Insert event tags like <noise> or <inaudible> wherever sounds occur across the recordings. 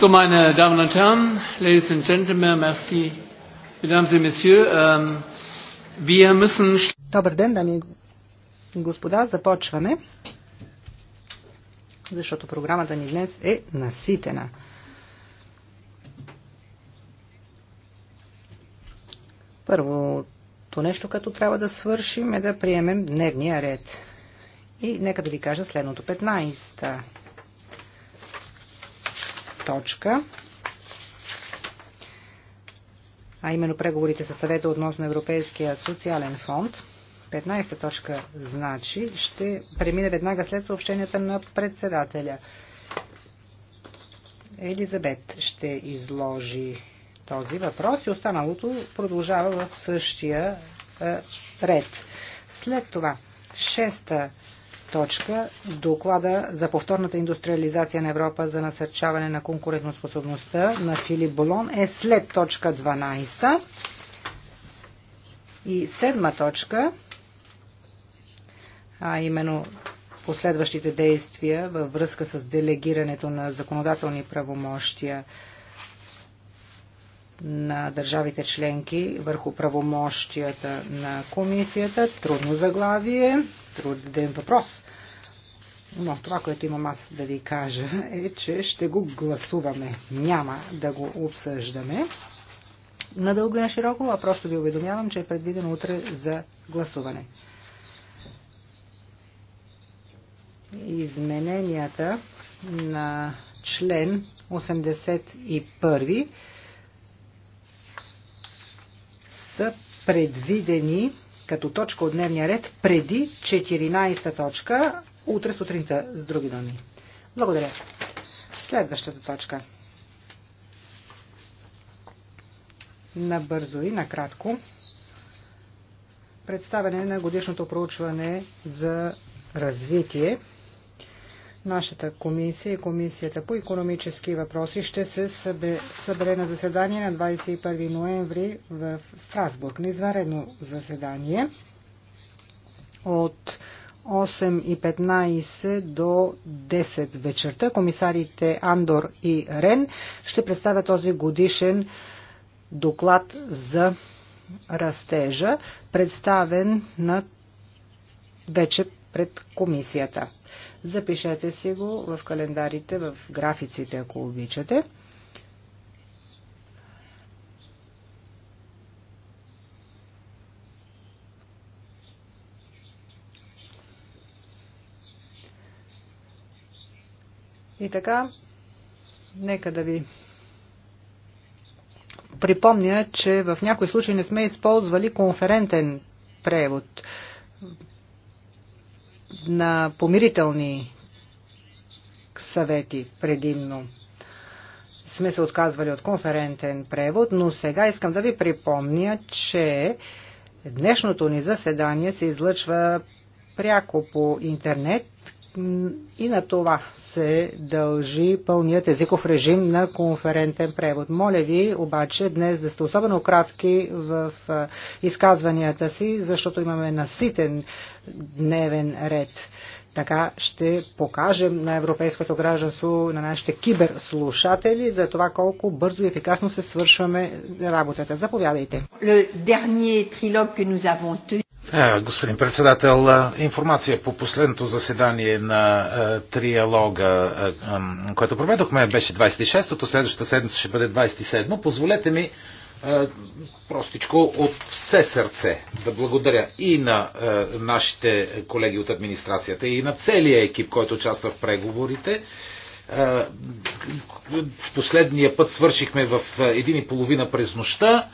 So, meine Damen und Herren, Ladies and Gentlemen, merci, Mesdames et Messieurs, ähm, wir müssen... Добър ден, дами и господа, започваме, защото програмата ни днес е наситена. Първото нещо, като трябва да свършим е да приемем дневния ред. И нека да ви кажа следното. 15-та точка, а именно преговорите със съвета относно Европейския социален фонд. 15 та точка значи ще премине веднага след съобщенията на председателя. Елизабет ще изложи този въпрос и останалото продължава в същия е, ред. След това 6-та точка доклада за повторната индустриализация на Европа за насърчаване на конкурентоспособността на Филип Болон е след точка 12. И седма точка, а именно последващите действия във връзка с делегирането на законодателни правомощия на държавите членки върху правомощията на комисията. Трудно заглавие, труден въпрос. Но това, което имам аз да ви кажа е, че ще го гласуваме. Няма да го обсъждаме надълго и на широко, а просто ви уведомявам, че е предвидено утре за гласуване. Измененията на член 81 са предвидени като точка от дневния ред преди 14 та точка утре сутринта, с други думи. Благодаря. Следващата точка. Набързо и накратко. Представяне на годишното проучване за развитие Нашата комисия и комисията по економически въпроси ще се събере на заседание на 21 ноември в Страсбург, на извънредно заседание от 8.15 до 10 вечерта. Комисарите Андор и Рен ще представят този годишен доклад за растежа, представен на вече пред комисията. Запишете си го в календарите, в графиците, ако обичате. И така, нека да ви припомня, че в някои случаи не сме използвали конферентен превод на помирителни съвети предимно сме се отказвали от конферентен превод, но сега искам да ви припомня, че днешното ни заседание се излъчва пряко по интернет, и на това се дължи пълният езиков режим на конферентен превод. Моля ви обаче днес да сте особено кратки в изказванията си, защото имаме наситен дневен ред. Така ще покажем на европейското гражданство, на нашите киберслушатели за това колко бързо и ефикасно се свършваме работата. Заповядайте. Le dernier trilogue que nous avons tenu е, господин председател, е, информация по последното заседание на е, триалога, което проведохме, беше 26-то, следващата седмица ще бъде 27-то. Позволете ми простичко от все сърце да благодаря и на нашите колеги от администрацията, и на целия екип, който участва в преговорите. В Последния път свършихме в един и половина през нощта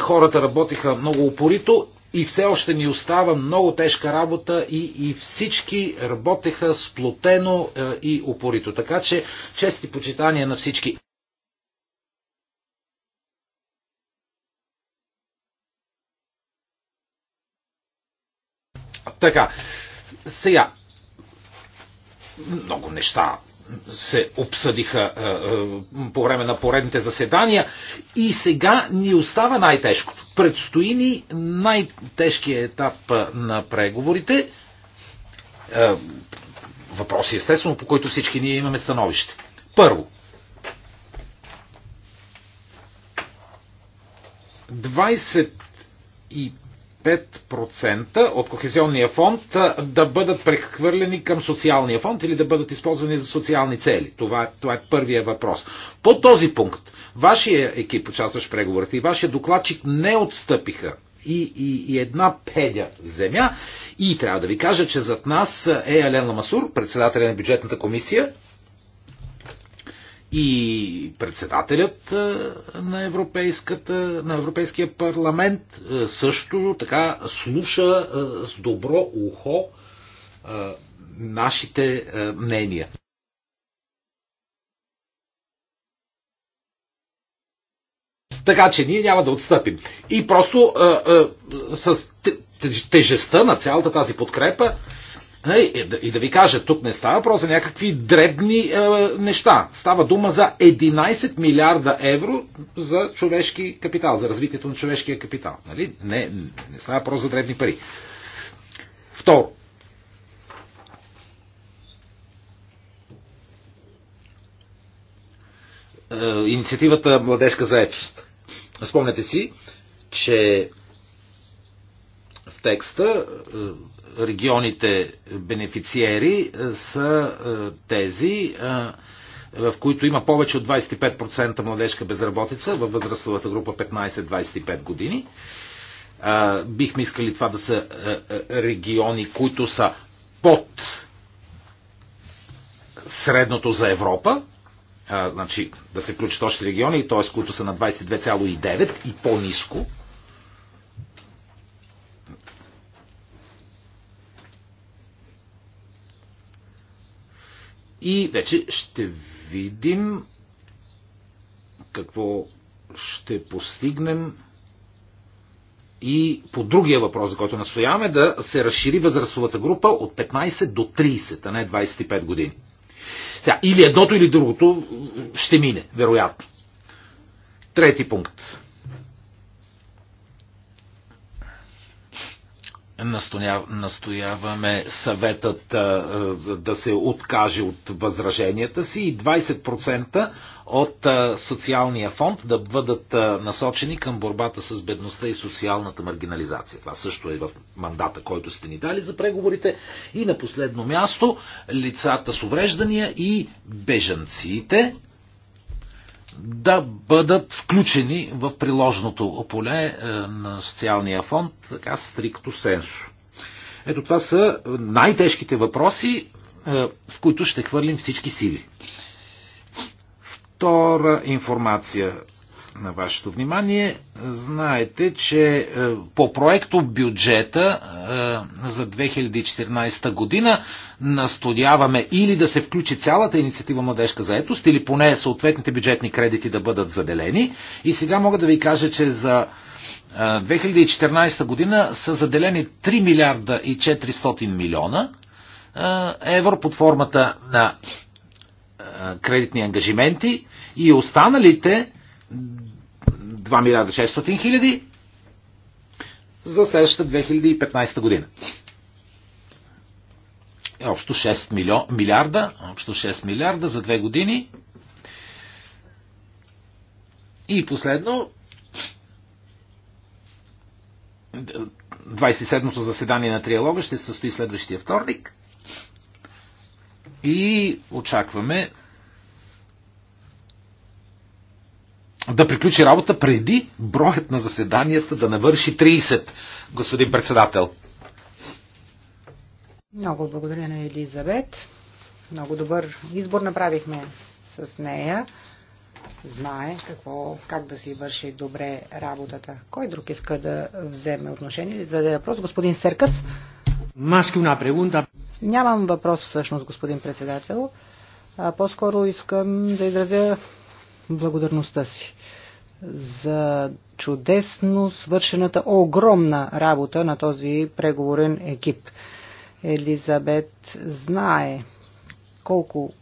хората работиха много упорито и все още ни остава много тежка работа и, и всички работеха сплотено е, и упорито. Така че чести почитания на всички. Така, сега, много неща се обсъдиха е, е, по време на поредните заседания. И сега ни остава най-тежкото. Предстои ни най-тежкият етап е, на преговорите. Въпроси, естествено, по които всички ние имаме становище. Първо, 5% от кохезионния фонд да бъдат прехвърлени към социалния фонд или да бъдат използвани за социални цели. Това, това е първия въпрос. По този пункт, вашия екип, участващ в преговорите, и вашия докладчик не отстъпиха и, и, и една педя земя. И трябва да ви кажа, че зад нас е Елен Масур, председателя на бюджетната комисия, и председателят е, на, Европейската, на Европейския парламент е, също така слуша е, с добро ухо нашите мнения. Така че ние няма да отстъпим. И просто а, а, с тежестта на цялата тази подкрепа е, и да, и да ви кажа, тук не става въпрос за някакви дребни е, неща. Става дума за 11 милиарда евро за човешки капитал, за развитието на човешкия капитал. Нали? Не, не става въпрос за дребни пари. Второ, е, инициативата Младежка заетост. Спомняте си, че в текста е, регионите бенефициери е, са е, тези, е, в които има повече от 25% младежка безработица във възрастовата група 15-25 години. Бихме искали това да са региони, които са под средното за Европа, значи да се включат още региони, т.е. които са на 22,9 и по-низко, И вече ще видим какво ще постигнем и по другия въпрос, за който настояваме, да се разшири възрастовата група от 15 до 30, а не 25 години. Сега, или едното, или другото ще мине, вероятно. Трети пункт. настояваме съветът да се откаже от възраженията си и 20% от социалния фонд да бъдат насочени към борбата с бедността и социалната маргинализация. Това също е в мандата, който сте ни дали за преговорите. И на последно място лицата с увреждания и бежанците да бъдат включени в приложното поле е, на социалния фонд, така стрикто сенсо. Ето това са най-тежките въпроси, е, в които ще хвърлим всички сили. Втора информация на вашето внимание. Знаете, че е, по проекто бюджета е, за 2014 година настояваме или да се включи цялата инициатива Младежка заетост, или поне съответните бюджетни кредити да бъдат заделени. И сега мога да ви кажа, че за 2014 е, година са заделени 3 милиарда и 400 милиона евро под формата на кредитни ангажименти и останалите 2 милиарда 600 хиляди за следващата 2015 година. Е общо 6 милио, милиарда, общо 6 милиарда за две години. И последно, 27-то заседание на триалога ще се състои следващия вторник. И очакваме да приключи работа преди броят на заседанията да навърши 30, господин председател. Много благодаря на Елизабет. Много добър избор направихме с нея. Знае какво, как да си върши добре работата. Кой друг иска да вземе отношение или зададе въпрос? Господин Серкас? Маски на прегунта. Нямам въпрос всъщност, господин председател. По-скоро искам да изразя благодарността си за чудесно свършената огромна работа на този преговорен екип. Елизабет знае колко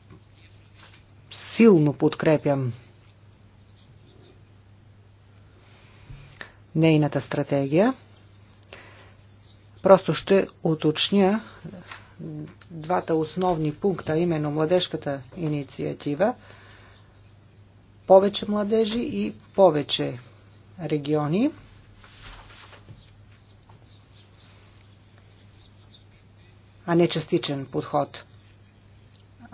силно подкрепям нейната стратегия. Просто ще уточня двата основни пункта, именно младежката инициатива – повече младежи и повече региони. а не частичен подход.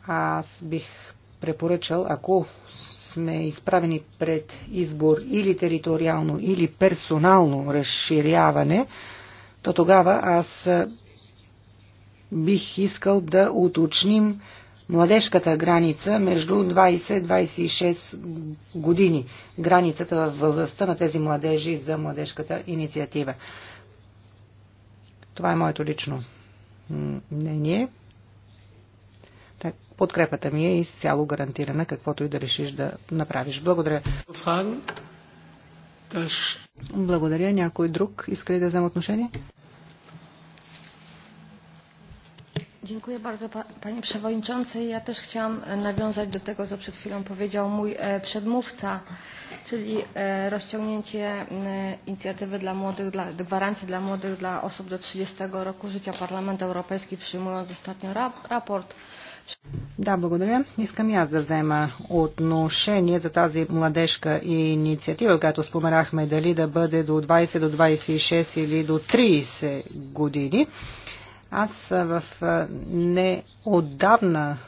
Аз бих препоръчал, ако сме изправени пред избор или териториално, или персонално разширяване, то тогава аз бих искал да уточним младежката граница между 20-26 години. Границата във възрастта на тези младежи за младежката инициатива. Това е моето лично мнение. Так, подкрепата ми е изцяло гарантирана, каквото и да решиш да направиш. Благодаря. Благодаря. Някой друг иска ли да вземе отношение? Dziękuję bardzo panie przewodniczący. Ja też chciałam nawiązać do tego, co przed chwilą powiedział mój przedmówca, czyli rozciągnięcie inicjatywy dla młodych, dla, gwarancji dla młodych dla osób do 30 roku życia. Parlament Europejski przyjmując ostatnio rap, raport да, благодаря. Искам и аз да взема отношение за тази младежка инициатива, която споменахме дали да бъде до 20, до 26 или до 30 години. Аз в неотдавна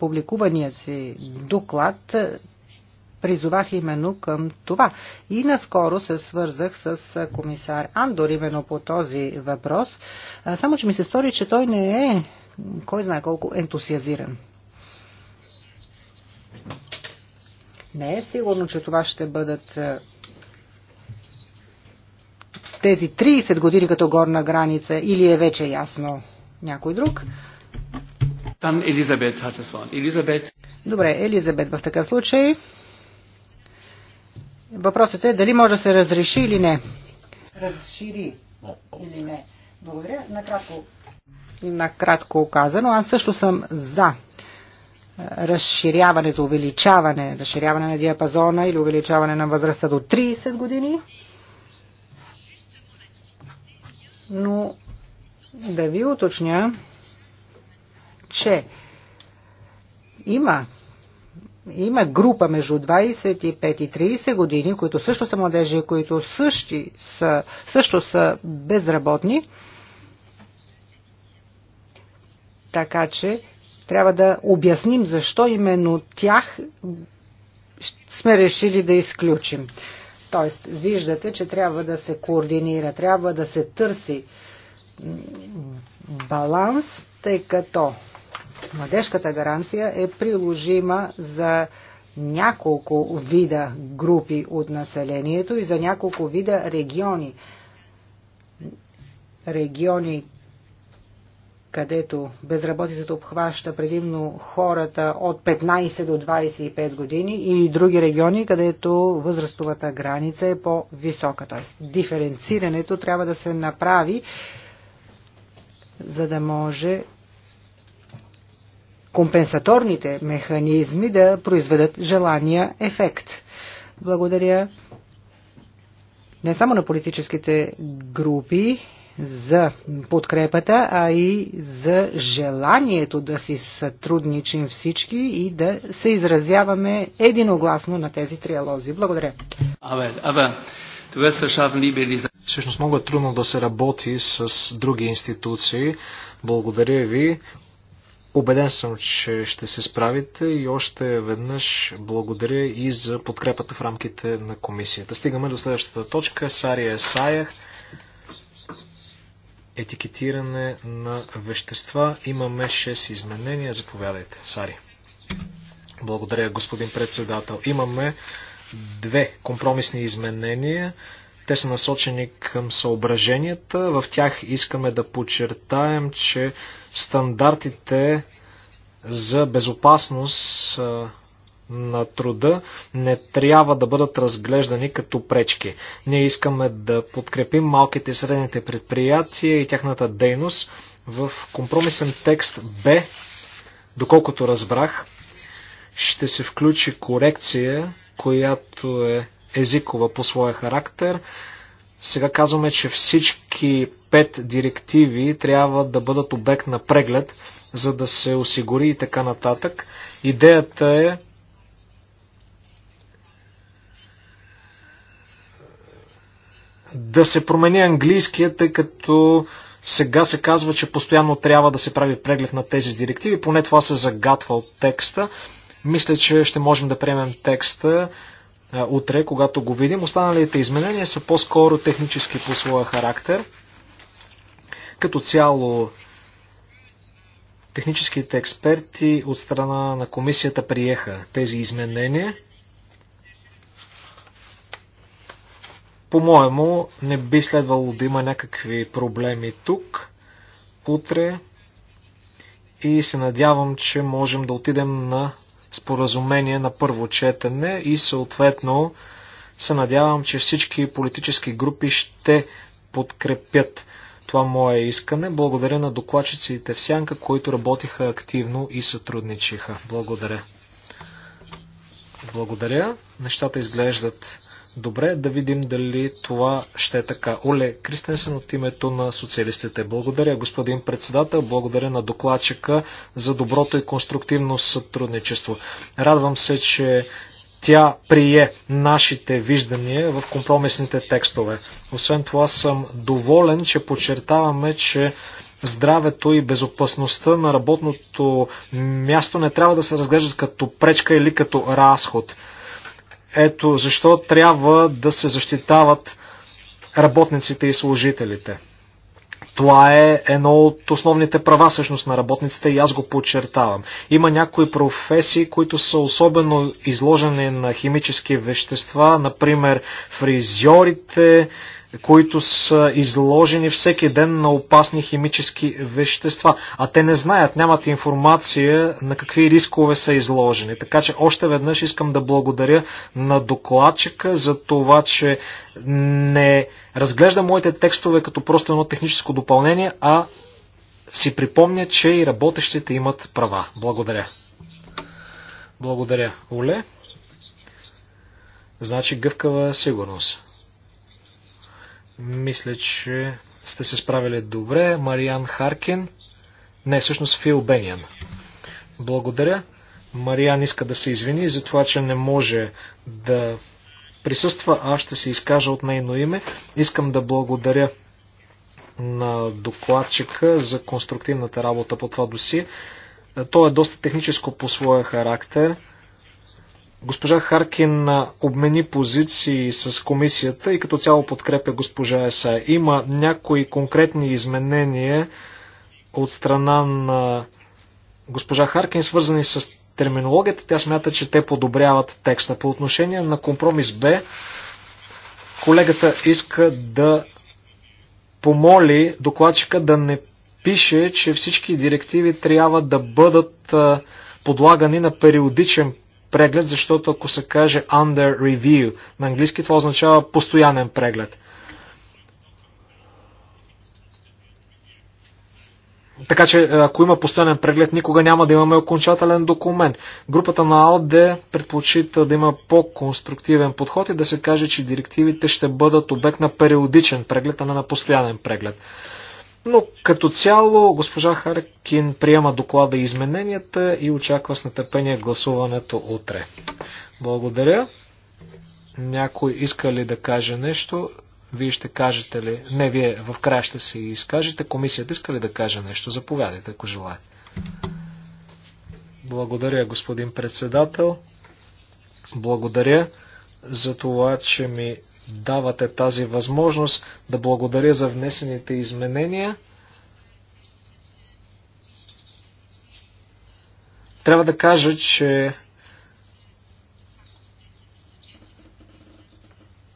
публикувания си доклад призовах именно към това. И наскоро се свързах с комисар Андор именно по този въпрос, само че ми се стори, че той не е кой знае колко ентусиазиран. Не е сигурно, че това ще бъдат тези 30 години като горна граница или е вече ясно някой друг? Там Елизабет Елизабет. Добре, Елизабет в такъв случай. Въпросът е дали може да се разреши или не. Разшири или не. Благодаря. Накратко. Накратко казано, аз също съм за разширяване, за увеличаване, разширяване на диапазона или увеличаване на възрастта до 30 години но да ви уточня, че има има група между 25 и 30 години, които също са младежи, които същи са, също са безработни. Така че трябва да обясним защо именно тях сме решили да изключим. Тоест, виждате, че трябва да се координира, трябва да се търси баланс, тъй като младежката гаранция е приложима за няколко вида групи от населението и за няколко вида региони. Региони където безработицата обхваща предимно хората от 15 до 25 години и други региони, където възрастовата граница е по-висока. Тоест, диференцирането трябва да се направи, за да може компенсаторните механизми да произведат желания ефект. Благодаря не само на политическите групи, за подкрепата, а и за желанието да си сътрудничим всички и да се изразяваме единогласно на тези триалози. Благодаря. Абе, абе. Всъщност много е трудно да се работи с други институции. Благодаря ви. Обеден съм, че ще се справите и още веднъж благодаря и за подкрепата в рамките на комисията. Стигаме до следващата точка. Сария Саях етикетиране на вещества. Имаме 6 изменения. Заповядайте, Сари. Благодаря, господин председател. Имаме две компромисни изменения. Те са насочени към съображенията. В тях искаме да подчертаем, че стандартите за безопасност на труда не трябва да бъдат разглеждани като пречки. Ние искаме да подкрепим малките и средните предприятия и тяхната дейност в компромисен текст Б, доколкото разбрах, ще се включи корекция, която е езикова по своя характер. Сега казваме, че всички пет директиви трябва да бъдат обект на преглед, за да се осигури и така нататък. Идеята е да се промени английския, тъй като сега се казва, че постоянно трябва да се прави преглед на тези директиви, поне това се загатва от текста. Мисля, че ще можем да приемем текста утре, когато го видим. Останалите изменения са по-скоро технически по своя характер. Като цяло, техническите експерти от страна на комисията приеха тези изменения. По-моему, не би следвало да има някакви проблеми тук, утре и се надявам, че можем да отидем на споразумение на първо четене и съответно се надявам, че всички политически групи ще подкрепят това мое искане. Благодаря на докладчиците в Сянка, които работиха активно и сътрудничиха. Благодаря. Благодаря. Нещата изглеждат Добре, да видим дали това ще е така. Оле Кристенсен от името на социалистите. Благодаря, господин председател. Благодаря на докладчика за доброто и конструктивно сътрудничество. Радвам се, че тя прие нашите виждания в компромисните текстове. Освен това съм доволен, че подчертаваме, че здравето и безопасността на работното място не трябва да се разглеждат като пречка или като разход. Ето защо трябва да се защитават работниците и служителите. Това е едно от основните права всъщност на работниците и аз го подчертавам. Има някои професии, които са особено изложени на химически вещества, например фризьорите, които са изложени всеки ден на опасни химически вещества. А те не знаят, нямат информация на какви рискове са изложени. Така че още веднъж искам да благодаря на докладчика за това, че не разглежда моите текстове като просто едно техническо допълнение, а си припомня, че и работещите имат права. Благодаря. Благодаря, Оле. Значи гъвкава сигурност. Мисля, че сте се справили добре. Мариан Харкин. Не, всъщност Фил Бениан. Благодаря. Мариан иска да се извини за това, че не може да присъства. Аз ще се изкажа от нейно име. Искам да благодаря на докладчика за конструктивната работа по това досие. То е доста техническо по своя характер. Госпожа Харкин обмени позиции с комисията и като цяло подкрепя госпожа Еса. Има някои конкретни изменения от страна на госпожа Харкин, свързани с терминологията. Тя смята, че те подобряват текста. По отношение на компромис Б, колегата иска да помоли докладчика да не пише, че всички директиви трябва да бъдат подлагани на периодичен преглед, защото ако се каже under review на английски, това означава постоянен преглед. Така че, е, ако има постоянен преглед, никога няма да имаме окончателен документ. Групата на АОД предпочита да има по-конструктивен подход и да се каже, че директивите ще бъдат обект на периодичен преглед, а не на постоянен преглед. Но като цяло госпожа Харкин приема доклада и измененията и очаква с нетърпение гласуването утре. Благодаря. Някой иска ли да каже нещо? Вие ще кажете ли? Не, вие в края ще се изкажете. Комисията иска ли да каже нещо? Заповядайте, ако желаете. Благодаря, господин председател. Благодаря за това, че ми давате тази възможност. Да благодаря за внесените изменения. Трябва да кажа, че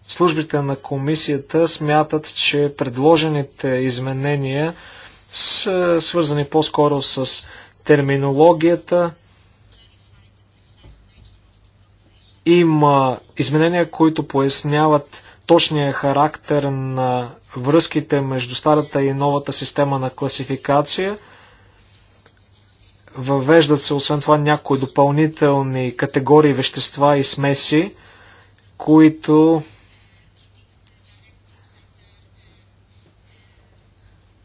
службите на комисията смятат, че предложените изменения са свързани по-скоро с терминологията, Има изменения, които поясняват точния характер на връзките между старата и новата система на класификация. Въвеждат се освен това някои допълнителни категории вещества и смеси, които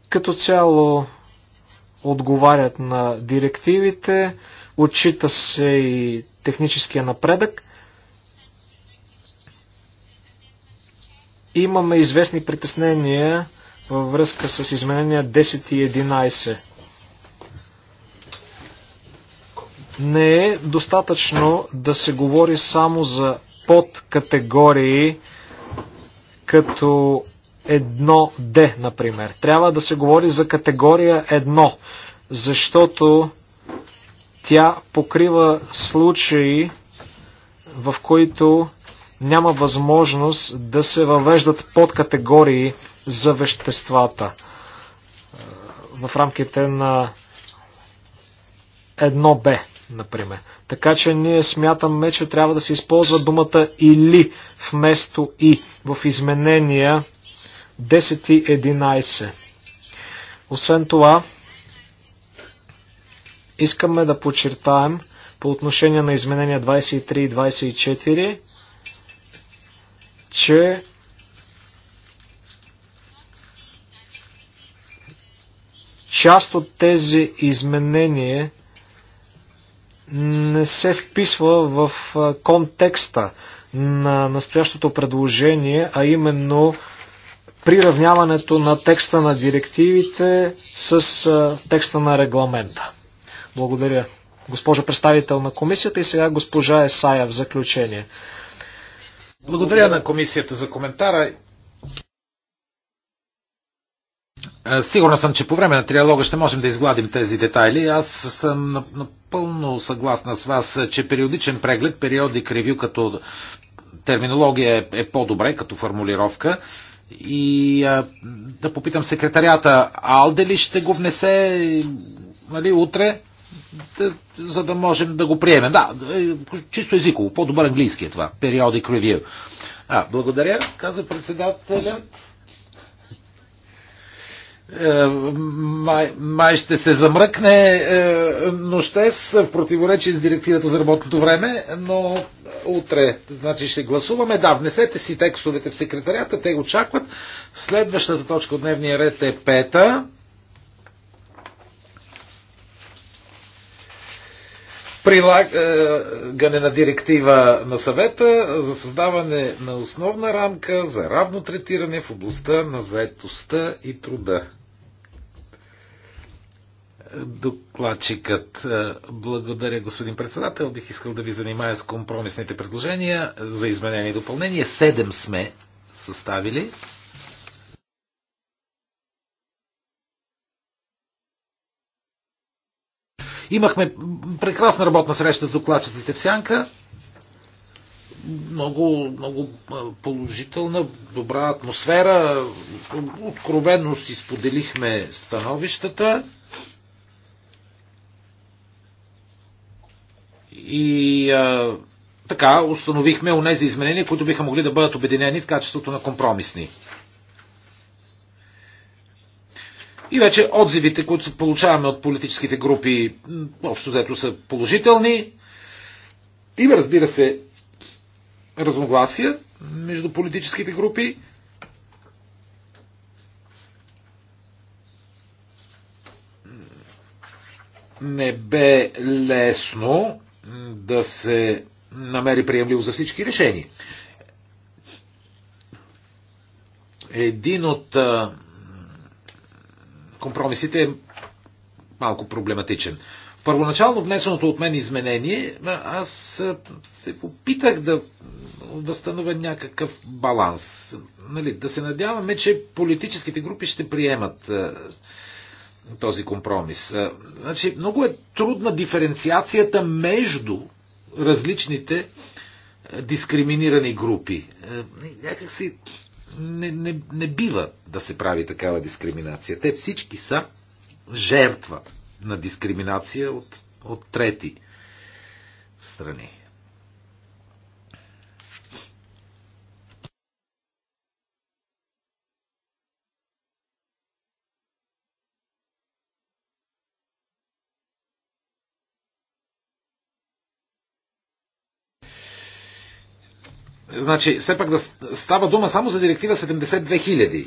като цяло отговарят на директивите, отчита се и техническия напредък – Имаме известни притеснения във връзка с изменения 10 и 11. Не е достатъчно да се говори само за подкатегории като 1D, например. Трябва да се говори за категория 1, защото тя покрива случаи, в които няма възможност да се въвеждат подкатегории за веществата в рамките на 1Б, например. Така че ние смятаме, че трябва да се използва думата или вместо и в изменения 10 и 11. Освен това, искаме да подчертаем по отношение на изменения 23 и 24, че част от тези изменения не се вписва в контекста на настоящото предложение, а именно приравняването на текста на директивите с текста на регламента. Благодаря, госпожо представител на комисията и сега госпожа Есая в заключение. Благодаря на комисията за коментара. Е, сигурна съм, че по време на триалога ще можем да изгладим тези детайли. Аз съм напълно съгласна с вас, че периодичен преглед, периодик ревю като терминология е, е по-добре, като формулировка. И а, е, да попитам секретарята Алде ли ще го внесе нали, утре? да, за да можем да го приемем. Да, е, чисто езиково, по-добър английски е това. Periodic review. А, благодаря, каза председателят. Е, май, май ще се замръкне е, нощта, в противоречие с директивата за работното време, но утре, значи ще гласуваме. Да, внесете си текстовете в секретарията, те го очакват. Следващата точка от дневния ред е пета. прилагане на директива на съвета за създаване на основна рамка за равно третиране в областта на заетостта и труда. Докладчикът. Е, благодаря, господин председател. Бих искал да ви занимая с компромисните предложения за изменение и допълнение. Седем сме съставили. Имахме прекрасна работна среща с докладчиците в Сянка. Много, много положителна, добра атмосфера. Откровенно си споделихме становищата. И а, така установихме онези изменения, които биха могли да бъдат обединени в качеството на компромисни. И вече отзивите, които получаваме от политическите групи, общо взето са положителни. Има, разбира се, разногласия между политическите групи. Не бе лесно да се намери приемливо за всички решения. Един от компромисите е малко проблематичен. Първоначално внесеното от мен изменение, аз се опитах да възстановя някакъв баланс. Нали, да се надяваме, че политическите групи ще приемат този компромис. Значи, много е трудна диференциацията между различните дискриминирани групи. Някак си не, не, не бива да се прави такава дискриминация. Те всички са жертва на дискриминация от, от трети страни. Значи, все пак да става дума само за директива 72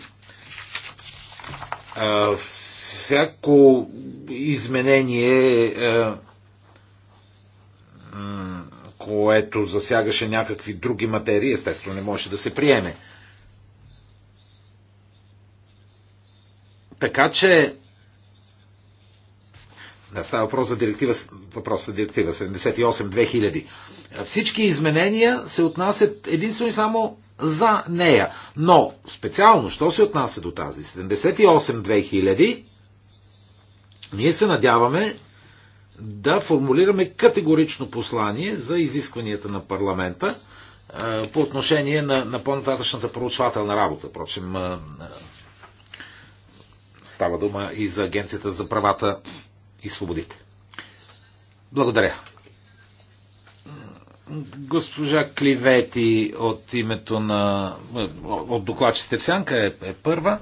000. Всяко изменение, е, което засягаше някакви други материи, естествено не може да се приеме. Така че да, става въпрос за директива, въпрос за директива 78-2000. Всички изменения се отнасят единствено и само за нея. Но специално, що се отнася до тази 78-2000, ние се надяваме да формулираме категорично послание за изискванията на парламента по отношение на, на по-нататъчната проучвателна работа. Впрочем, става дума и за Агенцията за правата и свободите. Благодаря. Госпожа Кливети от името на... от докладчите в Сянка е, е първа.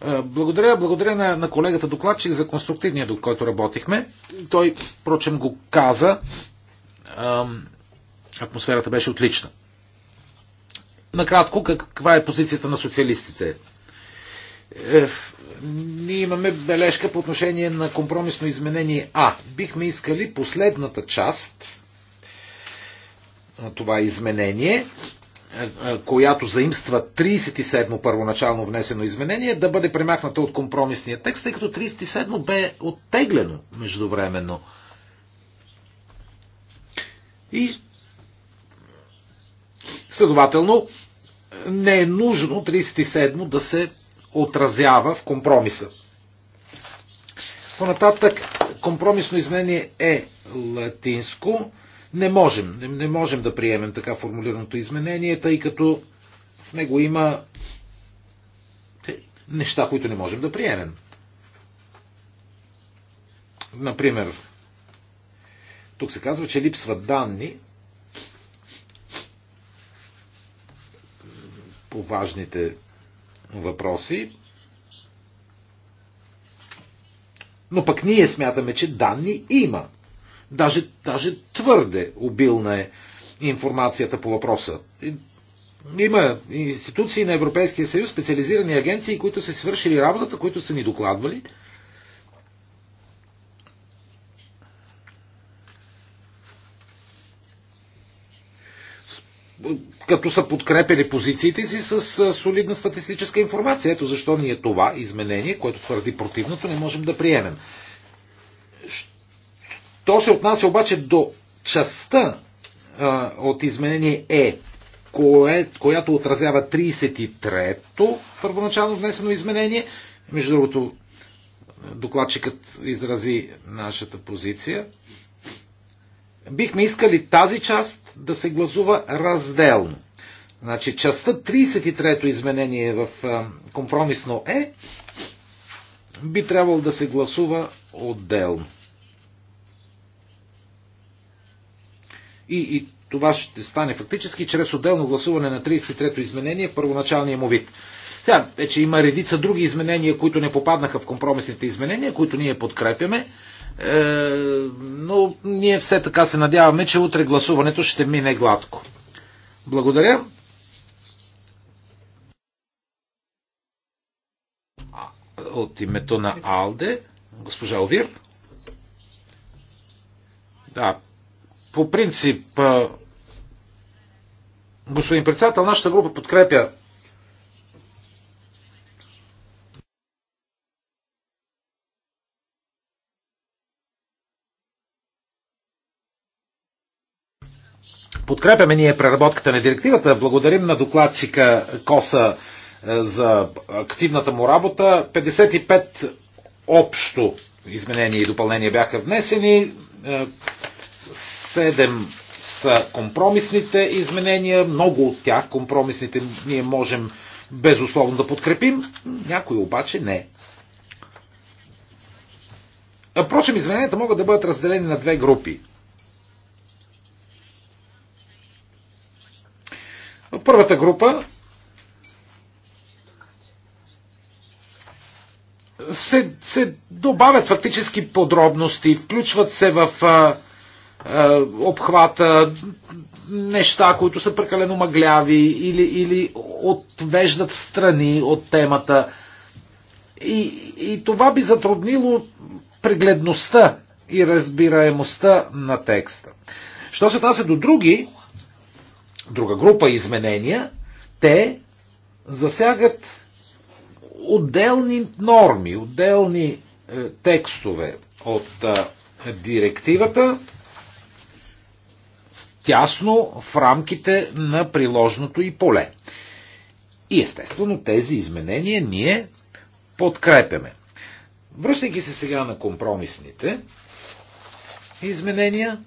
Е, благодаря, благодаря на, на колегата докладчик за конструктивния, до който работихме. Той, впрочем, го каза. Атмосферата беше отлична. Накратко, каква е позицията на социалистите е, ние имаме бележка по отношение на компромисно изменение А. Бихме искали последната част на това изменение, е, е, която заимства 37-о първоначално внесено изменение, да бъде премахната от компромисния текст, тъй като 37-о бе оттеглено междувременно. И следователно не е нужно 37-о да се отразява в компромиса. Понататък компромисно изменение е латинско. Не можем, не, не можем да приемем така формулираното изменение, тъй като в него има неща, които не можем да приемем. Например, тук се казва, че липсват данни по важните въпроси. Но пък ние смятаме, че данни има. Даже, даже твърде обилна е информацията по въпроса. Има институции на Европейския съюз, специализирани агенции, които са свършили работата, които са ни докладвали – като са подкрепили позициите си с солидна статистическа информация. Ето защо ние това изменение, което твърди противното, не можем да приемем. То се отнася обаче до частта а, от изменение Е, кое, която отразява 33-то първоначално внесено изменение. Между другото, докладчикът изрази нашата позиция. Бихме искали тази част да се гласува разделно. Значи частта 33-то изменение в компромисно Е би трябвало да се гласува отделно. И, и това ще стане фактически чрез отделно гласуване на 33-то изменение в първоначалния му вид. Сега вече има редица други изменения, които не попаднаха в компромисните изменения, които ние подкрепяме. Е, но ние все така се надяваме, че утре гласуването ще мине гладко. Благодаря. От името на Алде, госпожа Овир. Да, по принцип, е, господин председател, нашата група подкрепя подкрепяме ние преработката на директивата. Благодарим на докладчика Коса е, за активната му работа. 55 общо изменения и допълнения бяха внесени. 7 е, са компромисните изменения. Много от тях, компромисните, ние можем безусловно да подкрепим. Някои обаче не. Впрочем, измененията могат да бъдат разделени на две групи. Първата група се, се добавят фактически подробности, включват се в а, а, обхвата неща, които са прекалено мъгляви или, или отвеждат страни от темата. И, и това би затруднило прегледността и разбираемостта на текста. Що се отнася до други друга група изменения, те засягат отделни норми, отделни е, текстове от е, директивата, тясно в рамките на приложното и поле. И естествено тези изменения ние подкрепяме. Връщайки се сега на компромисните изменения,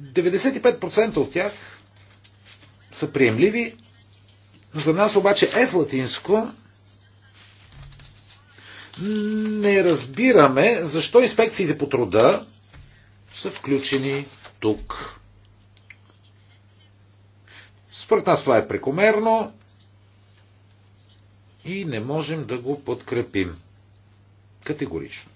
95% от тях са приемливи. За нас обаче е в латинско. Не разбираме защо инспекциите по труда са включени тук. Според нас това е прекомерно и не можем да го подкрепим. Категорично.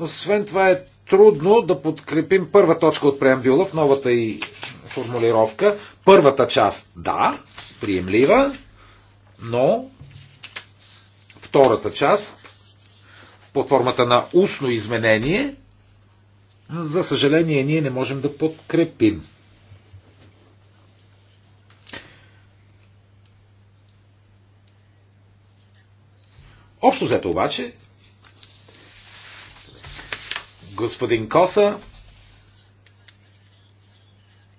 Освен това е трудно да подкрепим първа точка от преамбюла в новата и формулировка. Първата част да, приемлива, но втората част под формата на устно изменение, за съжаление ние не можем да подкрепим. Общо взето обаче, господин Коса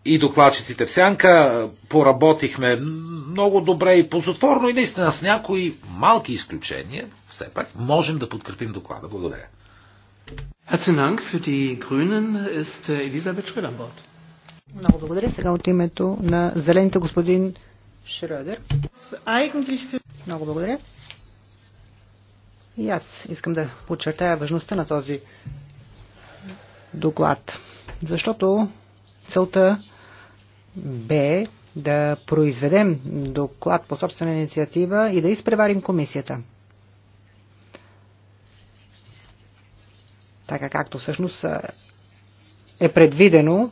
и докладчиците в Сянка поработихме много добре и ползотворно и наистина с някои малки изключения, все пак, можем да подкрепим доклада. Благодаря. Äh, много благодаря. Сега от името на зелените господин Шрёдер. Много благодаря. И аз искам да подчертая важността на този доклад, защото целта бе да произведем доклад по собствена инициатива и да изпреварим комисията. Така както всъщност е предвидено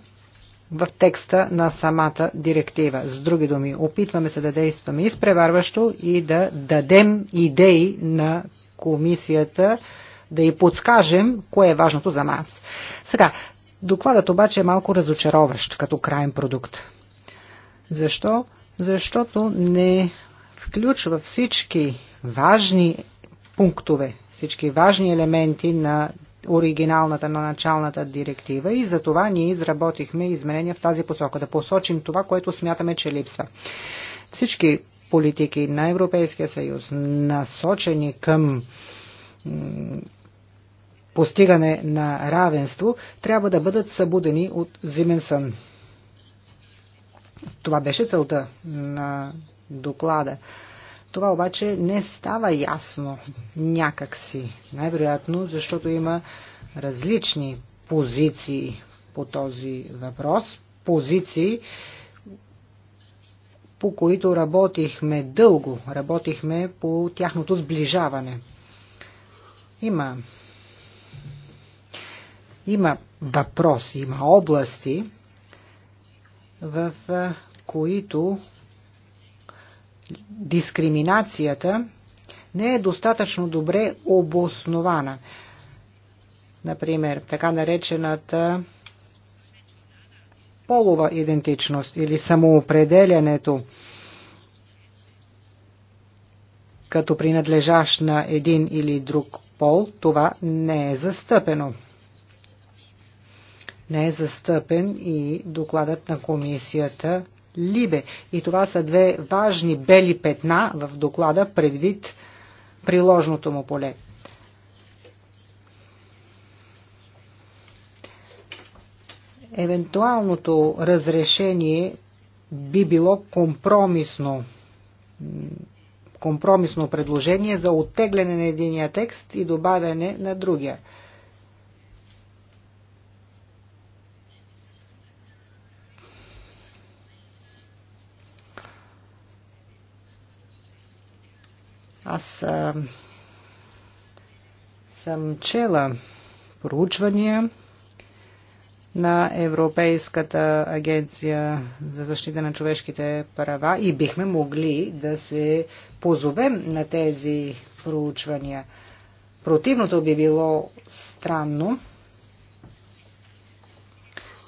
в текста на самата директива. С други думи, опитваме се да действаме изпреварващо и да дадем идеи на комисията, да й подскажем кое е важното за нас. Сега, докладът обаче е малко разочароващ като крайен продукт. Защо? Защото не включва всички важни пунктове, всички важни елементи на оригиналната, на началната директива и за това ние изработихме изменения в тази посока, да посочим това, което смятаме, че липсва. Всички политики на Европейския съюз, насочени към постигане на равенство, трябва да бъдат събудени от зимен сън. Това беше целта на доклада. Това обаче не става ясно някакси. Най-вероятно, защото има различни позиции по този въпрос. Позиции, по които работихме дълго, работихме по тяхното сближаване. Има има въпроси, има области, в които дискриминацията не е достатъчно добре обоснована. Например, така наречената полова идентичност или самоопределянето като принадлежащ на един или друг пол, това не е застъпено не е застъпен и докладът на комисията Либе. И това са две важни бели петна в доклада предвид приложното му поле. Евентуалното разрешение би било компромисно компромисно предложение за оттегляне на единия текст и добавяне на другия. Аз а, съм чела проучвания на Европейската агенция за защита на човешките права и бихме могли да се позовем на тези проучвания. Противното би било странно.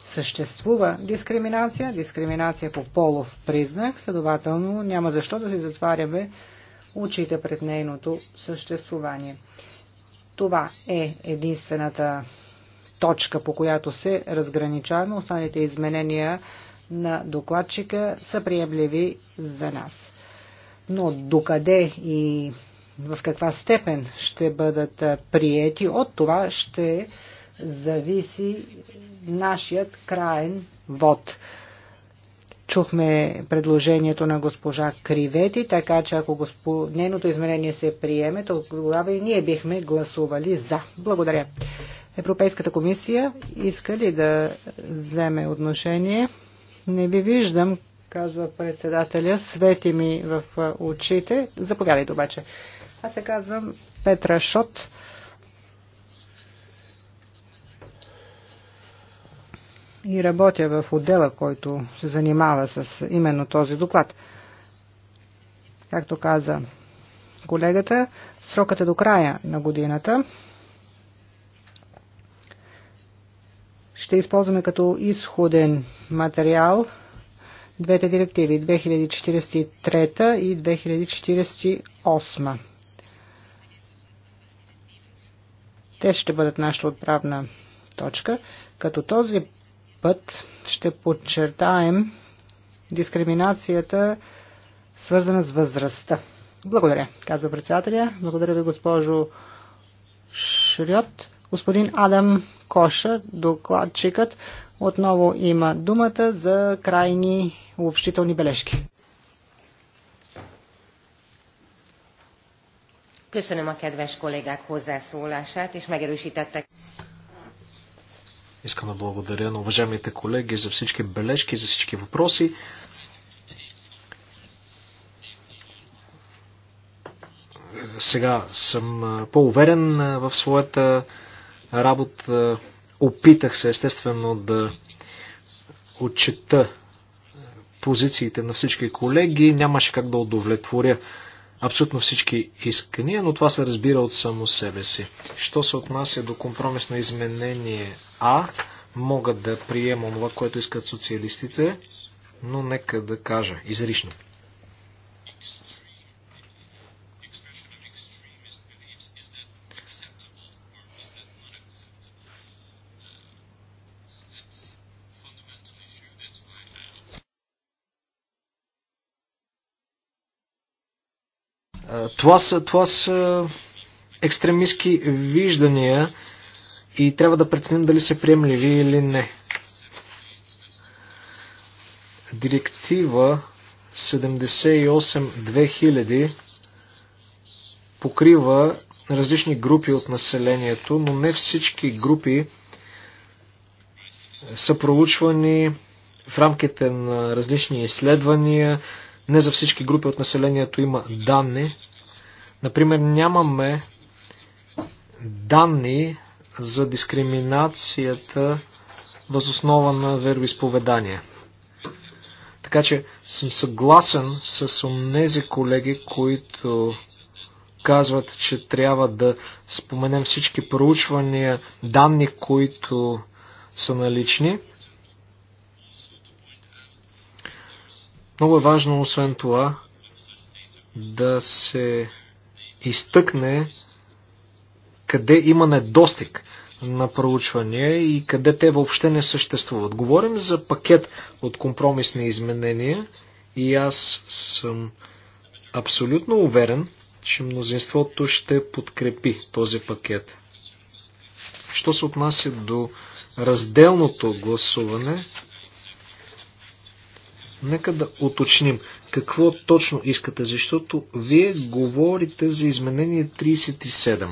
Съществува дискриминация, дискриминация по полов признак, следователно няма защо да си затваряме очите пред нейното съществуване. Това е единствената точка, по която се разграничаваме. Останалите изменения на докладчика са приемливи за нас. Но докъде и в каква степен ще бъдат приети, от това ще зависи нашият краен вод. Чухме предложението на госпожа Кривети, така че ако госпо... нейното изменение се приеме, тогава и ние бихме гласували за. Благодаря. Европейската комисия иска ли да вземе отношение? Не ви виждам, казва председателя. Свети ми в очите. Заповядайте обаче. Аз се казвам Петра Шот и работя в отдела, който се занимава с именно този доклад. Както каза колегата, срокът е до края на годината. Ще използваме като изходен материал двете директиви 2043 и 2048. Те ще бъдат нашата отправна точка, като този път ще подчертаем дискриминацията, свързана с възрастта. Благодаря, казва председателя. Благодаря ви, госпожо Шриот. Господин Адам Коша, докладчикът, отново има думата за крайни общителни бележки. Köszönöm a kedves kollégák hozzászólását, és megerősítettek. Искам да благодаря на уважаемите колеги за всички бележки, за всички въпроси. Сега съм по-уверен в своята работа. Опитах се естествено да отчета позициите на всички колеги. Нямаше как да удовлетворя абсолютно всички искания, но това се разбира от само себе си. Що се отнася до компромисно изменение А, мога да приема това, което искат социалистите, но нека да кажа изрично – Това са, това са екстремистски виждания и трябва да преценим дали са приемливи или не. Директива 78-2000 покрива различни групи от населението, но не всички групи са проучвани в рамките на различни изследвания. Не за всички групи от населението има данни. Например, нямаме данни за дискриминацията възоснова на вероисповедание. Така че съм съгласен с онези колеги, които казват, че трябва да споменем всички проучвания, данни, които са налични. Много е важно, освен това, да се изтъкне къде има недостиг на проучвания и къде те въобще не съществуват. Говорим за пакет от компромисни изменения и аз съм абсолютно уверен, че мнозинството ще подкрепи този пакет. Що се отнася до разделното гласуване, нека да уточним какво точно искате, защото вие говорите за изменение 37.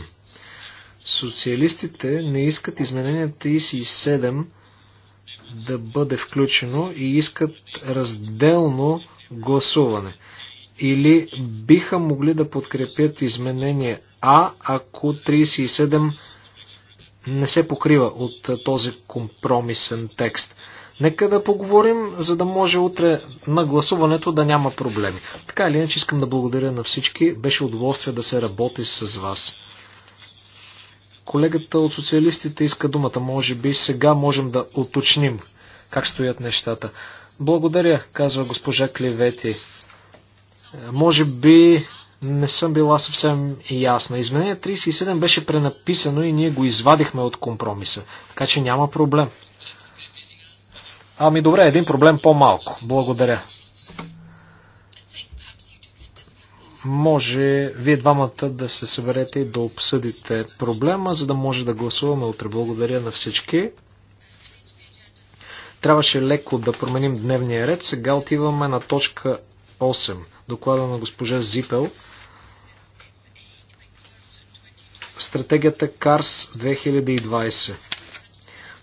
Социалистите не искат изменение 37 да бъде включено и искат разделно гласуване. Или биха могли да подкрепят изменение А, ако 37 не се покрива от този компромисен текст. Нека да поговорим, за да може утре на гласуването да няма проблеми. Така или иначе искам да благодаря на всички. Беше удоволствие да се работи с вас. Колегата от социалистите иска думата. Може би сега можем да уточним как стоят нещата. Благодаря, казва госпожа Клевети. Може би не съм била съвсем ясна. Изменение 37 беше пренаписано и ние го извадихме от компромиса, така че няма проблем. Ами добре, един проблем по-малко. Благодаря. Може вие двамата да се съберете и да обсъдите проблема, за да може да гласуваме утре. Благодаря на всички. Трябваше леко да променим дневния ред. Сега отиваме на точка 8. Доклада на госпожа Зипел. Стратегията КАРС 2020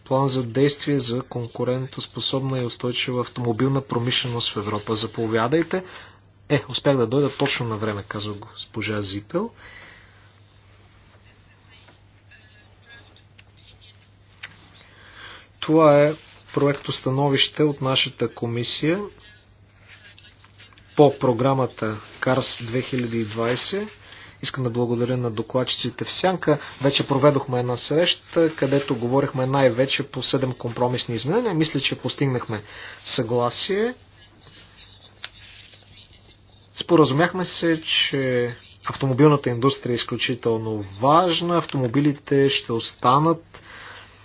план за действие за конкурентоспособна и устойчива автомобилна промишленост в Европа. Заповядайте. Е, успях да дойда точно на време, казва госпожа Зипел. Това е проекто становище от нашата комисия по програмата CARS 2020. Искам да благодаря на докладчиците в Сянка. Вече проведохме една среща, където говорихме най-вече по 7 компромисни изменения. Мисля, че постигнахме съгласие. Споразумяхме се, че автомобилната индустрия е изключително важна. Автомобилите ще останат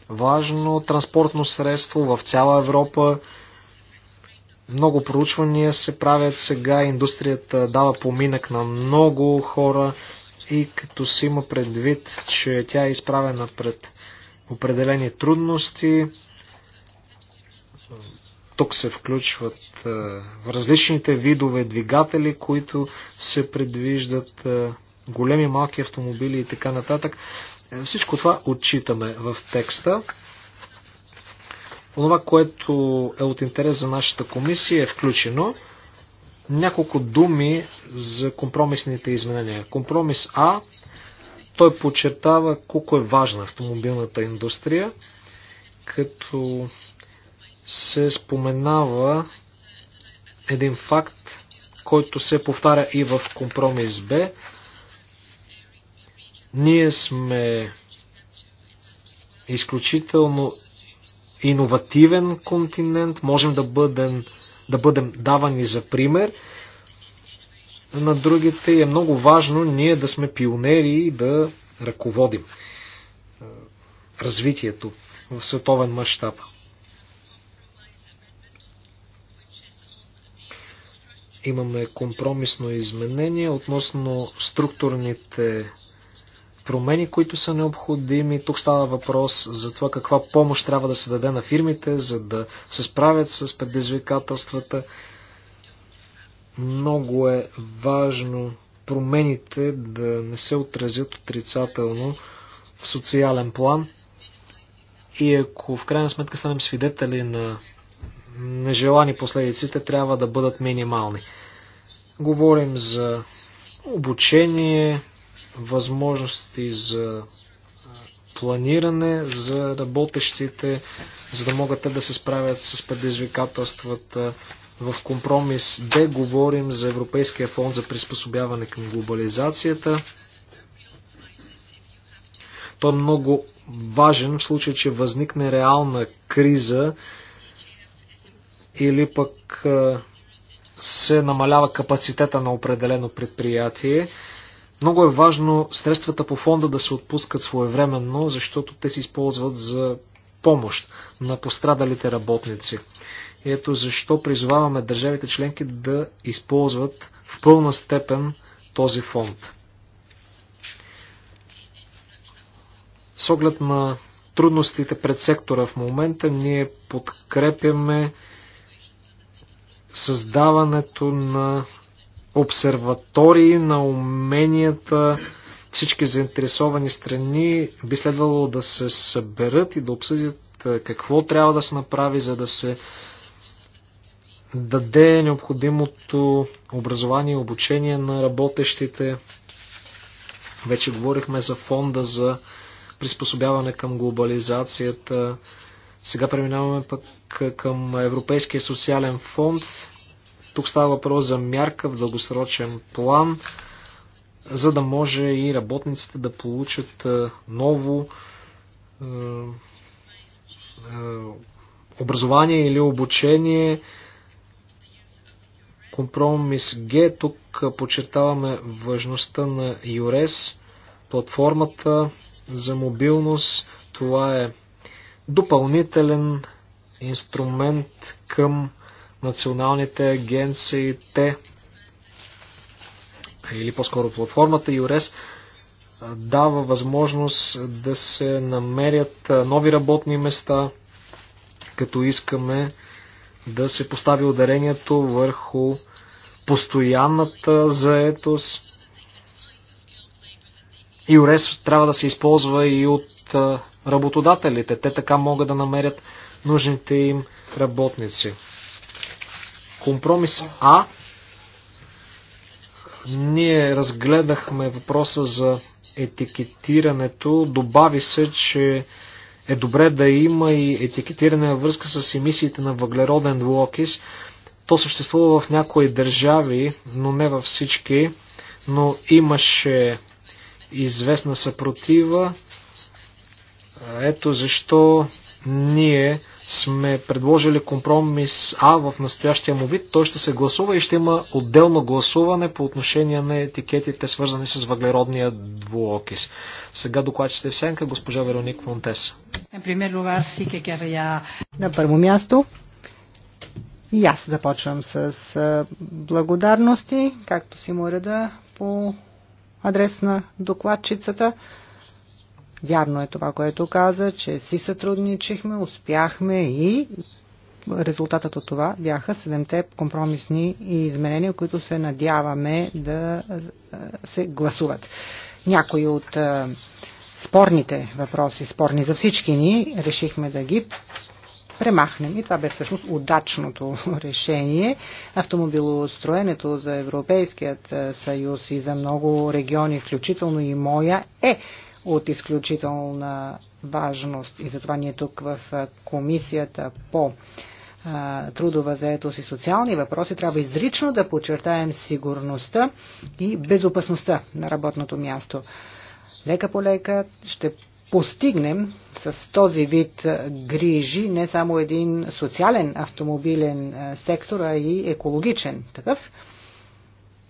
важно транспортно средство в цяла Европа. Много проучвания се правят сега, индустрията дава поминък на много хора и като си има предвид, че тя е изправена пред определени трудности, тук се включват е, различните видове двигатели, които се предвиждат, е, големи, малки автомобили и така нататък. Е, всичко това отчитаме в текста. Онова, което е от интерес за нашата комисия е включено. Няколко думи за компромисните изменения. Компромис А, той подчертава колко е важна автомобилната индустрия, като се споменава един факт, който се повтаря и в компромис Б. Ние сме изключително иновативен континент, можем да бъдем, да бъдем давани за пример на другите и е много важно ние да сме пионери и да ръководим е, развитието в световен мащаб. Имаме компромисно изменение относно структурните промени, които са необходими. Тук става въпрос за това каква помощ трябва да се даде на фирмите, за да се справят с предизвикателствата. Много е важно промените да не се отразят отрицателно в социален план. И ако в крайна сметка станем свидетели на нежелани последиците, трябва да бъдат минимални. Говорим за обучение, възможности за планиране за работещите, за да могат те да се справят с предизвикателствата. В компромис Д говорим за Европейския фонд за приспособяване към глобализацията. Той е много важен в случай, че възникне реална криза или пък се намалява капацитета на определено предприятие. Много е важно средствата по фонда да се отпускат своевременно, защото те се използват за помощ на пострадалите работници. Ето защо призоваваме държавите членки да използват в пълна степен този фонд. С оглед на трудностите пред сектора в момента, ние подкрепяме създаването на обсерватории на уменията, всички заинтересовани страни би следвало да се съберат и да обсъдят е, какво трябва да се направи, за да се даде необходимото образование и обучение на работещите. Вече говорихме за фонда за приспособяване към глобализацията. Сега преминаваме пък към Европейския социален фонд. Тук става въпрос за мярка в дългосрочен план, за да може и работниците да получат е, ново е, е, образование или обучение. Компромис Г. Тук подчертаваме важността на ЮРЕС, платформата за мобилност. Това е допълнителен инструмент към националните агенции, те или по-скоро платформата ЮРЕС дава възможност да се намерят нови работни места, като искаме да се постави ударението върху постоянната заетост. ЮРЕС трябва да се използва и от работодателите. Те така могат да намерят нужните им работници. Компромис А. Ние разгледахме въпроса за етикетирането. Добави се, че е добре да има и етикетиране във връзка с емисиите на въглероден двуокис. То съществува в някои държави, но не във всички, но имаше известна съпротива. Ето защо ние сме предложили компромис А в настоящия му вид, той ще се гласува и ще има отделно гласуване по отношение на етикетите, свързани с въглеродния двуокис. Сега докладчите в сенка, госпожа Вероник Монтес. На първо място и аз започвам с благодарности, както си му реда по адрес на докладчицата. Вярно е това, което каза, че си сътрудничихме, успяхме и резултатът от това бяха седемте компромисни изменения, които се надяваме да се гласуват. Някои от спорните въпроси, спорни за всички ни, решихме да ги премахнем. И това бе всъщност удачното <laughs> решение. Автомобилостроенето за Европейският съюз и за много региони, включително и моя, е от изключителна важност. И затова ние тук в комисията по трудова заетост и социални въпроси, трябва изрично да подчертаем сигурността и безопасността на работното място. Лека по лека ще постигнем с този вид грижи не само един социален автомобилен сектор, а и екологичен такъв.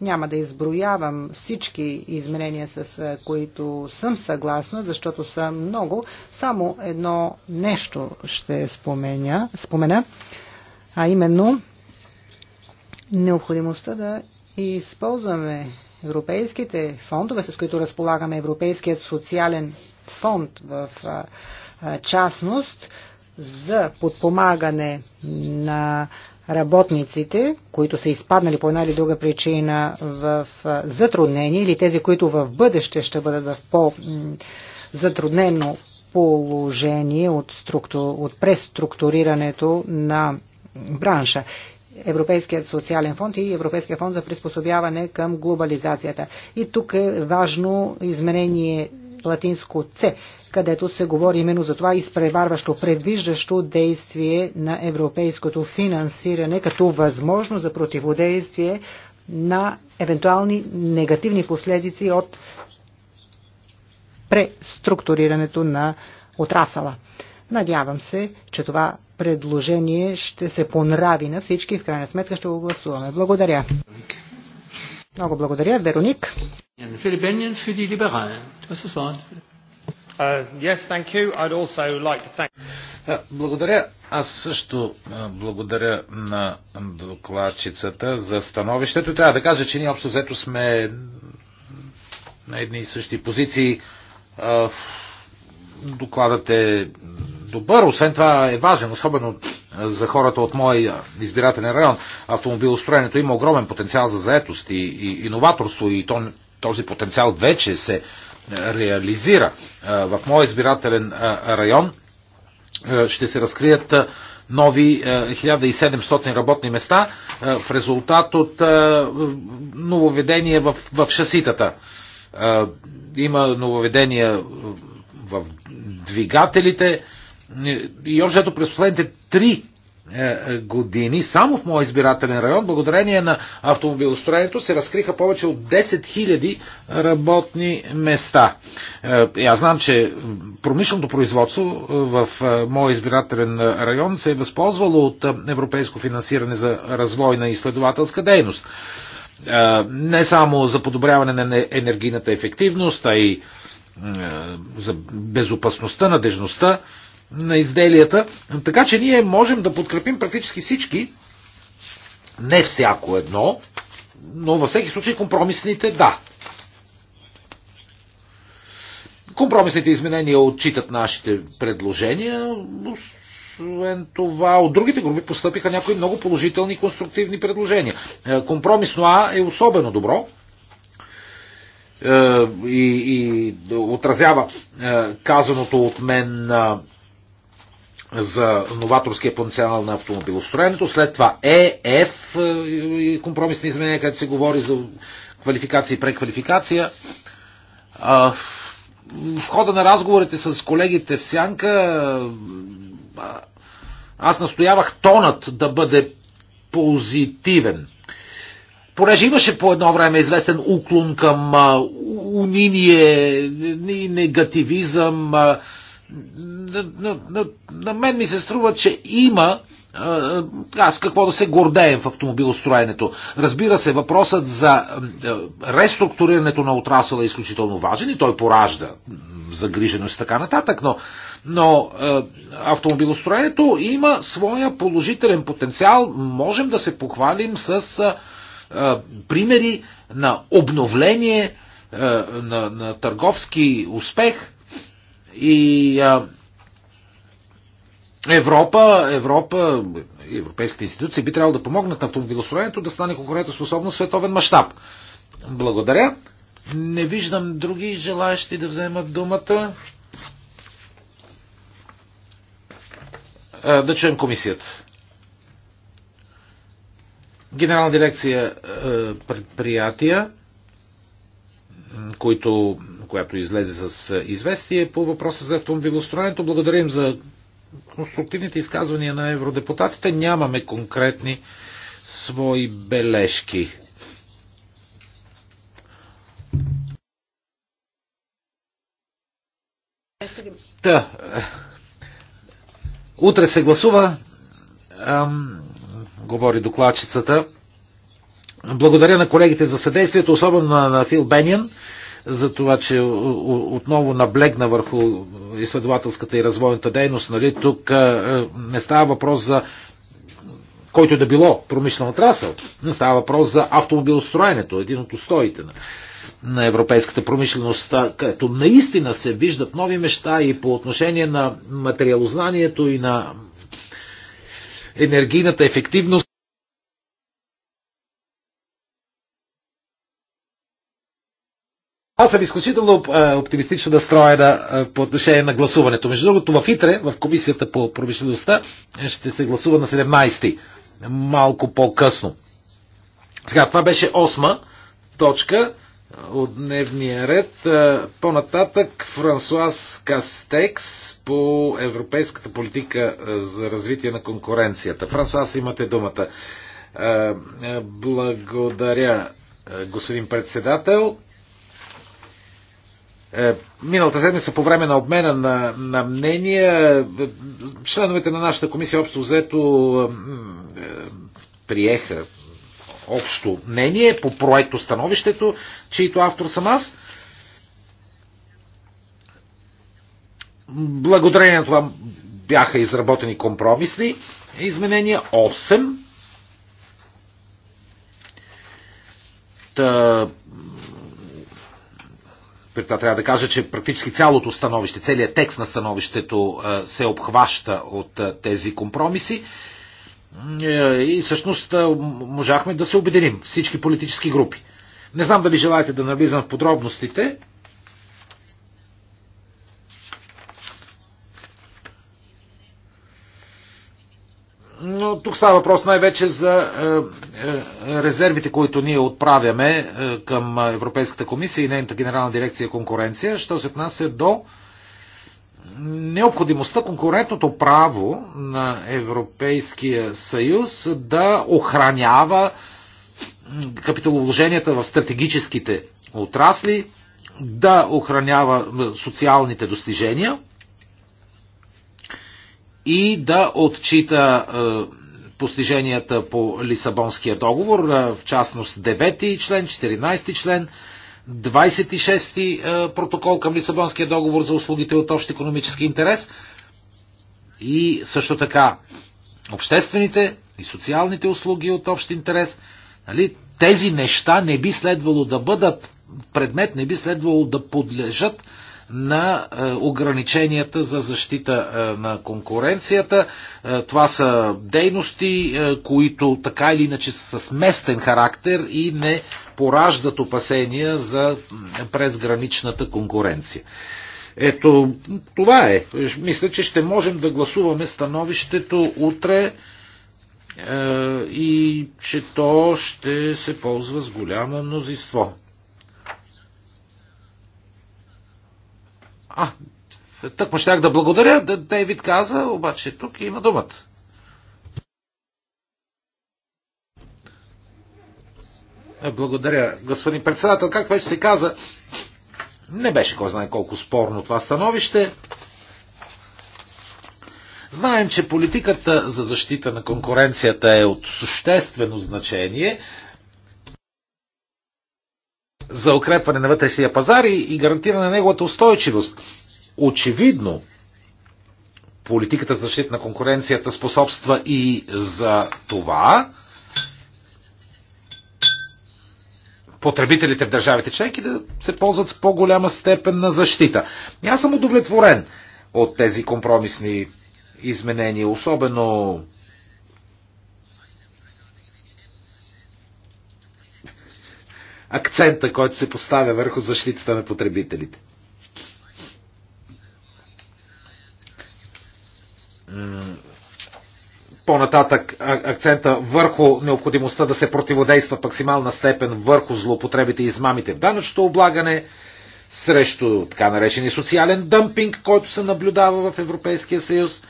Няма да изброявам всички изменения, с които съм съгласна, защото са много. Само едно нещо ще споменя, спомена, а именно необходимостта да използваме европейските фондове, с които разполагаме Европейският социален фонд в частност за подпомагане на работниците, които са изпаднали по една или друга причина в затруднение или тези, които в бъдеще ще бъдат в по-затруднено положение от, структу... от преструктурирането на бранша. Европейският социален фонд и Европейския фонд за приспособяване към глобализацията. И тук е важно изменение латинско С, където се говори именно за това изпреварващо, предвиждащо действие на европейското финансиране като възможно за противодействие на евентуални негативни последици от преструктурирането на отрасала. Надявам се, че това предложение ще се понрави на всички в крайна сметка ще го гласуваме. Благодаря. Много благодаря, Вероник für die Liberalen. Uh, yes, thank you. I'd also like to thank... Е, благодаря. Аз също е, благодаря на докладчицата за становището. Трябва да кажа, че ние общо взето сме на едни и същи позиции. Е, докладът е добър, освен това е важен, особено за хората от моя избирателен район. Автомобилостроенето има огромен потенциал за заетост и, и иноваторство и то този потенциал вече се е, реализира е, в моя избирателен е, район, ще се разкрият нови 1700 работни места в резултат от нововедение в, в шаситата. Има нововедения в двигателите и общото през последните три е, е, години само в моя избирателен район, благодарение на автомобилостроението се разкриха повече от 10 000 работни места. Е, аз знам, че промишленото производство в моя избирателен район се е възползвало от европейско финансиране за развойна и изследователска дейност. Не само за подобряване на енергийната ефективност, а и за безопасността, надежността на изделията. Така че ние можем да подкрепим практически всички, не всяко едно, но във всеки случай компромисните да. Компромисните изменения отчитат нашите предложения. Освен това, от другите групи постъпиха някои много положителни и конструктивни предложения. Е, компромисно А е особено добро е, и, и отразява е, казаното от мен за новаторския потенциал на автомобилостроенето, след това Е, Ф е, и компромисни изменения, където се говори за квалификация и преквалификация. В хода на разговорите с колегите в Сянка аз настоявах тонът да бъде позитивен. Понеже имаше по едно време известен уклон към униние и негативизъм, на, на, на мен ми се струва, че има аз какво да се гордеем в автомобилостроенето. Разбира се, въпросът за реструктурирането на отрасъла е изключително важен и той поражда загриженост и така нататък, но, но автомобилостроенето има своя положителен потенциал. Можем да се похвалим с примери на обновление на, на търговски успех – и а, Европа, Европа, европейските институции би трябвало да помогнат на автомобилостроението да стане конкурентоспособно в световен мащаб. Благодаря. Не виждам други желаящи да вземат думата. Е, да чуем комисията. Генерална дирекция е, предприятия, които която излезе с известие по въпроса за автомобилостроенето. Благодарим за конструктивните изказвания на евродепутатите. Нямаме конкретни свои бележки. Та. Е, утре се гласува. Ам, говори докладчицата. Благодаря на колегите за съдействието, особено на, на Фил Бениан за това, че отново наблегна върху изследователската и развойната дейност. Нали? Тук не става въпрос за който да било промишлен отрасъл. Не става въпрос за автомобилостроенето, един от устоите на, на европейската промишленост, където наистина се виждат нови неща и по отношение на материалознанието и на енергийната ефективност. Аз съм изключително е, оптимистично настроена е, по отношение на гласуването. Между другото, в ИТРЕ, в Комисията по промишлеността, ще се гласува на 17-ти, малко по-късно. Сега, това беше 8 точка е, от дневния ред. По-нататък Франсуас Кастекс по европейската политика за развитие на конкуренцията. Франсуас, имате думата. Благодаря, господин председател. Е, миналата седмица по време на обмена на, на мнения, е, членовете на нашата комисия общо взето е, приеха общо мнение по проекто становището, чието автор съм аз. Благодарение на това бяха изработени компромисни изменения 8. Та, при това трябва да кажа, че практически цялото становище, целият текст на становището е, се обхваща от е, тези компромиси. Е, и всъщност можахме да се обединим всички политически групи. Не знам дали желаете да навлизам в подробностите. но тук става въпрос най-вече за е, е, резервите, които ние отправяме е, към Европейската комисия и нейната генерална дирекция конкуренция, що се отнася до необходимостта конкурентното право на Европейския съюз да охранява капиталовложенията в стратегическите отрасли, да охранява социалните достижения и да отчита е, постиженията по Лисабонския договор, е, в частност 9 член, 14 член, 26-ти е, протокол към Лисабонския договор за услугите от общ економически интерес и също така обществените и социалните услуги от общ интерес. Нали? Тези неща не би следвало да бъдат предмет, не би следвало да подлежат на е, ограниченията за защита е, на конкуренцията. Е, това са дейности, които така или иначе са с местен характер и не пораждат опасения за презграничната конкуренция. Ето, това е. Мисля, че ще можем да гласуваме становището утре и че то ще се ползва с голямо мнозинство. А, тък му щях да благодаря, Дейвид каза, обаче тук има думата. Е, благодаря, господин председател. Както вече се каза, не беше кой знае колко спорно това становище. Знаем, че политиката за защита на конкуренцията е от съществено значение за укрепване на вътрешния пазар и, и гарантиране на неговата устойчивост. Очевидно, политиката за защита на конкуренцията способства и за това потребителите в държавите членки да се ползват с по-голяма степен на защита. И аз съм удовлетворен от тези компромисни изменения, особено акцента, който се поставя върху защитата на потребителите. по-нататък акцента върху необходимостта да се противодейства в максимална степен върху злоупотребите и измамите в данъчното облагане, срещу така наречени социален дъмпинг, който се наблюдава в Европейския съюз.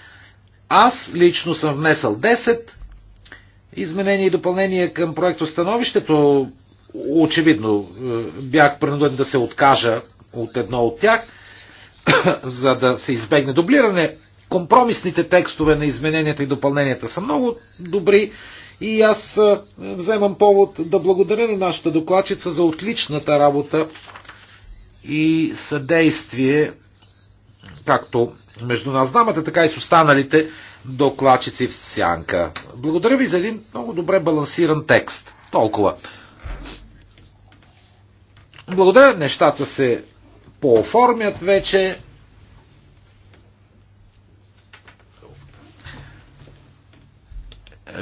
Аз лично съм внесъл 10 изменения и допълнения към проекто становището очевидно е, бях принуден да се откажа от едно от тях, <coughs> за да се избегне дублиране. Компромисните текстове на измененията и допълненията са много добри и аз е, вземам повод да благодаря на нашата докладчица за отличната работа и съдействие, както между нас дамата, така и с останалите докладчици в сянка. Благодаря ви за един много добре балансиран текст. Толкова. Благодаря, нещата се пооформят вече.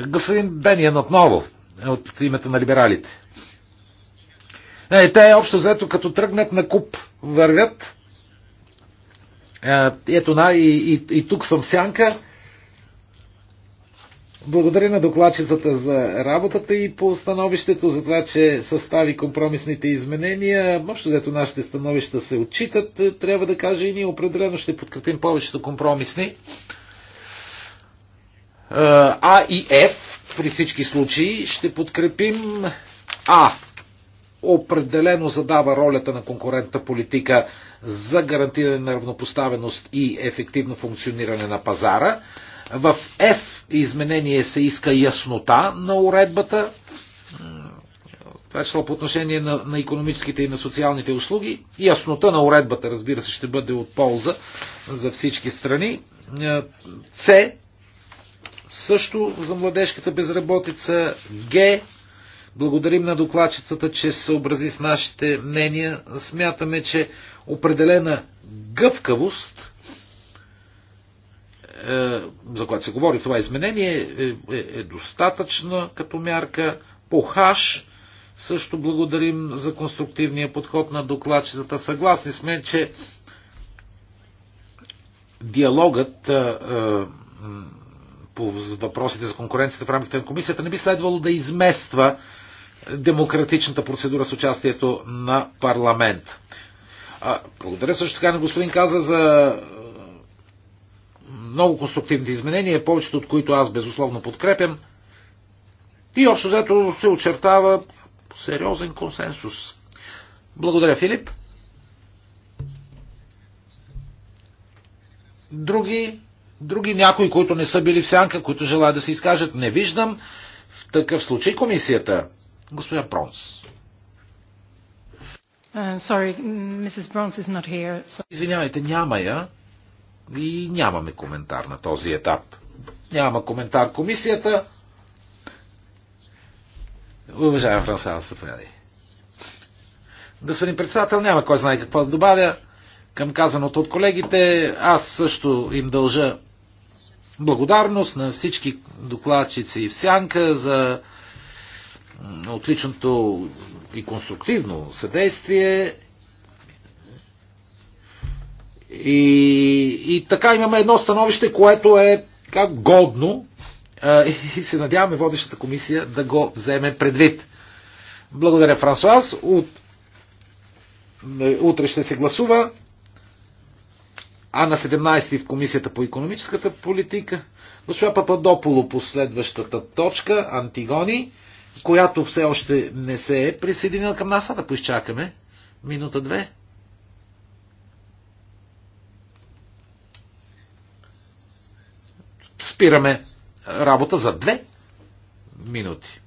Господин Бениан отново, от името на либералите. Не, те общо взето като тръгнат на куп, вървят. Е, ето на, и, и, и тук съм сянка. Благодаря на докладчицата за работата и по становището, за това, че състави компромисните изменения. Общо взето нашите становища се отчитат, трябва да кажа и ние определено ще подкрепим повечето компромисни. А и Ф при всички случаи ще подкрепим А. Определено задава ролята на конкурентна политика за гарантиране на равнопоставеност и ефективно функциониране на пазара. В F изменение се иска яснота на уредбата, това е число по отношение на, на економическите и на социалните услуги. Яснота на уредбата, разбира се, ще бъде от полза за всички страни. Е, с също за младежката безработица. Г Благодарим на докладчицата, че се съобрази с нашите мнения. Смятаме, че определена гъвкавост е, за която се говори това изменение, е, е, е достатъчна като мярка. По хаш също благодарим за конструктивния подход на докладчицата. Съгласни сме, че диалогът по въпросите за конкуренцията в рамките на комисията не би следвало да измества демократичната процедура с участието на парламент. благодаря също така на господин Каза за много конструктивните изменения, повечето от които аз безусловно подкрепям. И общо взето се очертава сериозен консенсус. Благодаря, Филип. Други, други някои, които не са били в сянка, които желаят да се изкажат, не виждам. В такъв случай комисията. Господя Пронс. Uh, sorry, Mrs. Bronze is not here. So... Извинявайте, няма я. И нямаме коментар на този етап. Няма коментар комисията. Уважаем Франсава, съповядай. Господин председател, няма кой знае какво да добавя към казаното от колегите. Аз също им дължа благодарност на всички докладчици в Сянка за отличното и конструктивно съдействие и, и така имаме едно становище, което е как годно и се надяваме водещата комисия да го вземе предвид. Благодаря, Франсуаз. От... Утре ще се гласува, а на 17 в Комисията по економическата политика. Госпожа Пападополо по следващата точка, Антигони, която все още не се е присъединила към нас, а да поизчакаме минута-две. Спираме работа за две минути.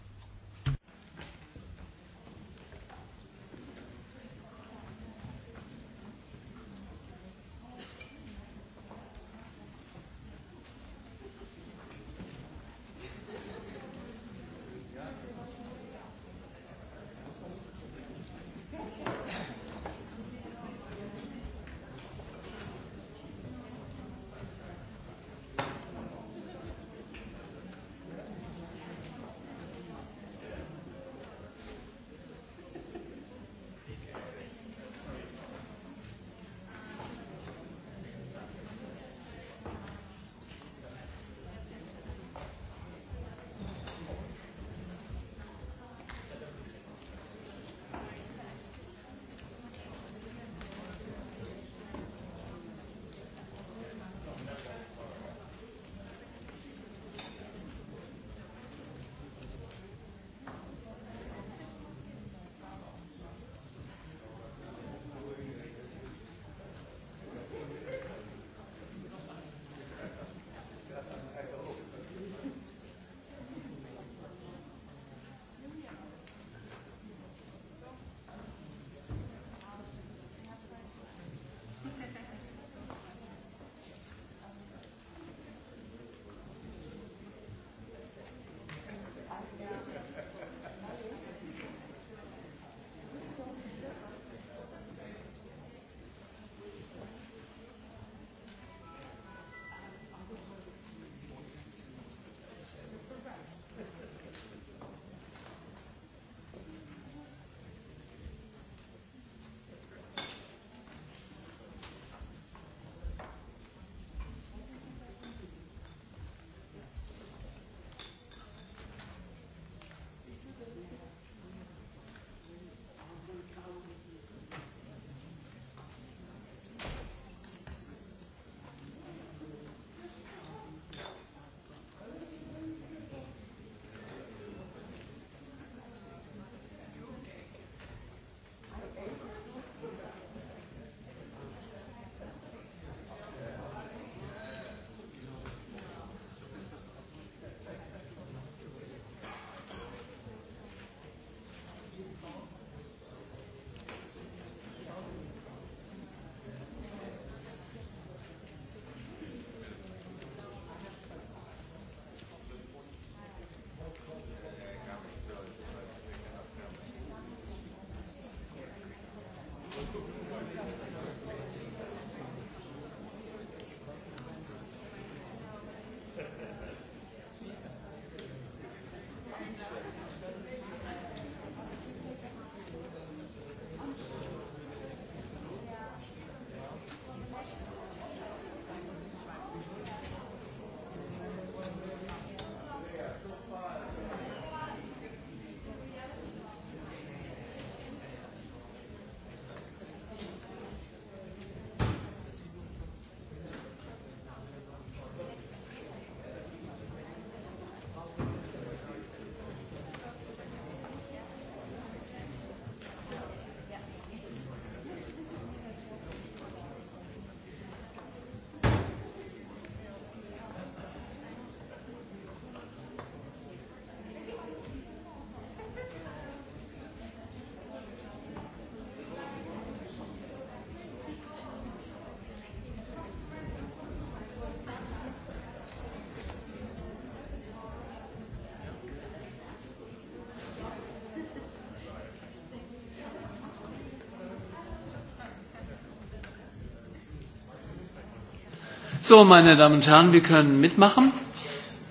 So, meine Damen und Herren, wir können mitmachen.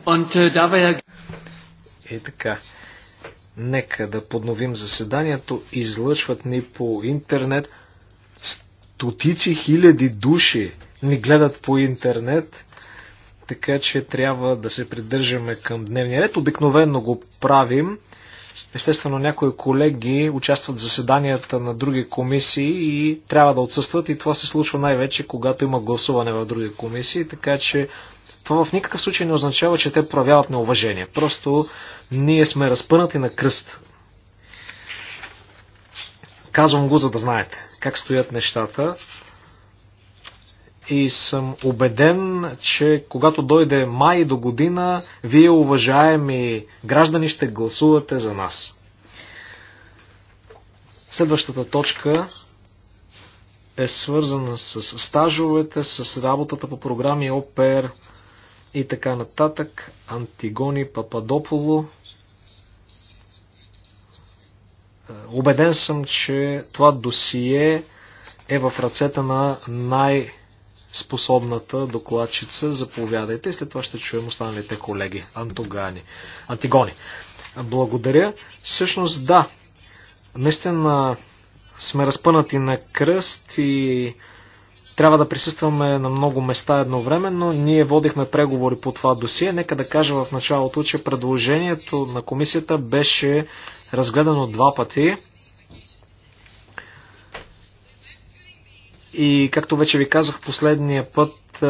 Und äh, da war ja... И така, нека да подновим заседанието. Излъчват ни по интернет. Стотици хиляди души ни гледат по интернет така че трябва да се придържаме към дневния ред. Обикновено го правим. Естествено, някои колеги участват в заседанията на други комисии и трябва да отсъстват и това се случва най-вече, когато има гласуване в други комисии, така че това в никакъв случай не означава, че те проявяват неуважение. Просто ние сме разпънати на кръст. Казвам го, за да знаете как стоят нещата и съм убеден, че когато дойде май до година, вие, уважаеми граждани, ще гласувате за нас. Следващата точка е свързана с стажовете, с работата по програми ОПР и така нататък. Антигони Пападополо. Обеден е, съм, че това досие е в ръцете на най- способната докладчица. Заповядайте и след това ще чуем останалите колеги. Антогани. Антигони. Благодаря. Всъщност да, наистина сме разпънати на кръст и трябва да присъстваме на много места едновременно. Ние водихме преговори по това досие. Нека да кажа в началото, че предложението на комисията беше разгледано два пъти. И както вече ви казах последния път, е,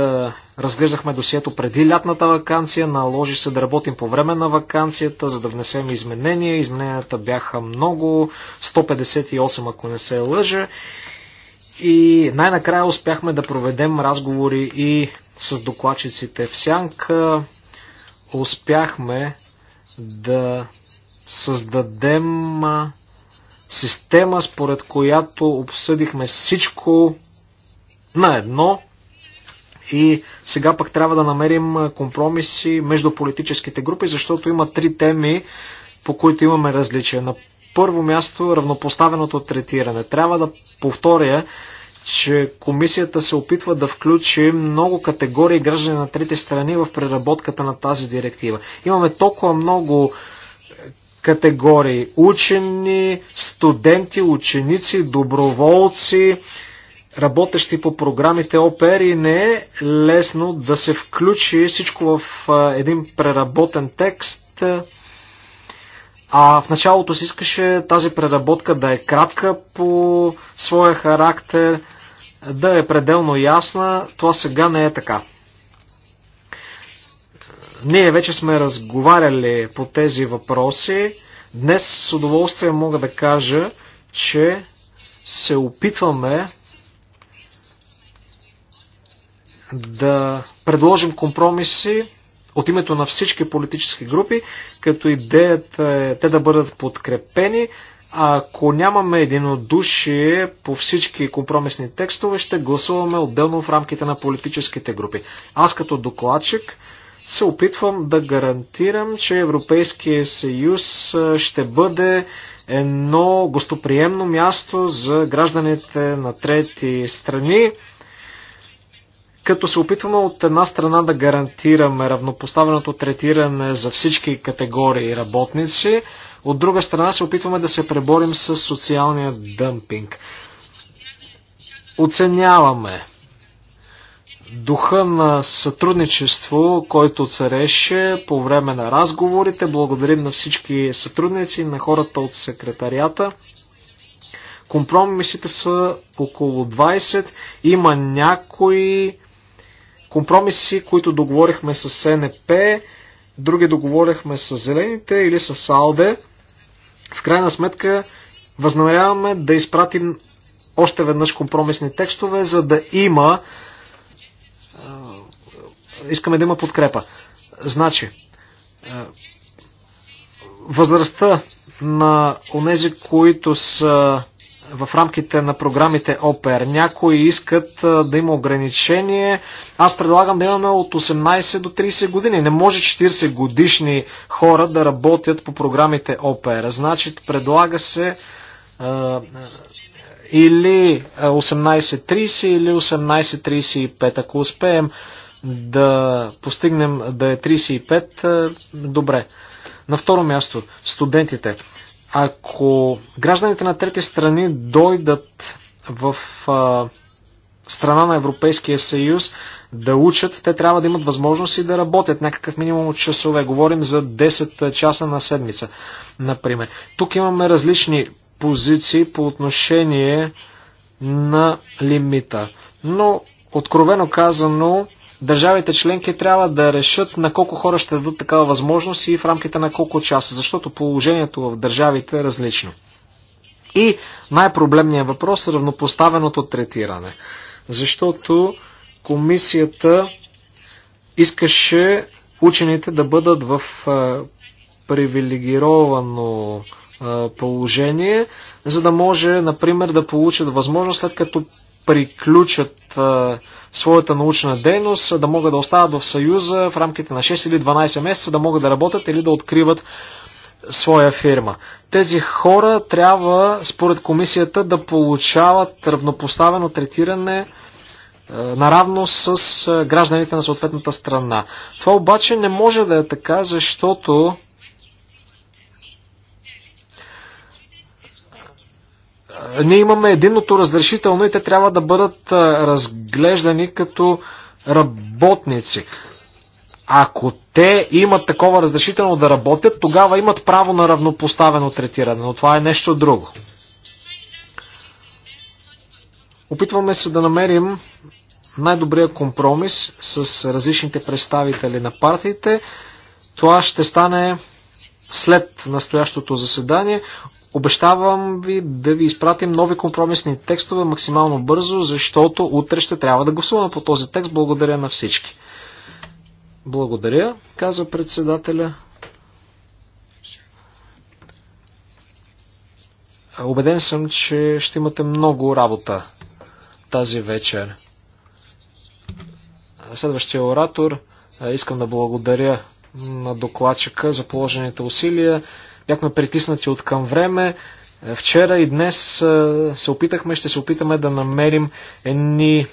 разглеждахме досието преди лятната вакансия, наложи се да работим по време на вакансията, за да внесем изменения. Измененията бяха много, 158 ако не се лъжа. И най-накрая успяхме да проведем разговори и с докладчиците в Сянка. Успяхме да създадем система, според която обсъдихме всичко, на едно и сега пък трябва да намерим компромиси между политическите групи, защото има три теми, по които имаме различия. На първо място равнопоставеното третиране. Трябва да повторя, че комисията се опитва да включи много категории граждани на трети страни в преработката на тази директива. Имаме толкова много е, категории. Учени, студенти, ученици, доброволци, работещи по програмите ОПР и не е лесно да се включи всичко в един преработен текст. А в началото се искаше тази преработка да е кратка по своя характер, да е пределно ясна. Това сега не е така. Ние вече сме разговаряли по тези въпроси. Днес с удоволствие мога да кажа, че се опитваме да предложим компромиси от името на всички политически групи, като идеята е те да бъдат подкрепени. А ако нямаме единодушие по всички компромисни текстове, ще гласуваме отделно в рамките на политическите групи. Аз като докладчик се опитвам да гарантирам, че Европейския съюз ще бъде едно гостоприемно място за гражданите на трети страни, като се опитваме от една страна да гарантираме равнопоставеното третиране за всички категории работници, от друга страна се опитваме да се преборим с социалния дъмпинг. Оценяваме духа на сътрудничество, който цареше по време на разговорите. Благодарим на всички сътрудници, на хората от секретарията. Компромисите са около 20. Има някои компромиси, които договорихме с НП, други договорихме с Зелените или с АЛДЕ. В крайна сметка възнамеряваме да изпратим още веднъж компромисни текстове, за да има искаме да има подкрепа. Значи, възрастта на онези, които са в рамките на програмите ОПР. Някои искат да има ограничение. Аз предлагам да имаме от 18 до 30 години. Не може 40 годишни хора да работят по програмите ОПР. Значи предлага се или 18.30 или 18.35. Ако успеем да постигнем да е 35, добре. На второ място, студентите. Ако гражданите на трети страни дойдат в а, страна на Европейския съюз да учат, те трябва да имат възможност и да работят някакъв минимум от часове. Говорим за 10 часа на седмица, например. Тук имаме различни позиции по отношение на лимита. Но, откровено казано, Държавите членки трябва да решат на колко хора ще дадат такава възможност и в рамките на колко часа, защото положението в държавите е различно. И най-проблемният въпрос е равнопоставеното третиране. Защото комисията искаше учените да бъдат в привилегировано положение, за да може, например, да получат възможност след като приключат своята научна дейност, да могат да остават в Съюза в рамките на 6 или 12 месеца, да могат да работят или да откриват своя фирма. Тези хора трябва, според комисията, да получават равнопоставено третиране е, наравно с е, гражданите на съответната страна. Това обаче не може да е така, защото ние имаме единното разрешително и те трябва да бъдат разглеждани като работници. Ако те имат такова разрешително да работят, тогава имат право на равнопоставено третиране, но това е нещо друго. Опитваме се да намерим най-добрия компромис с различните представители на партиите. Това ще стане след настоящото заседание. Обещавам ви да ви изпратим нови компромисни текстове максимално бързо, защото утре ще трябва да гласуваме по този текст. Благодаря на всички. Благодаря, каза председателя. Обеден съм, че ще имате много работа тази вечер. Следващия оратор искам да благодаря на докладчика за положените усилия. Бяхме притиснати от към време. Е, вчера и днес е, се опитахме, ще се опитаме да намерим едни е,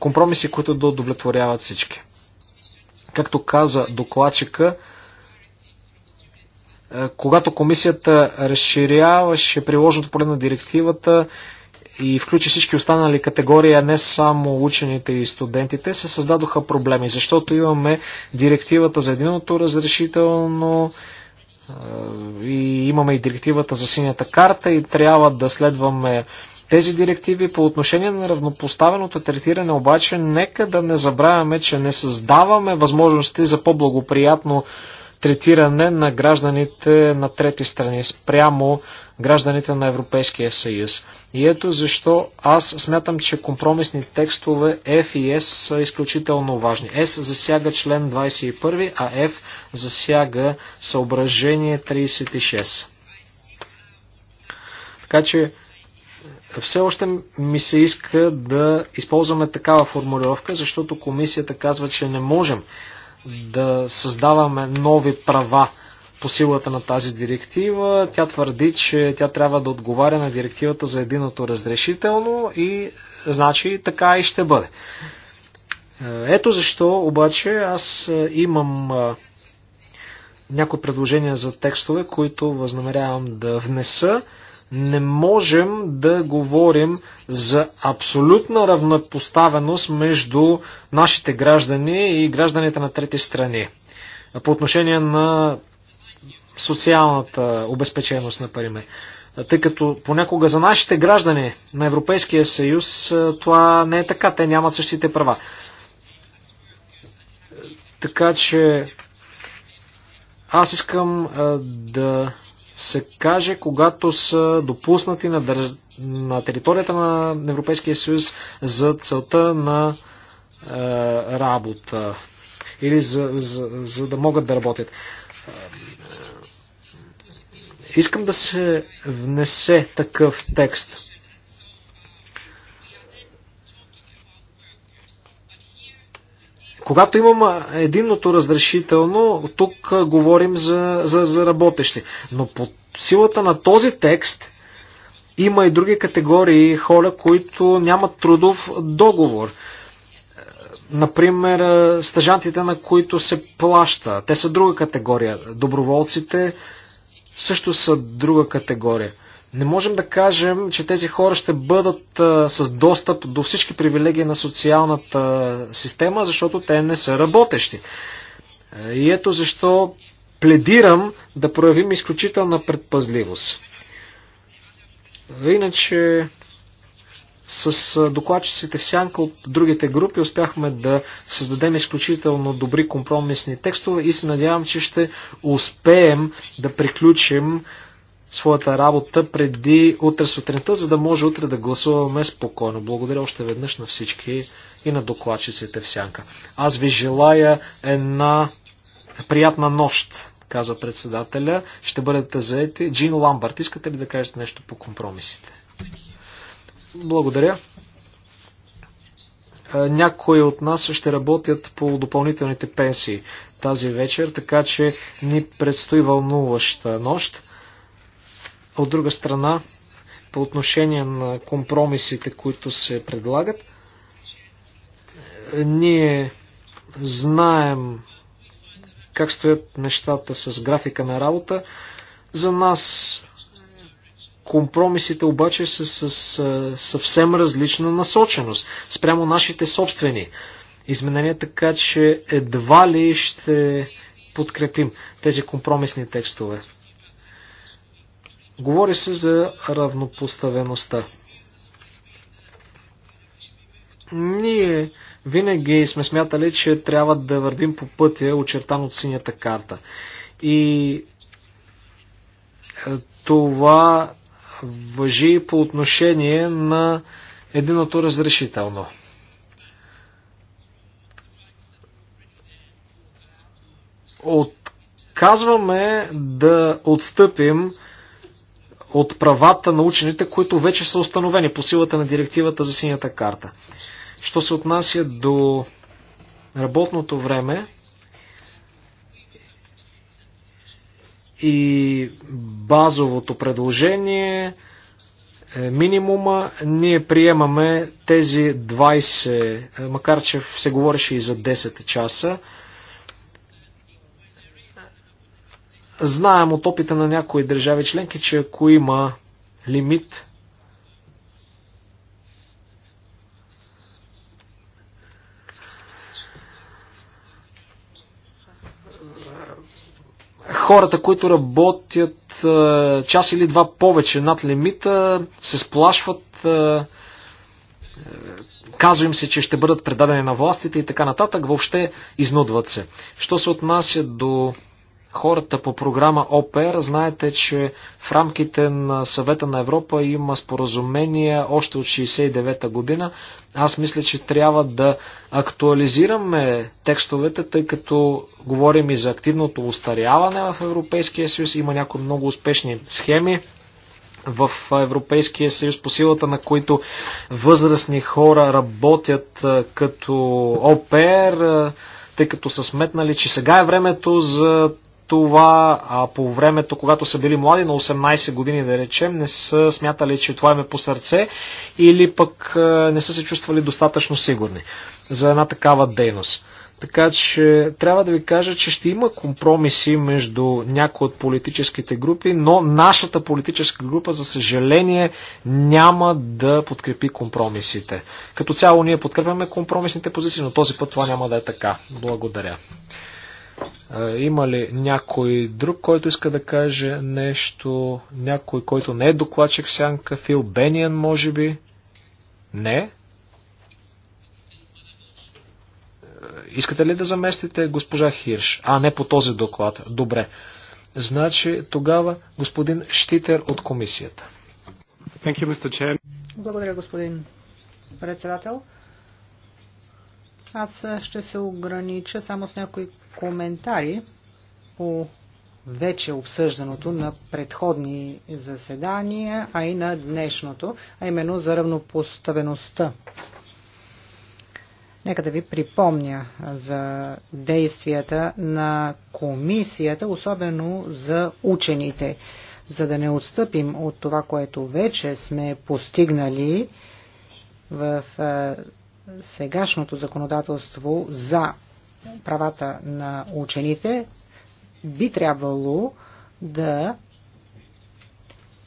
компромиси, които да удовлетворяват всички. Както каза докладчика, когато комисията разширяваше приложното поле на директивата, и включи всички останали категории, а не само учените и студентите, се създадоха проблеми, защото имаме директивата за единото разрешително и имаме и директивата за синята карта и трябва да следваме тези директиви по отношение на равнопоставеното третиране обаче нека да не забравяме, че не създаваме възможности за по-благоприятно третиране на гражданите на трети страни спрямо гражданите на Европейския съюз. И ето защо аз смятам, че компромисни текстове F и S са изключително важни. S засяга член 21, а F засяга съображение 36. Така че все още ми се иска да използваме такава формулировка, защото комисията казва, че не можем да създаваме нови права по силата на тази директива. Тя твърди, че тя трябва да отговаря на директивата за единото разрешително и значи така и ще бъде. Е, ето защо обаче аз е, имам е, някои предложения за текстове, които възнамерявам да внеса. Не можем да говорим за абсолютна равнопоставеност между нашите граждани и гражданите на трети страни по отношение на социалната обезпеченост, например. Тъй като понякога за нашите граждани на Европейския съюз е, това не е така. Те нямат същите права. Така че аз искам е, да се каже, когато са допуснати на, държ... на територията на Европейския съюз за целта на е, работа или за, за, за да могат да работят. Е, Искам да се внесе такъв текст. Когато имам единното разрешително, тук говорим за, за, за работещи. Но по силата на този текст има и други категории хора, които нямат трудов договор. Например, стъжантите, на които се плаща. Те са друга категория. Доброволците, също са друга категория. Не можем да кажем, че тези хора ще бъдат а, с достъп до всички привилегии на социалната система, защото те не са работещи. И ето защо пледирам да проявим изключителна предпазливост. Иначе с докладчиците в сянка от другите групи успяхме да създадем изключително добри компромисни текстове и се надявам, че ще успеем да приключим своята работа преди утре сутринта, за да може утре да гласуваме спокойно. Благодаря още веднъж на всички и на докладчиците в сянка. Аз ви желая една приятна нощ, каза председателя. Ще бъдете заети. Джин Ламбард, искате ли да кажете нещо по компромисите? Благодаря. Някои от нас ще работят по допълнителните пенсии тази вечер, така че ни предстои вълнуваща нощ. От друга страна, по отношение на компромисите, които се предлагат, ние знаем как стоят нещата с графика на работа. За нас компромисите обаче са с, с съвсем различна насоченост спрямо нашите собствени изменения, така че едва ли ще подкрепим тези компромисни текстове. Говори се за равнопоставеността. Ние винаги сме смятали, че трябва да вървим по пътя, очертан от синята карта. И е, това въжи по отношение на единото разрешително. Отказваме да отстъпим от правата на учените, които вече са установени по силата на директивата за синята карта. Що се отнася до работното време, и базовото предложение е, минимума. Ние приемаме тези 20, е, макар че се говореше и за 10 часа. Знаем от опита на някои държави членки, че ако има лимит, хората, които работят а, час или два повече над лимита, се сплашват, а, е, казва им се, че ще бъдат предадени на властите и така нататък, въобще изнудват се. Що се отнася до хората по програма ОПЕР. Знаете, че в рамките на съвета на Европа има споразумения още от 69-та година. Аз мисля, че трябва да актуализираме текстовете, тъй като говорим и за активното устаряване в Европейския съюз. Има някои много успешни схеми в Европейския съюз, по силата на които възрастни хора работят като ОПЕР тъй като са сметнали, че сега е времето за това, а по времето, когато са били млади, на 18 години да речем, не са смятали, че това им е по сърце или пък не са се чувствали достатъчно сигурни за една такава дейност. Така че трябва да ви кажа, че ще има компромиси между някои от политическите групи, но нашата политическа група, за съжаление, няма да подкрепи компромисите. Като цяло ние подкрепяме компромисните позиции, но този път това няма да е така. Благодаря. Има ли някой друг, който иска да каже нещо? Някой, който не е докладчик в сянка? Фил Бениан, може би? Не? Искате ли да заместите госпожа Хирш? А, не по този доклад. Добре. Значи тогава господин Штитер от комисията. You, Благодаря, господин председател. Аз ще се огранича само с някои коментари по вече обсъжданото на предходни заседания, а и на днешното, а именно за равнопоставеността. Нека да ви припомня за действията на комисията, особено за учените, за да не отстъпим от това, което вече сме постигнали в сегашното законодателство за правата на учените, би трябвало да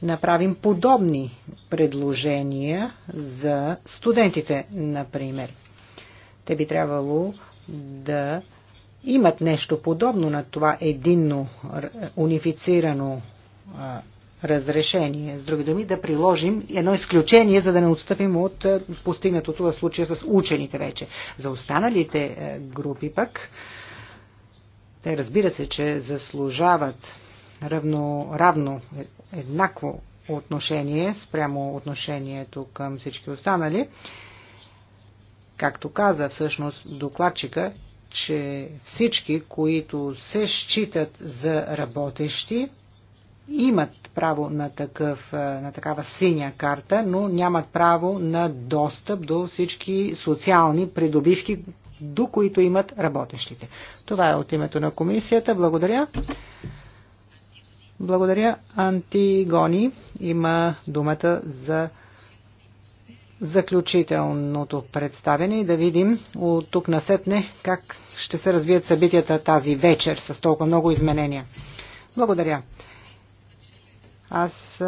направим подобни предложения за студентите, например. Те би трябвало да имат нещо подобно на това единно унифицирано разрешение. С други думи, да приложим едно изключение, за да не отстъпим от е, постигнатото в случая с учените вече. За останалите е, групи пък, те разбира се, че заслужават равно, равно е, еднакво отношение спрямо отношението към всички останали. Както каза всъщност докладчика, че всички, които се считат за работещи, имат право на, такъв, е, на такава синя карта, но нямат право на достъп до всички социални придобивки, до които имат работещите. Това е от името на комисията. Благодаря. Благодаря. Антигони има думата за заключителното представяне и да видим от тук насетне как ще се развият събитията тази вечер с толкова много изменения. Благодаря. Аз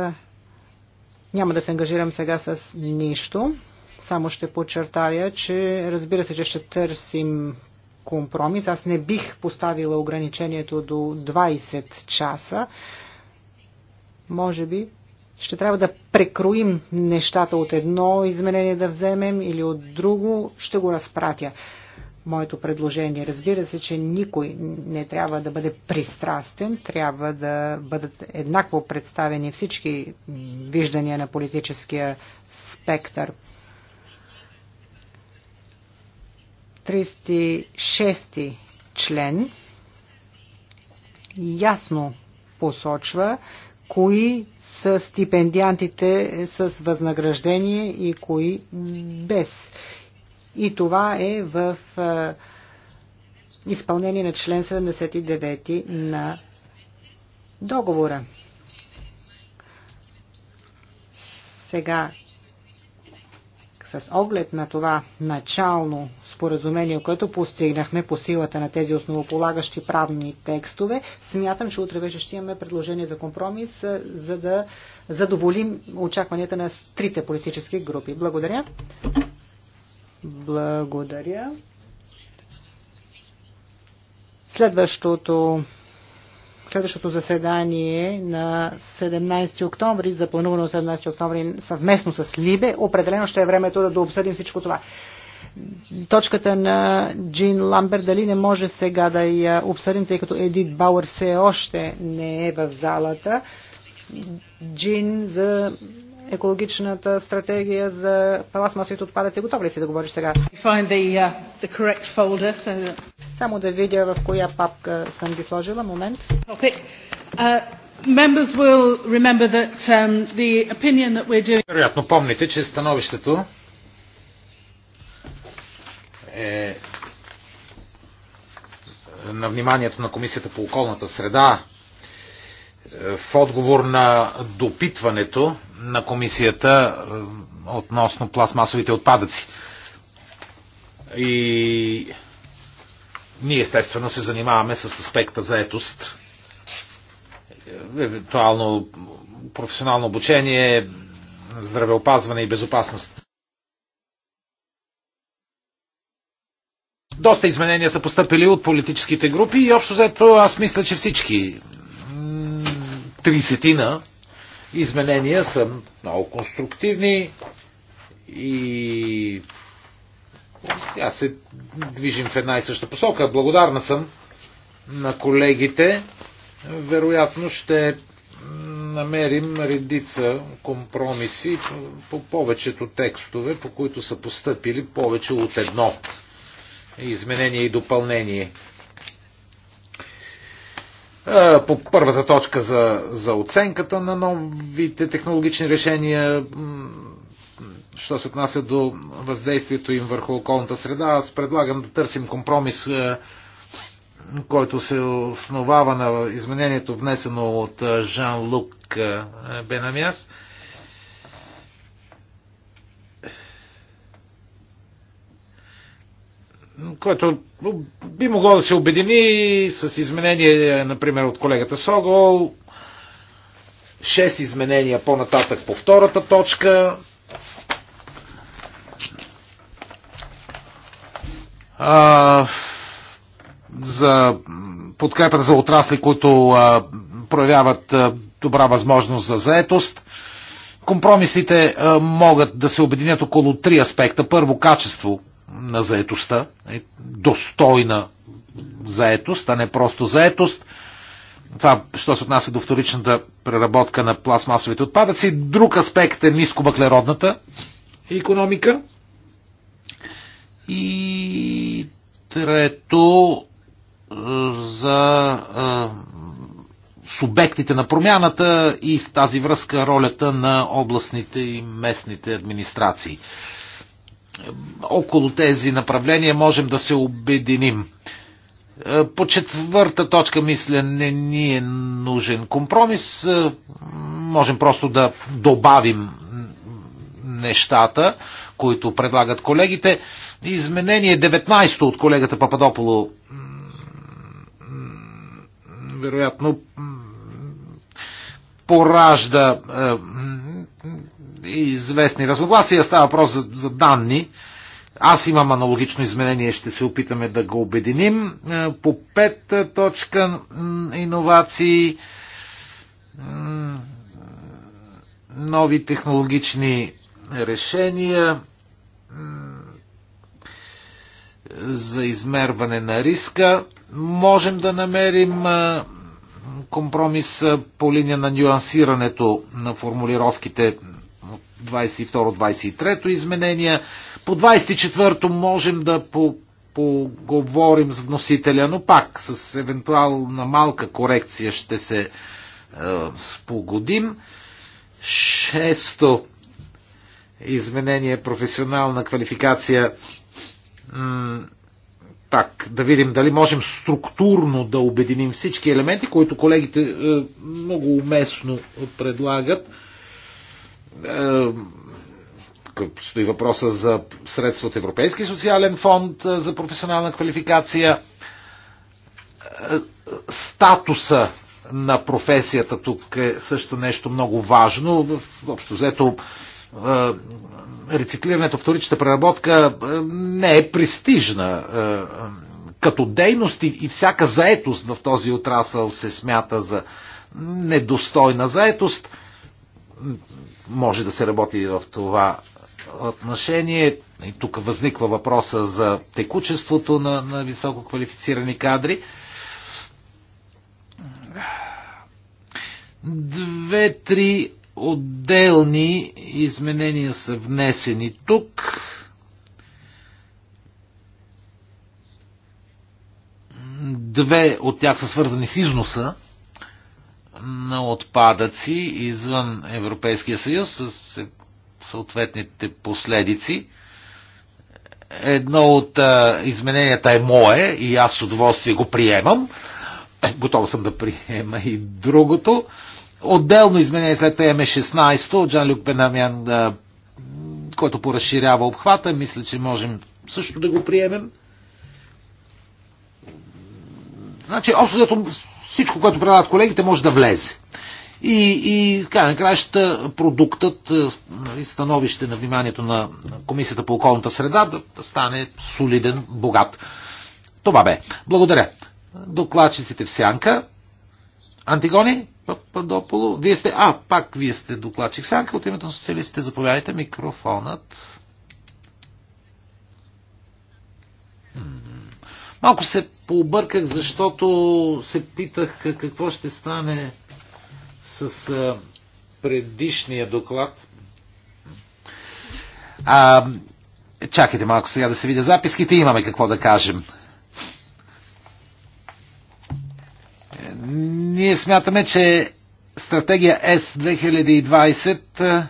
няма да се ангажирам сега с нищо, само ще подчертая, че разбира се, че ще търсим компромис. Аз не бих поставила ограничението до 20 часа. Може би ще трябва да прекроим нещата от едно изменение да вземем или от друго. Ще го разпратя моето предложение. Разбира се, че никой не трябва да бъде пристрастен, трябва да бъдат еднакво представени всички виждания на политическия спектър. 36 член ясно посочва кои са стипендиантите с възнаграждение и кои без. И това е в изпълнение на член 79 на договора. Сега, с оглед на това начално споразумение, което постигнахме по силата на тези основополагащи правни текстове, смятам, че утре вече ще имаме предложение за компромис, за да задоволим очакванията на трите политически групи. Благодаря. Благодаря. Следващото следващото заседание на 17 октомври, запланувано 17 октомври съвместно с Либе, определено ще е времето да, да обсъдим всичко това. Точката на Джин Ламбер, дали не може сега да я обсъдим, тъй като Едит Бауър все още не е в залата. Джин за екологичната стратегия за пластмасовите отпадъци. Готов ли си да говориш сега? Uh, Само да видя в коя папка съм ги сложила. Момент. Uh, um, Вероятно помните, че становището е на вниманието на Комисията по околната среда в отговор на допитването на комисията относно пластмасовите отпадъци. И ние естествено се занимаваме с аспекта за етост, евентуално професионално обучение, здравеопазване и безопасност. Доста изменения са поступили от политическите групи и общо взето аз мисля, че всички тридесетина изменения са много конструктивни и аз се движим в една и съща посока. Благодарна съм на колегите. Вероятно ще намерим редица компромиси по повечето текстове, по които са постъпили повече от едно изменение и допълнение. Е, по първата точка за, за оценката на новите технологични решения, що се отнася до въздействието им върху околната среда, аз предлагам да търсим компромис, е, който се основава на изменението внесено от е, Жан-Лук Бенамяс – което би могло да се обедини с изменение, например, от колегата Согол, 6 изменения по-нататък по втората точка. А, за подкрепата за отрасли, които а, проявяват а, добра възможност за заетост. Компромисите а, могат да се обединят около три аспекта. Първо, качество на заетостта, е достойна заетост, а не просто заетост. Това, що се отнася до вторичната преработка на пластмасовите отпадъци. Друг аспект е нисковъглеродната економика. И трето, за субектите на промяната и в тази връзка ролята на областните и местните администрации около тези направления можем да се обединим. Е, по четвърта точка, мисля, не ни е нужен компромис. Е, можем просто да добавим нещата, които предлагат колегите. Изменение 19 то от колегата Пападополо вероятно поражда е, известни разногласия. Става въпрос за, за данни. Аз имам аналогично изменение, ще се опитаме да го обединим. Е, по пет точка иновации, нови технологични решения за измерване на риска. Можем да намерим е, компромис е, по линия на нюансирането на формулировките 22-23 изменения. По 24-то можем да по поговорим с вносителя, но пак с евентуална малка корекция ще се е, спогодим. Шесто изменение е професионална квалификация. М так, да видим дали можем структурно да обединим всички елементи, които колегите е, много уместно предлагат е, стои въпроса за средства от Европейски социален фонд е, за професионална квалификация, е, статуса на професията тук е също нещо много важно. В общо взето рециклирането, вторичната преработка не е престижна като дейност и всяка заетост в този отрасъл се смята за недостойна заетост може да се работи в това отношение. И тук възниква въпроса за текучеството на, на високо квалифицирани кадри. Две-три отделни изменения са внесени тук. Две от тях са свързани с износа на отпадъци извън Европейския съюз с съответните последици. Едно от а, измененията е мое и аз с удоволствие го приемам. <clears throat> Готов съм да приема и другото. Отделно изменение след това имаме 16-то от Жан-Люк Бенамян, който поразширява обхвата. Мисля, че можем също да го приемем. Значи, общо всичко, което правят колегите, може да влезе. И, и така на краща продуктът, е, нали, становище на вниманието на Комисията по околната среда да стане солиден, богат. Това бе. Благодаря. Докладчиците в сянка. Антигони Пападополо, вие сте... А, пак вие сте докладчик сянка от името на социалистите. Заповядайте микрофонът. Малко се пообърках, защото се питах какво ще стане с предишния доклад. А, чакайте малко сега да се видя записките, имаме какво да кажем. Ние смятаме, че стратегия С 2020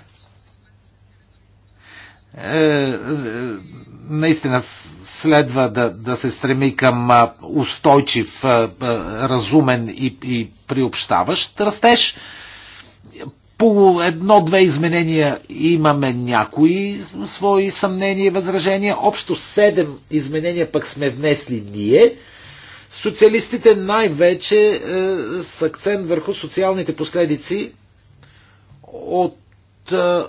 наистина следва да, да се стреми към устойчив, разумен и, и приобщаващ растеж. По едно-две изменения имаме някои свои съмнения и възражения. Общо седем изменения пък сме внесли ние. Социалистите най-вече е, с акцент върху социалните последици от е,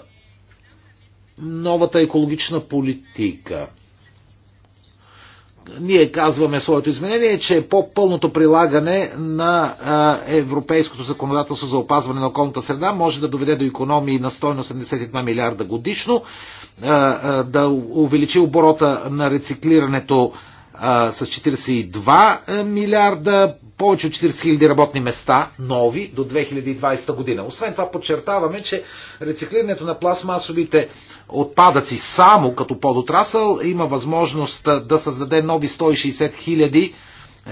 новата екологична политика. Ние казваме своето изменение, че по-пълното прилагане на европейското законодателство за опазване на околната среда може да доведе до економии на 182 милиарда годишно, да увеличи оборота на рециклирането а, с 42 милиарда, повече от 40 хиляди работни места, нови, до 2020 година. Освен това подчертаваме, че рециклирането на пластмасовите отпадъци само като подотрасъл има възможност да създаде нови 160 хиляди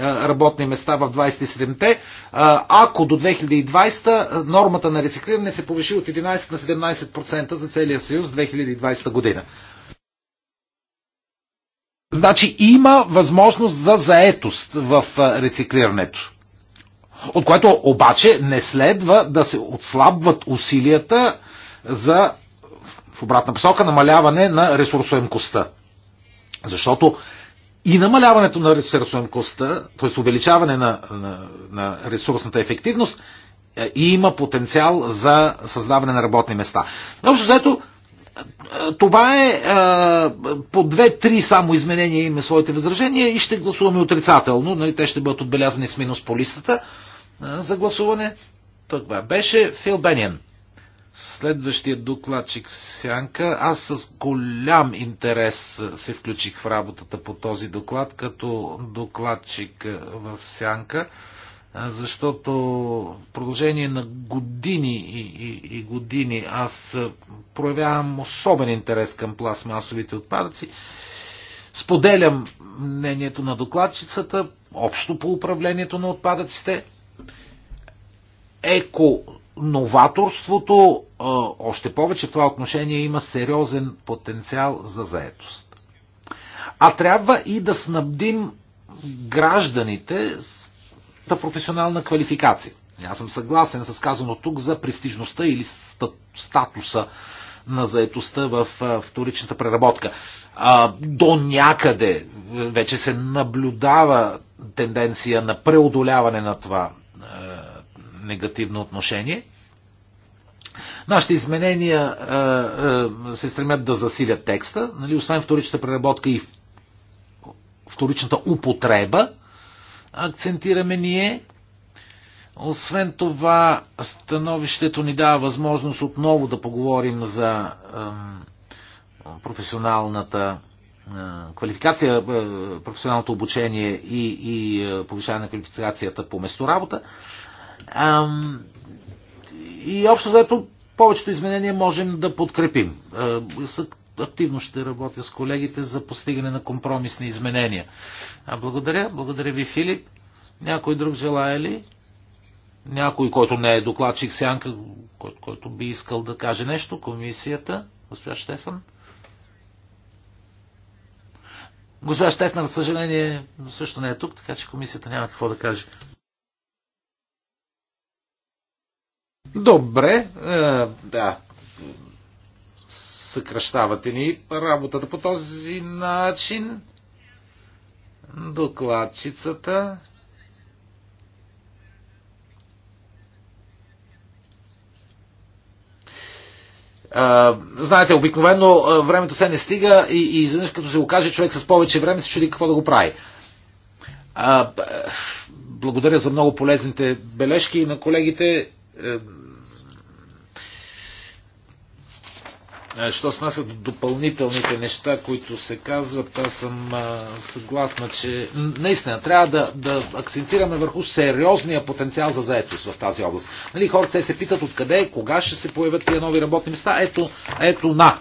работни места в 27-те, ако до 2020 нормата на рециклиране се повиши от 11 на 17% за целия съюз 2020 година. Значи има възможност за заетост в рециклирането. От което обаче не следва да се отслабват усилията за в обратна посока намаляване на ресурсоемкостта. Защото и намаляването на ресурсоемкостта, т.е. увеличаване на, на, на ресурсната ефективност, е, и има потенциал за създаване на работни места. Общо заето, това е по две-три само изменения има своите възражения и ще гласуваме отрицателно. Нали, те ще бъдат отбелязани с минус по листата за гласуване. Това беше Фил Бениан. Следващия докладчик в Сянка. Аз с голям интерес се включих в работата по този доклад, като докладчик в Сянка защото в продължение на години и, и, и години аз проявявам особен интерес към пластмасовите отпадъци. Споделям мнението на докладчицата, общо по управлението на отпадъците. Еко новаторството, още повече в това отношение, има сериозен потенциал за заетост. А трябва и да снабдим гражданите с професионална квалификация. Аз съм съгласен с казано тук за престижността или статуса на заетостта в вторичната преработка. А, до някъде вече се наблюдава тенденция на преодоляване на това а, негативно отношение. Нашите изменения а, а, се стремят да засилят текста, нали, освен вторичната преработка и вторичната употреба, акцентираме ние. Освен това, становището ни дава възможност отново да поговорим за професионалната квалификация, професионалното обучение и, и повишаване на квалификацията по месторабота. И общо заето повечето изменения можем да подкрепим активно ще работя с колегите за постигане на компромисни изменения. А благодаря, благодаря ви, Филип. Някой друг желая ли? Някой, който не е докладчик сянка, който, който би искал да каже нещо, комисията, госпожа Штефан. Госпожа Штефна, за съжаление, също не е тук, така че комисията няма какво да каже. Добре, е, да, съкръщавате ни работата по този начин. Докладчицата. знаете, обикновено времето се не стига и, и изведнъж като се окаже човек с повече време, се чуди какво да го прави. А, благодаря за много полезните бележки на колегите. Е, Що се нася до допълнителните неща, които се казват, аз съм съгласна, че наистина трябва да, да акцентираме върху сериозния потенциал за заетост в тази област. Нали, хората се питат откъде, кога ще се появят тия нови работни места. Ето, ето на.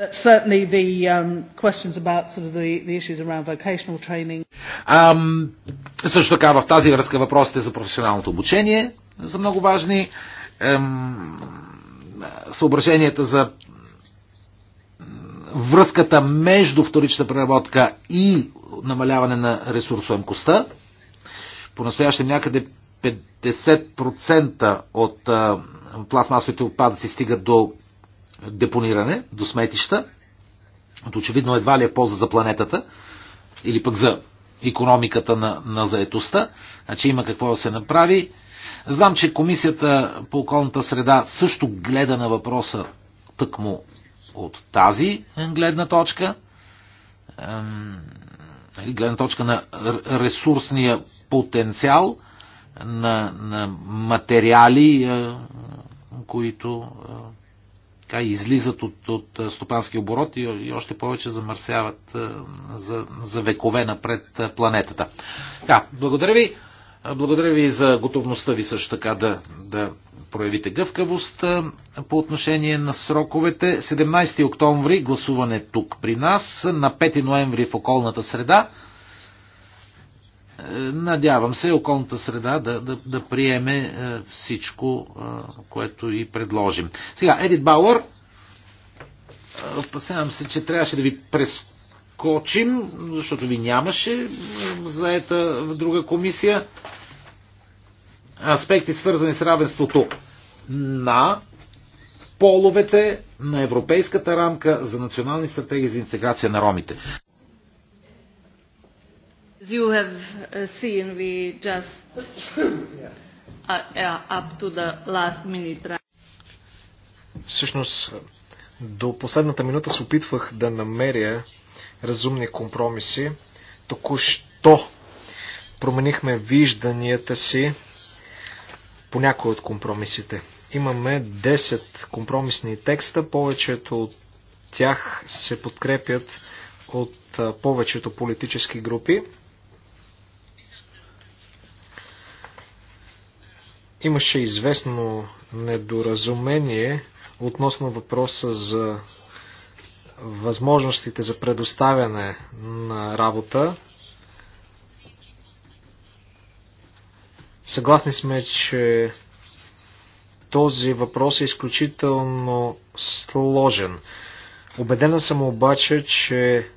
Uh, um, също така в тази връзка въпросите за професионалното обучение са много важни. Um, съображенията за връзката между вторична преработка и намаляване на ресурсоемкостта. По-настоящем някъде 50% от а, пластмасовите отпадъци стигат до депониране, до сметища. От очевидно едва ли е в полза за планетата или пък за економиката на, на заетостта. Значи има какво да се направи. Знам, че Комисията по околната среда също гледа на въпроса тъкмо от тази гледна точка, нали, гледна точка на ресурсния потенциал, на, на материали, е, които е, така, излизат от, от е, стопански оборот и, и още повече замърсяват за, за векове напред планетата. Така, благодаря ви. Благодаря ви за готовността ви също така да, да проявите гъвкавост по отношение на сроковете. 17 октомври гласуване тук при нас, на 5 ноември в околната среда. Е, надявам се околната среда да, да, да приеме е, всичко, е, което и предложим. Сега, Едит Бауър, опасявам се, че трябваше да ви прескочим, защото ви нямаше заета в друга комисия аспекти, свързани с равенството на половете на Европейската рамка за национални стратегии за интеграция на ромите. As you have uh, seen, we just uh, uh, up to the last minute. Всъщност, до последната минута се опитвах да намеря разумни компромиси. Току-що променихме вижданията си по някои от компромисите. Имаме 10 компромисни текста, повечето от тях се подкрепят от повечето политически групи. Имаше известно недоразумение относно въпроса за възможностите за предоставяне на работа Съгласни сме, че този въпрос е изключително сложен. Обедена съм обаче, че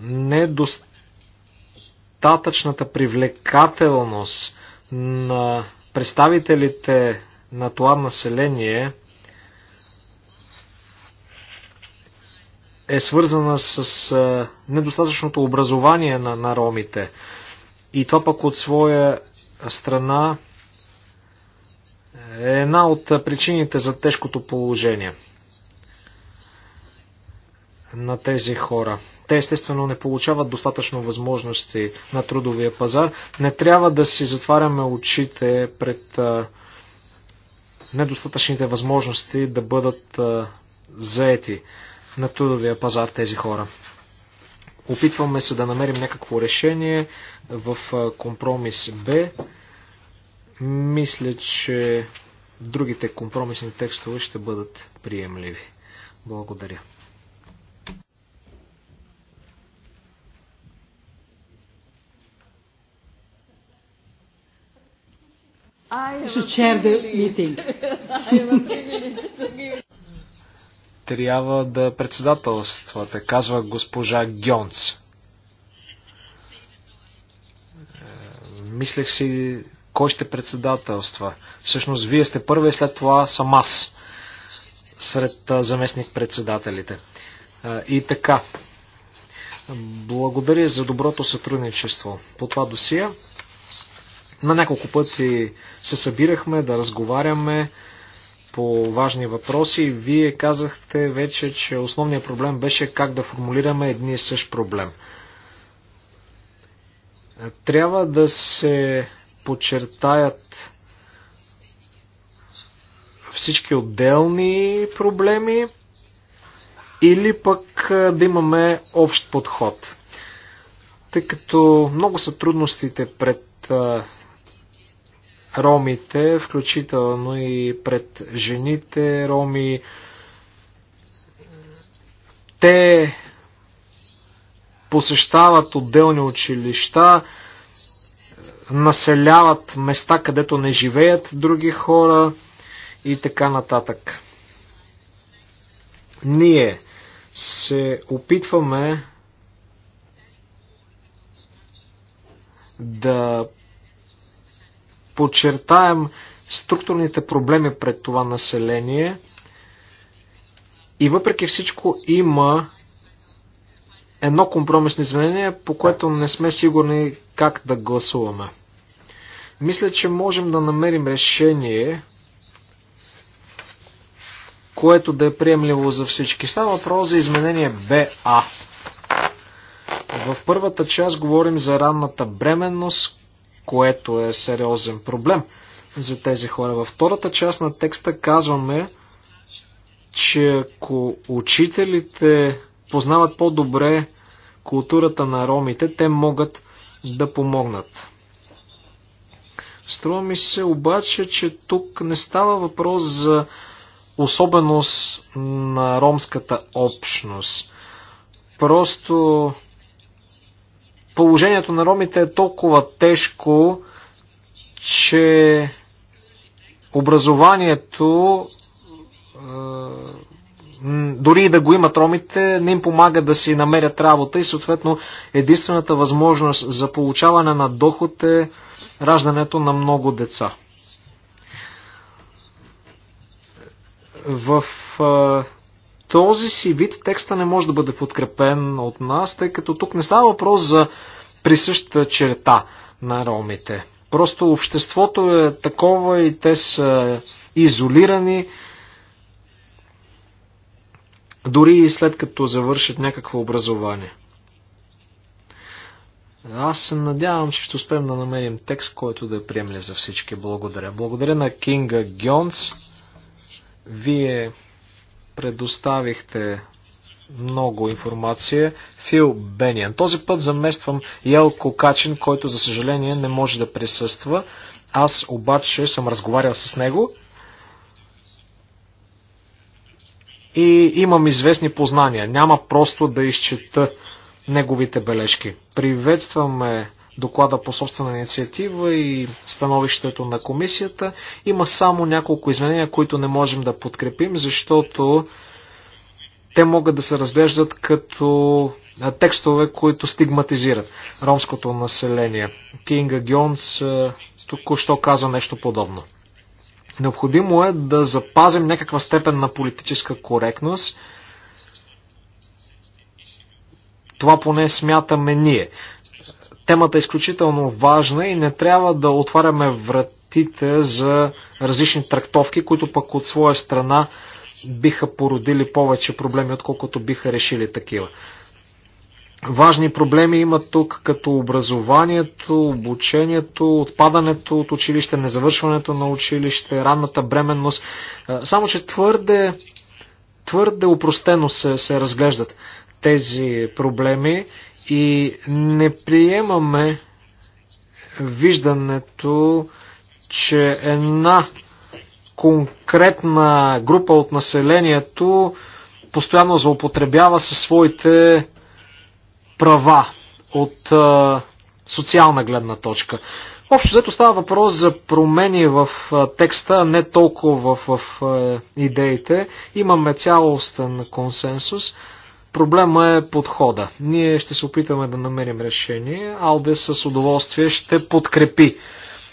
недостатъчната привлекателност на представителите на това население е свързана с недостатъчното образование на, на ромите. И това пък от своя страна е една от причините за тежкото положение на тези хора. Те естествено не получават достатъчно възможности на трудовия пазар. Не трябва да си затваряме очите пред недостатъчните възможности да бъдат заети на трудовия пазар тези хора. Опитваме се да намерим някакво решение в компромис Б. Мисля, че другите компромисни текстове ще бъдат приемливи. Благодаря. I a chair the meeting. <laughs> I a privilege to give трябва да председателствате, казва госпожа Гьонц. Е, мислех си, кой ще председателства. Всъщност, вие сте първи и след това съм аз сред заместник-председателите. Е, и така, благодаря за доброто сътрудничество по това досия. На няколко пъти се събирахме да разговаряме, по важни въпроси. Вие казахте вече, че основният проблем беше как да формулираме едни и същ проблем. Трябва да се подчертаят всички отделни проблеми или пък да имаме общ подход. Тъй като много са трудностите пред ромите, включително и пред жените роми. Те посещават отделни училища, населяват места, където не живеят други хора и така нататък. Ние се опитваме да подчертаем структурните проблеми пред това население и въпреки всичко има едно компромисно изменение, по което не сме сигурни как да гласуваме. Мисля, че можем да намерим решение, което да е приемливо за всички. Става въпрос за изменение БА. В първата част говорим за ранната бременност, което е сериозен проблем за тези хора. Във втората част на текста казваме, че ако учителите познават по-добре културата на ромите, те могат да помогнат. Струва ми се обаче, че тук не става въпрос за особеност на ромската общност. Просто положението на ромите е толкова тежко, че образованието, е, дори и да го имат ромите, не им помага да си намерят работа и съответно единствената възможност за получаване на доход е раждането на много деца. В е, този си вид текста не може да бъде подкрепен от нас, тъй като тук не става въпрос за присъща черта на ромите. Просто обществото е такова и те са изолирани. Дори и след като завършат някакво образование. Аз се надявам, че ще успеем да намерим текст, който да е приемлив за всички. Благодаря. Благодаря на Кинга Гьонс. Вие предоставихте много информация. Фил Бениан. Този път замествам Елко Качин, който за съжаление не може да присъства. Аз обаче съм разговарял с него и имам известни познания. Няма просто да изчета неговите бележки. Приветстваме доклада по собствена инициатива и становището на комисията. Има само няколко изменения, които не можем да подкрепим, защото те могат да се разглеждат като текстове, които стигматизират ромското население. Кинга Гьонс току-що каза нещо подобно. Необходимо е да запазим някаква степен на политическа коректност. Това поне смятаме ние. Темата е изключително важна и не трябва да отваряме вратите за различни трактовки, които пък от своя страна биха породили повече проблеми, отколкото биха решили такива. Важни проблеми има тук, като образованието, обучението, отпадането от училище, незавършването на училище, ранната бременност. Е, само, че твърде, твърде упростено се, се разглеждат тези проблеми и не приемаме виждането, че една конкретна група от населението постоянно злоупотребява със своите права от а, социална гледна точка. Общо взето става въпрос за промени в а, текста, не толкова в, в а, идеите. Имаме цялостен консенсус. Проблема е подхода. Ние ще се опитаме да намерим решение. Алде с удоволствие ще подкрепи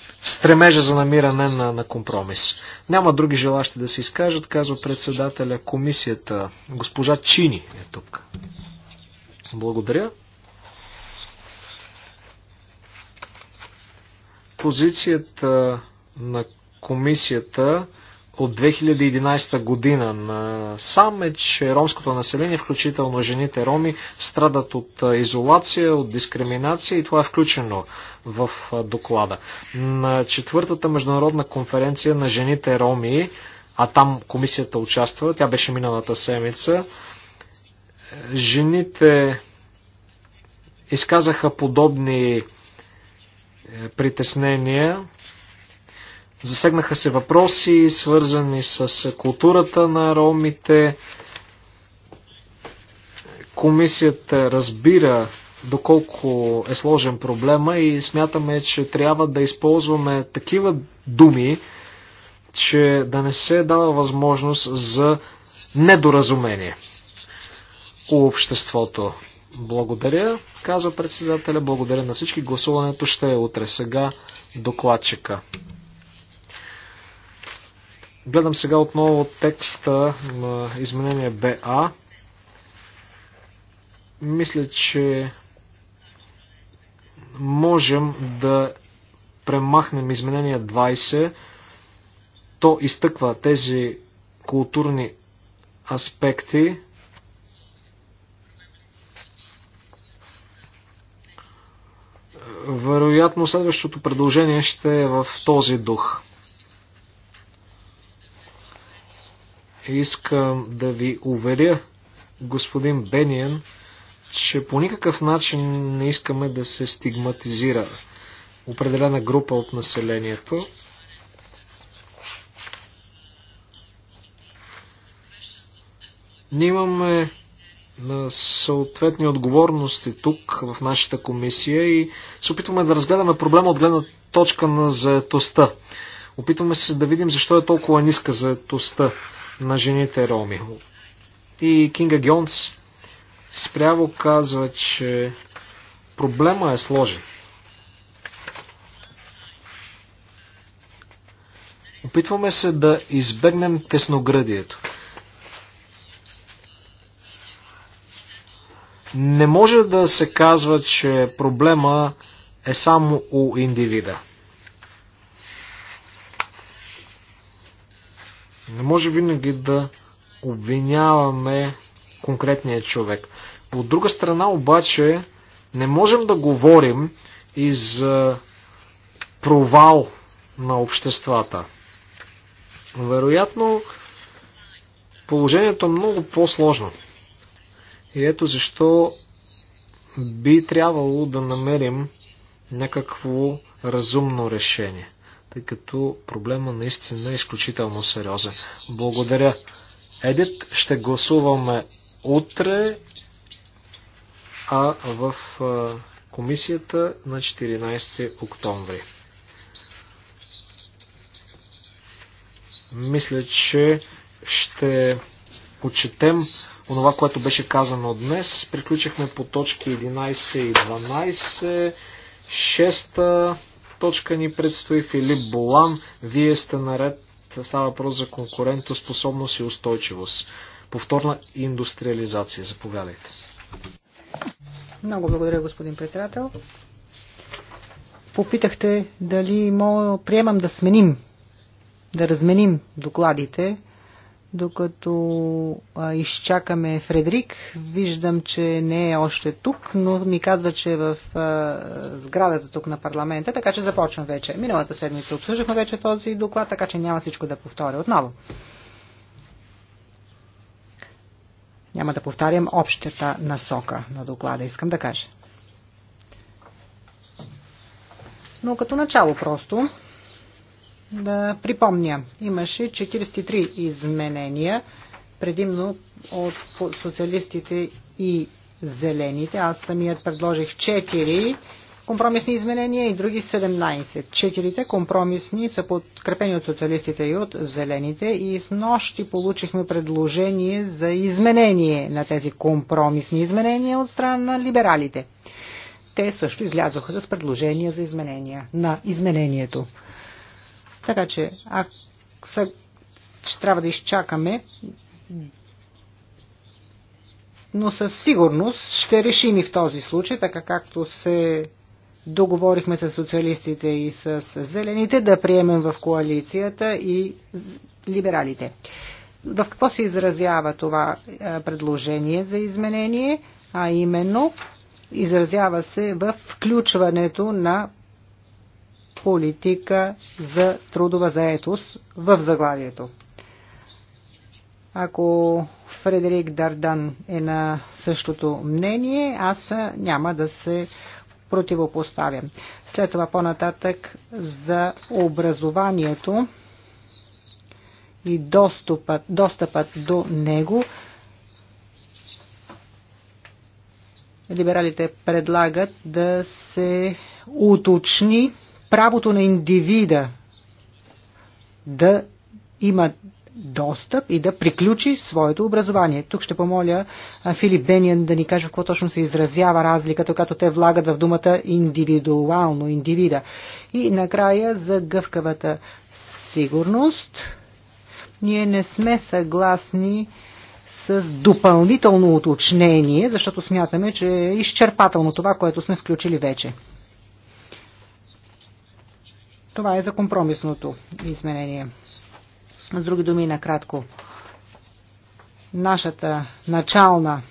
стремежа за намиране на, на компромис. Няма други желащи да се изкажат, казва председателя комисията. Госпожа Чини е тук. Благодаря. Позицията на комисията от 2011 година на сам е, че ромското население, включително жените роми, страдат от изолация, от дискриминация и това е включено в доклада. На четвъртата международна конференция на жените роми, а там комисията участва, тя беше миналата седмица, жените изказаха подобни е, притеснения, Засегнаха се въпроси, свързани с културата на ромите. Комисията разбира доколко е сложен проблема и смятаме, че трябва да използваме такива думи, че да не се дава възможност за недоразумение у обществото. Благодаря, казва председателя, благодаря на всички. Гласуването ще е утре. Сега докладчика. Гледам сега отново текста на изменение БА. Мисля, че можем да премахнем изменение 20. То изтъква тези културни аспекти. Вероятно следващото предложение ще е в този дух. Искам да ви уверя, господин Бениен, че по никакъв начин не искаме да се стигматизира определена група от населението. Ние имаме съответни отговорности тук в нашата комисия и се опитваме да разгледаме проблема от гледна точка на заетостта. Опитваме се да видим защо е толкова ниска заетостта на жените роми. И Кинга Гьонс спряво казва, че проблема е сложен. Опитваме се да избегнем тесноградието. Не може да се казва, че проблема е само у индивида. Не може винаги да обвиняваме конкретния човек. От друга страна обаче не можем да говорим и за провал на обществата. Вероятно, положението е много по-сложно. И ето защо би трябвало да намерим някакво разумно решение тъй като проблема наистина е изключително сериозен. Благодаря. Едит, ще гласуваме утре, а в комисията на 14 октомври. Мисля, че ще почетем онова, което беше казано днес. Приключихме по точки 11 и 12, 6 точка ни предстои. Филип Болан, вие сте наред. Става въпрос за конкурентоспособност и устойчивост. Повторна индустриализация. Заповядайте. Много благодаря, господин председател. Попитахте дали мога, приемам да сменим, да разменим докладите докато а, изчакаме Фредрик, виждам, че не е още тук, но ми казва, че е в а, сградата тук на парламента, така че започвам вече. Миналата седмица обсъждахме вече този доклад, така че няма всичко да повторя отново. Няма да повтарям общата насока на доклада, искам да кажа. Но като начало просто да припомня. Имаше 43 изменения, предимно от социалистите и зелените. Аз самият предложих 4 компромисни изменения и други 17. Четирите компромисни са подкрепени от социалистите и от зелените и с нощи получихме предложение за изменение на тези компромисни изменения от страна на либералите. Те също излязоха с предложения за изменения на изменението. Така че, а, ще трябва да изчакаме, но със сигурност ще решим и в този случай, така както се договорихме с социалистите и с зелените, да приемем в коалицията и либералите. В какво се изразява това предложение за изменение, а именно изразява се в включването на политика за трудова заетост в заглавието. Ако Фредерик Дардан е на същото мнение, аз няма да се противопоставям. След това по-нататък за образованието и достъпът, достъпът до него. Либералите предлагат да се уточни правото на индивида да има достъп и да приключи своето образование. Тук ще помоля Филип Бениан да ни каже какво точно се изразява разликата, като те влагат в думата индивидуално, индивида. И накрая за гъвкавата сигурност. Ние не сме съгласни с допълнително уточнение, защото смятаме, че е изчерпателно това, което сме включили вече. Това е за компромисното изменение. С други думи, накратко, нашата начална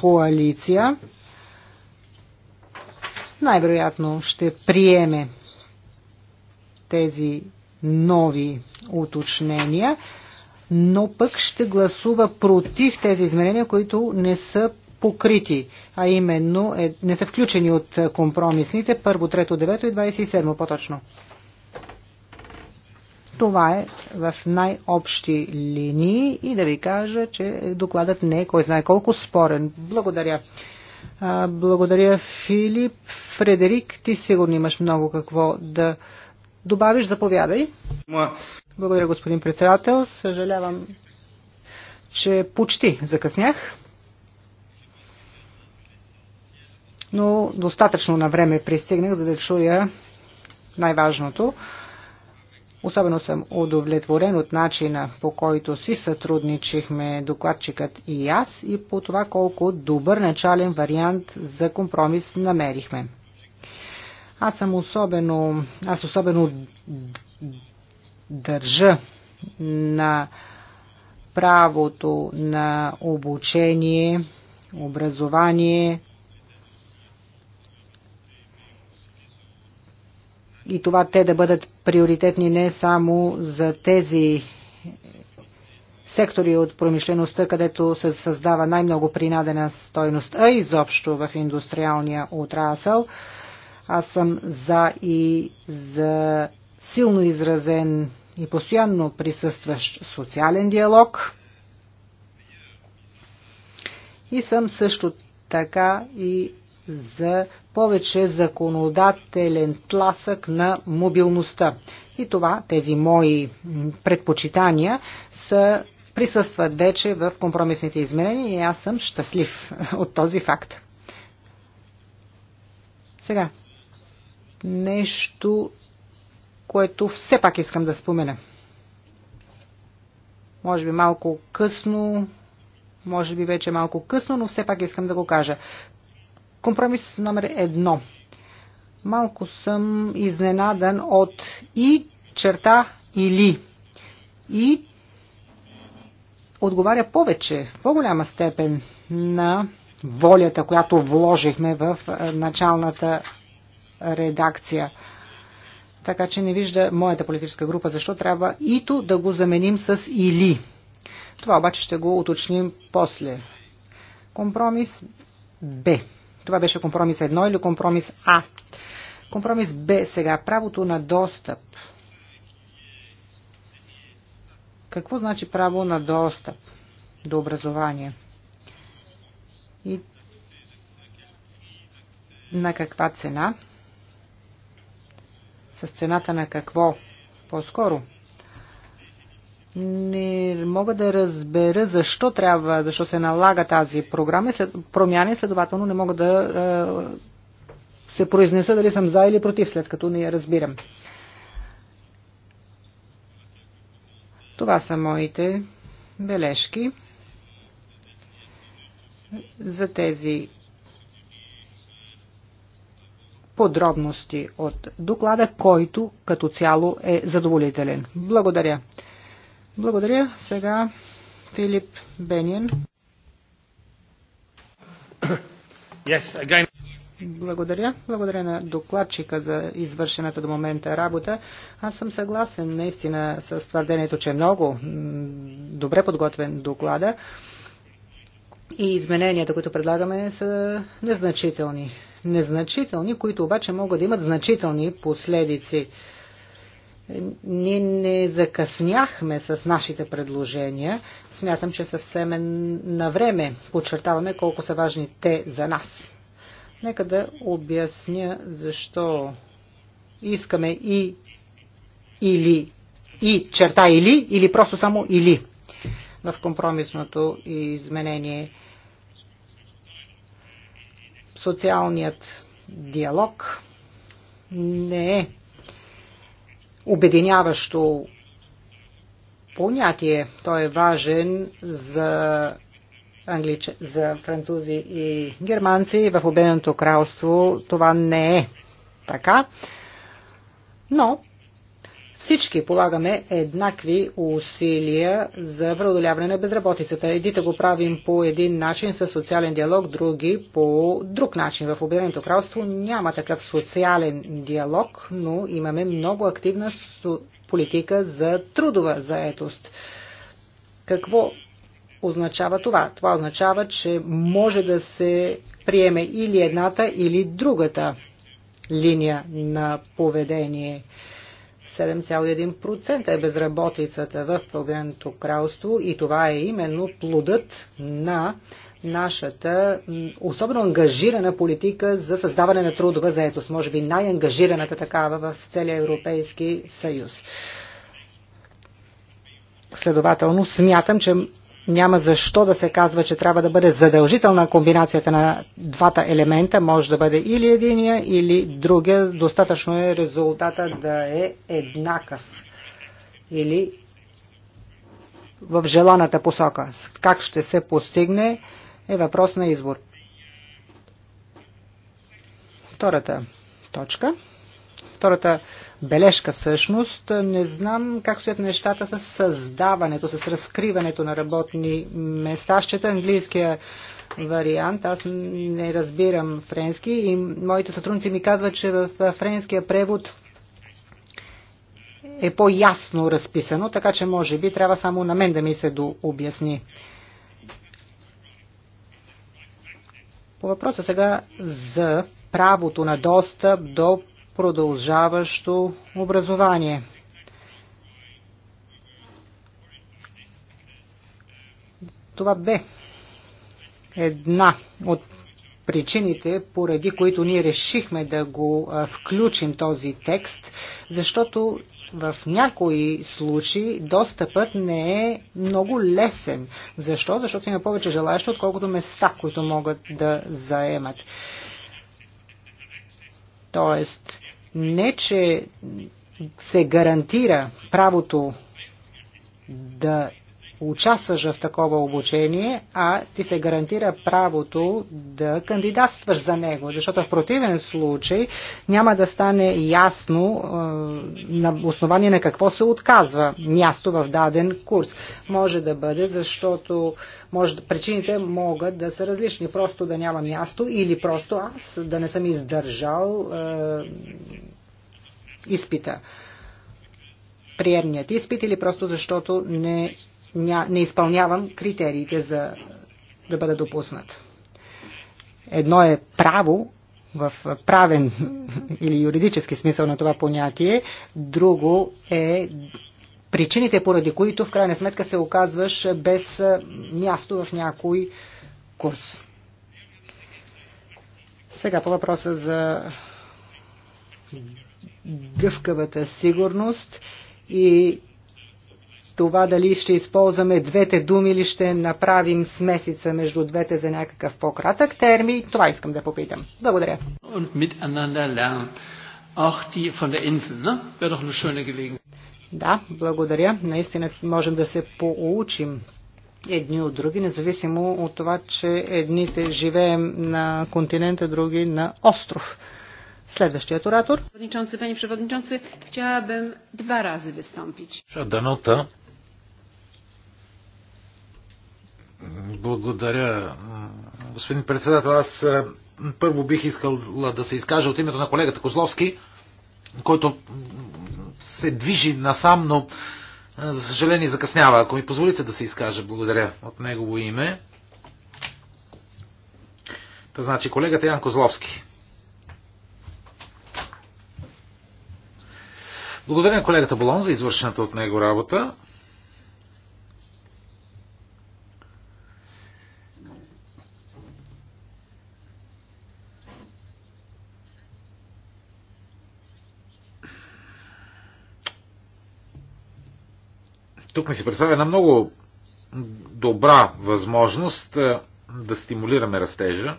коалиция най-вероятно ще приеме тези нови уточнения, но пък ще гласува против тези изменения, които не са покрити, а именно е, не са включени от компромисните първо, трето, девето и 27 по-точно. Това е в най-общи линии и да ви кажа, че докладът не е кой знае колко спорен. Благодаря. Благодаря, Филип. Фредерик, ти сигурно имаш много какво да добавиш. Заповядай. Благодаря, господин председател. Съжалявам, че почти закъснях. Но достатъчно на време пристигнах, за да чуя най-важното. Особено съм удовлетворен от начина по който си сътрудничихме докладчикът и аз и по това колко добър начален вариант за компромис намерихме. Аз съм особено, аз особено държа на правото на обучение, образование и това те да бъдат приоритетни не само за тези сектори от промишлеността, където се създава най-много принадена стойност, а изобщо в индустриалния отрасъл. Аз съм за и за силно изразен и постоянно присъстващ социален диалог. И съм също така и за повече законодателен тласък на мобилността. И това, тези мои предпочитания, са, присъстват вече в компромисните изменения и аз съм щастлив <laughs> от този факт. Сега, нещо, което все пак искам да спомена. Може би малко късно, може би вече малко късно, но все пак искам да го кажа. Компромис номер едно. Малко съм изненадан от и черта или. И отговаря повече, в по-голяма степен на волята, която вложихме в е, началната редакция. Така че не вижда моята политическа група защо трябва ито да го заменим с или. Това обаче ще го уточним после. Компромис Б. Това беше компромис 1 или компромис А. Компромис Б сега. Правото на достъп. Какво значи право на достъп до образование? И на каква цена? С цената на какво? По-скоро не мога да разбера защо трябва, защо се налага тази програма, след, промяна и следователно не мога да е, се произнеса дали съм за или против, след като не я разбирам. Това са моите бележки за тези подробности от доклада, който като цяло е задоволителен. Благодаря. Благодаря. Сега Филип Бенин. Yes, again. Благодаря. Благодаря на докладчика за извършената до момента работа. Аз съм съгласен наистина с твърдението, че е много добре подготвен доклада и измененията, които предлагаме, са незначителни. Незначителни, които обаче могат да имат значителни последици. Ние не закъсняхме с нашите предложения. Смятам, че съвсем е на време подчертаваме колко са важни те за нас. Нека да обясня защо искаме и или и черта или или просто само или в компромисното изменение. Социалният диалог не е обединяващо понятие. Той е важен за, англич... за французи и германци. В Обединеното кралство това не е така. Но всички полагаме еднакви усилия за преодоляване на безработицата. Едите го правим по един начин с социален диалог, други по друг начин. В Обединеното кралство няма такъв социален диалог, но имаме много активна политика за трудова заетост. Какво означава това? Това означава, че може да се приеме или едната, или другата линия на поведение. 7,1% е безработицата в Пългреното кралство и това е именно плодът на нашата особено ангажирана политика за създаване на трудова заетост. Може би най-ангажираната такава в целия Европейски съюз. Следователно, смятам, че няма защо да се казва, че трябва да бъде задължителна комбинацията на двата елемента. Може да бъде или единия, или другия. Достатъчно е резултата да е еднакъв. Или в желаната посока. Как ще се постигне е въпрос на избор. Втората точка – Втората бележка всъщност, не знам как стоят нещата с създаването, с разкриването на работни места. Аз чета английския вариант. Аз не разбирам френски и моите сътрудници ми казват, че в френския превод е по-ясно разписано, така че може би трябва само на мен да ми се дообясни. По въпроса сега за правото на достъп до продължаващо образование. Това бе една от причините, поради които ние решихме да го включим този текст, защото в някои случаи достъпът не е много лесен. Защо? Защото има повече желаящи, отколкото места, които могат да заемат. Тоест, не, че се гарантира правото да участваш в такова обучение, а ти се гарантира правото да кандидатстваш за него, защото в противен случай няма да стане ясно е, на основание на какво се отказва място в даден курс. Може да бъде, защото може, причините могат да са различни. Просто да няма място или просто аз да не съм издържал е, изпита приемният изпит или просто защото не не изпълнявам критериите за да бъда допуснат. Едно е право, в правен или юридически смисъл на това понятие, друго е причините, поради които в крайна сметка се оказваш без място в някой курс. Сега по въпроса за гъвкавата сигурност и това дали ще използваме двете думи или ще направим смесица между двете за някакъв по-кратък термин. Това искам да попитам. Благодаря. Да, благодаря. Наистина можем да се поучим едни от други, независимо от това, че едните живеем на континента, други на остров. Следващият оратор. Пани Przewodniczący, panie przewodniczący, два dwa да wystąpić. Данута, Благодаря. Господин председател, аз е, първо бих искал да се изкажа от името на колегата Козловски, който се движи насам, но е, за съжаление закъснява. Ако ми позволите да се изкажа, благодаря от негово име. Та значи колегата Ян Козловски. Благодаря на колегата Болон за извършената от него работа. Тук ми се представя една много добра възможност е, да стимулираме растежа.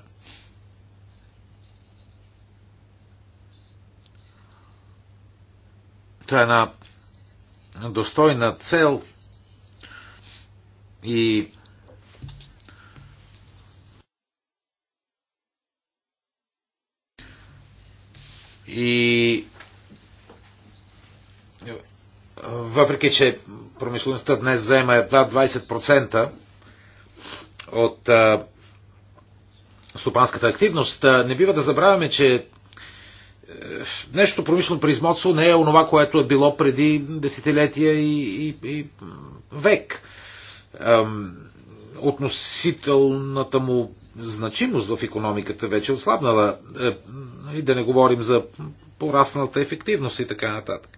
Това е една достойна цел и и въпреки че промишлеността днес заема едва 20% от стопанската активност, не бива да забравяме, че е, нещо промишлено производство не е онова, което е било преди десетилетия и, и, и век. Относителната му значимост в економиката вече е отслабнала. Е, и да не говорим за порасналата ефективност и така нататък.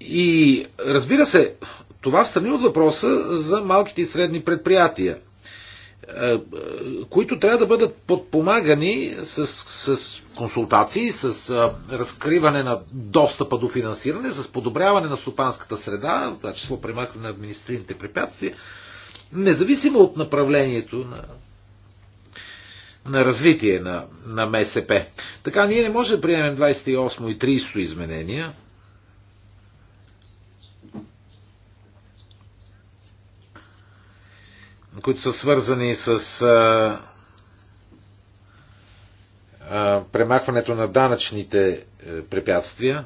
И разбира се, това страни от въпроса за малките и средни предприятия, които трябва да бъдат подпомагани с, с консултации, с разкриване на достъпа до финансиране, с подобряване на стопанската среда, в това число премахване на административните препятствия, независимо от направлението на, на развитие на, на МСП. Така ние не можем да приемем 28 и 30 изменения, които са свързани с а, а, премахването на данъчните е, препятствия.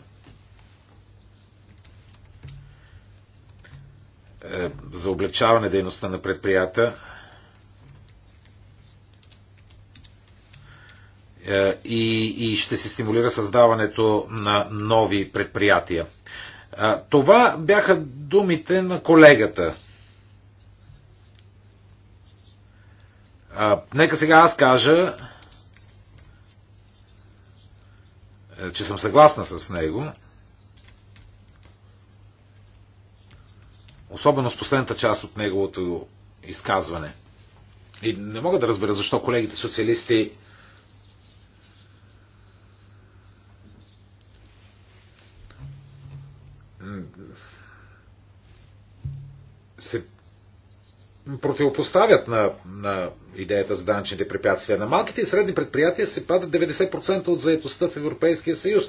Е, за облегчаване дейността на предприята е, и, и ще се стимулира създаването на нови предприятия. Това бяха думите на колегата. А, нека сега аз кажа, е, че съм съгласна с него. Особено с последната част от неговото изказване. И не мога да разбера защо колегите социалисти се противопоставят на, на идеята за данъчните препятствия. На малките и средни предприятия се падат 90% от заетостта в Европейския съюз.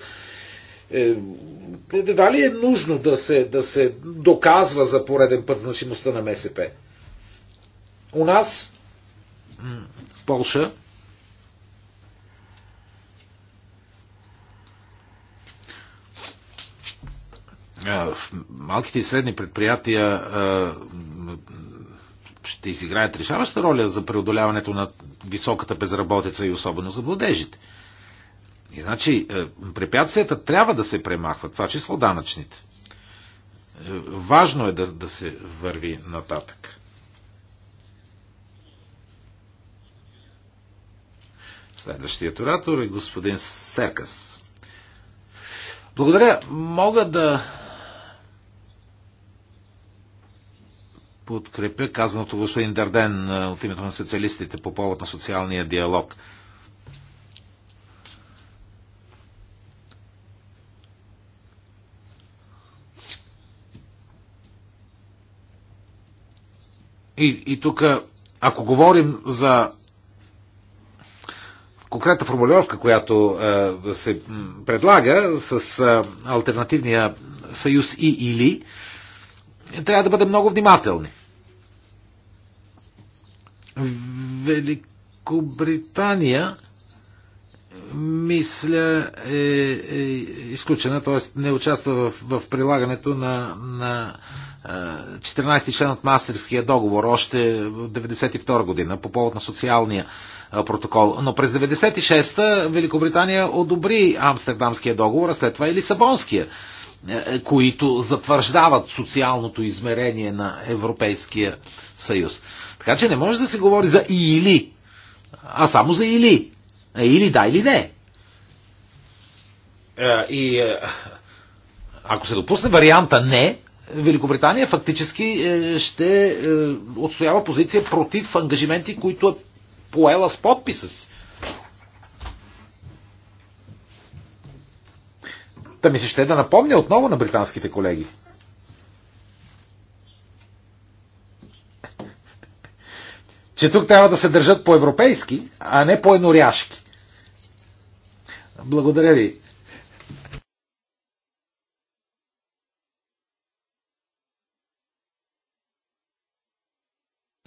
Едва е, ли е нужно да се, да се доказва за пореден път значимостта на МСП? У нас, в Польша, в малките и средни предприятия ще изиграят решаваща роля за преодоляването на високата безработица и особено за младежите. И значи, е, препятствията трябва да се премахват, това число данъчните. Е, важно е да, да се върви нататък. Следващият оратор е господин Серкас. Благодаря. Мога да подкрепя казаното господин Дарден е, от името на социалистите по повод на социалния диалог. И, и тук, ако говорим за конкретна формулировка, която е, се предлага с е, альтернативния съюз и или, трябва да бъдем много внимателни. Великобритания мисля, е, е изключена, т.е. не участва в, в прилагането на, на 14 член от Мастерския договор, още в 1992 година, по повод на социалния протокол. Но през 1996 Великобритания одобри Амстердамския договор, а след това и Лисабонския. Е, е, които затвърждават социалното измерение на Европейския съюз. Така че не може да се говори за и или, а само за или. Е, или да, или не. И ако се допусне варианта не, Великобритания фактически ще отстоява позиция против ангажименти, които е поела с подписа си. Та ми се ще да напомня отново на британските колеги. Че тук трябва да се държат по-европейски, а не по-еноряшки. Благодаря ви.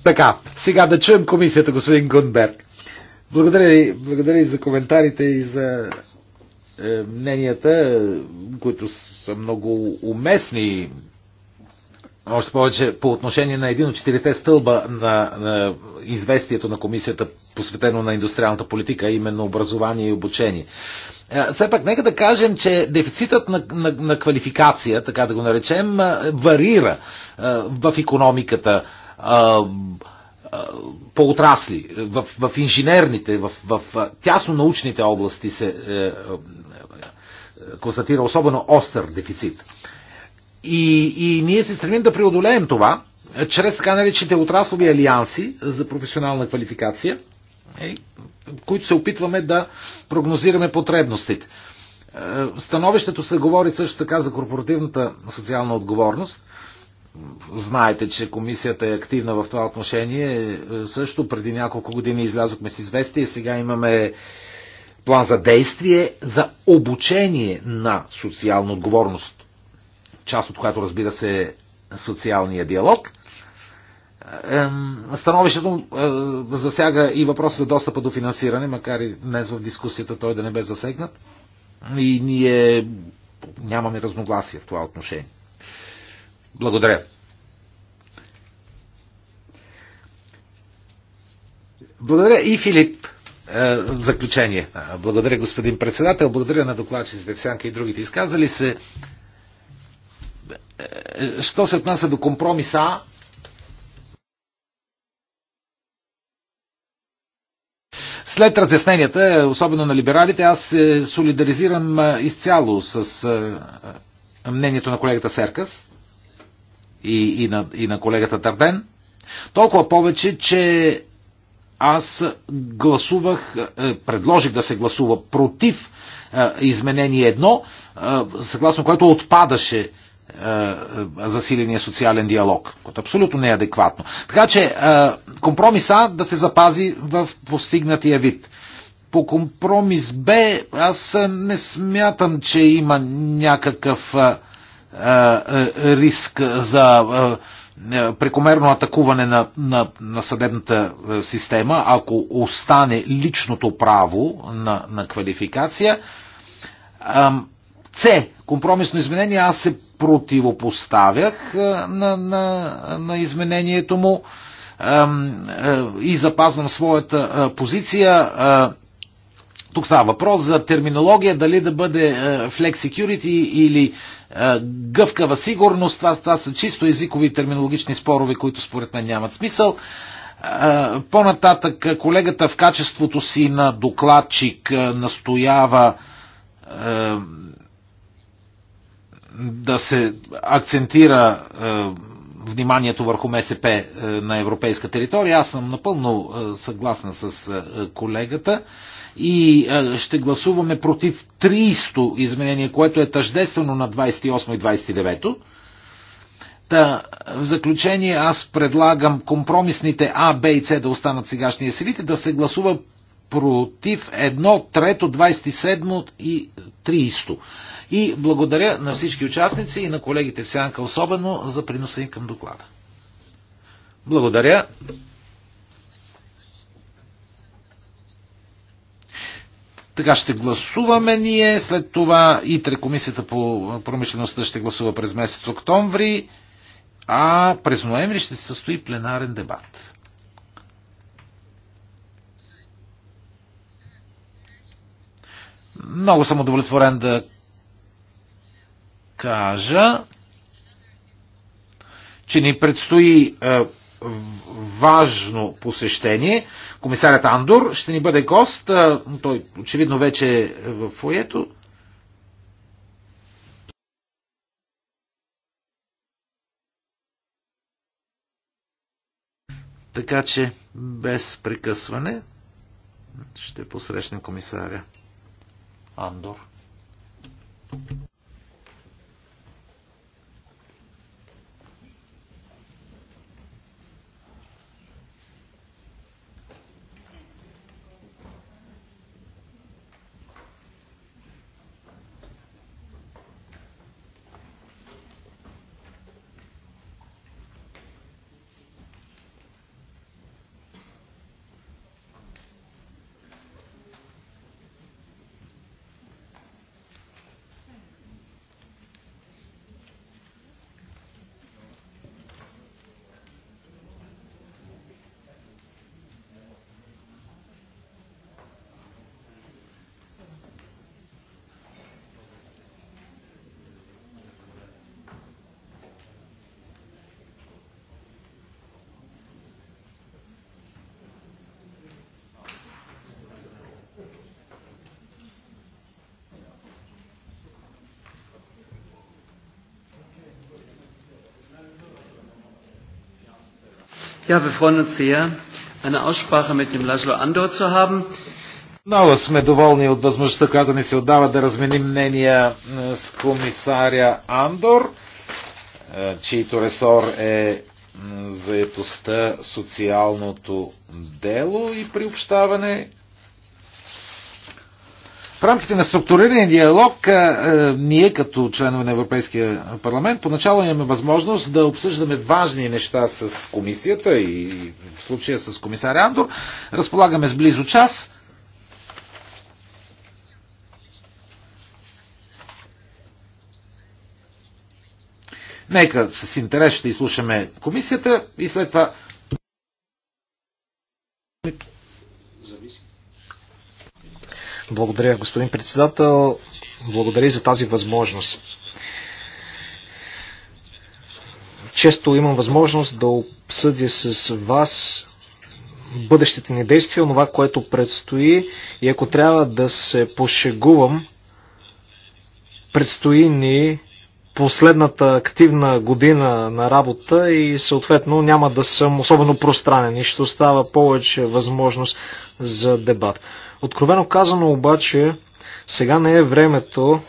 Така, сега да чуем комисията, господин Гунберг. Благодаря ви, благодаря ви за коментарите и за е, мненията, които са много уместни, още повече по отношение на един от четирите стълба на, на известието на комисията, посветено на индустриалната политика, именно образование и обучение. Е, все пак, нека да кажем, че дефицитът на, на, на квалификация, така да го наречем, е, варира в економиката по отрасли, в, в инженерните, в, в тясно научните области се е, е, е, констатира особено остър дефицит. И, и ние се стремим да преодолеем това чрез така наречените отраслови алианси за професионална квалификация, в които се опитваме да прогнозираме потребностите. Становището се говори също така за корпоративната социална отговорност – Знаете, че комисията е активна в това отношение. Е, също преди няколко години излязохме с известие. Сега имаме план за действие за обучение на социална отговорност. Част от която разбира се е социалния диалог. Становището е, засяга и въпроса за достъпа до финансиране, макар и днес в дискусията той да не бе засегнат. И ние нямаме разногласия в това отношение. Благодаря. Благодаря и Филип. Е, в заключение. Благодаря, господин председател. Благодаря на докладчиците Всянка и другите изказали се. Е, що се отнася до компромиса, След разясненията, особено на либералите, аз се солидаризирам е, изцяло с мнението на колегата Серкас и, и, на, и на колегата Тарден. Толкова повече, че аз гласувах, е, предложих да се гласува против е, изменение едно, е, съгласно което отпадаше засиления социален диалог, което абсолютно не е адекватно. Така че компромиса да се запази в постигнатия вид. По компромис Б аз не смятам, че има някакъв е, е, риск за е, прекомерно атакуване на, на, на съдебната система, ако остане личното право на, на квалификация. С. Компромисно изменение. Аз се противопоставях на, на, на изменението му и запазвам своята позиция тук става въпрос за терминология, дали да бъде е, flex security или е, гъвкава сигурност. Това, това са чисто езикови терминологични спорове, които според мен нямат смисъл. Е, по-нататък колегата в качеството си на докладчик настоява да се акцентира вниманието върху МСП на европейска територия. Аз съм напълно съгласна с колегата и е, ще гласуваме против 300 изменения, което е тъждествено на 28 и 29. Та, в заключение аз предлагам компромисните А, Б и С да останат сегашния силите, да се гласува против 1, 3, 27 и 30. И благодаря на всички участници и на колегите в Сянка особено за приноса им към доклада. Благодаря. Така ще гласуваме ние, след това ИТРЕ комисията по промишлеността ще гласува през месец октомври, а през ноември ще се състои пленарен дебат. Много съм удовлетворен да кажа, че ни предстои е, важно посещение. Комисарят Андор ще ни бъде гост. Той очевидно вече е в фоето. Така че без прекъсване ще посрещнем комисаря Андор. Ja, wir freuen uns sehr, eine Aussprache mit dem Laszlo Andor zu haben. Много сме доволни от възможността, която ни се отдава да разменим мнения е, с комисаря Андор, е, чийто ресор е заетостта, социалното дело и приобщаване рамките на структурирания диалог ние като членове на Европейския парламент поначало имаме възможност да обсъждаме важни неща с комисията и в случая с комисаря Андор. Разполагаме с близо час. Нека с интерес ще изслушаме комисията и след това. Зависи. Благодаря, господин председател. Благодаря за тази възможност. Често имам възможност да обсъдя с вас бъдещите ни действия, това, което предстои и ако трябва да се пошегувам, предстои ни последната активна година на работа и съответно няма да съм особено пространен и ще остава повече възможност за дебат. Откровено казано обаче, сега не е времето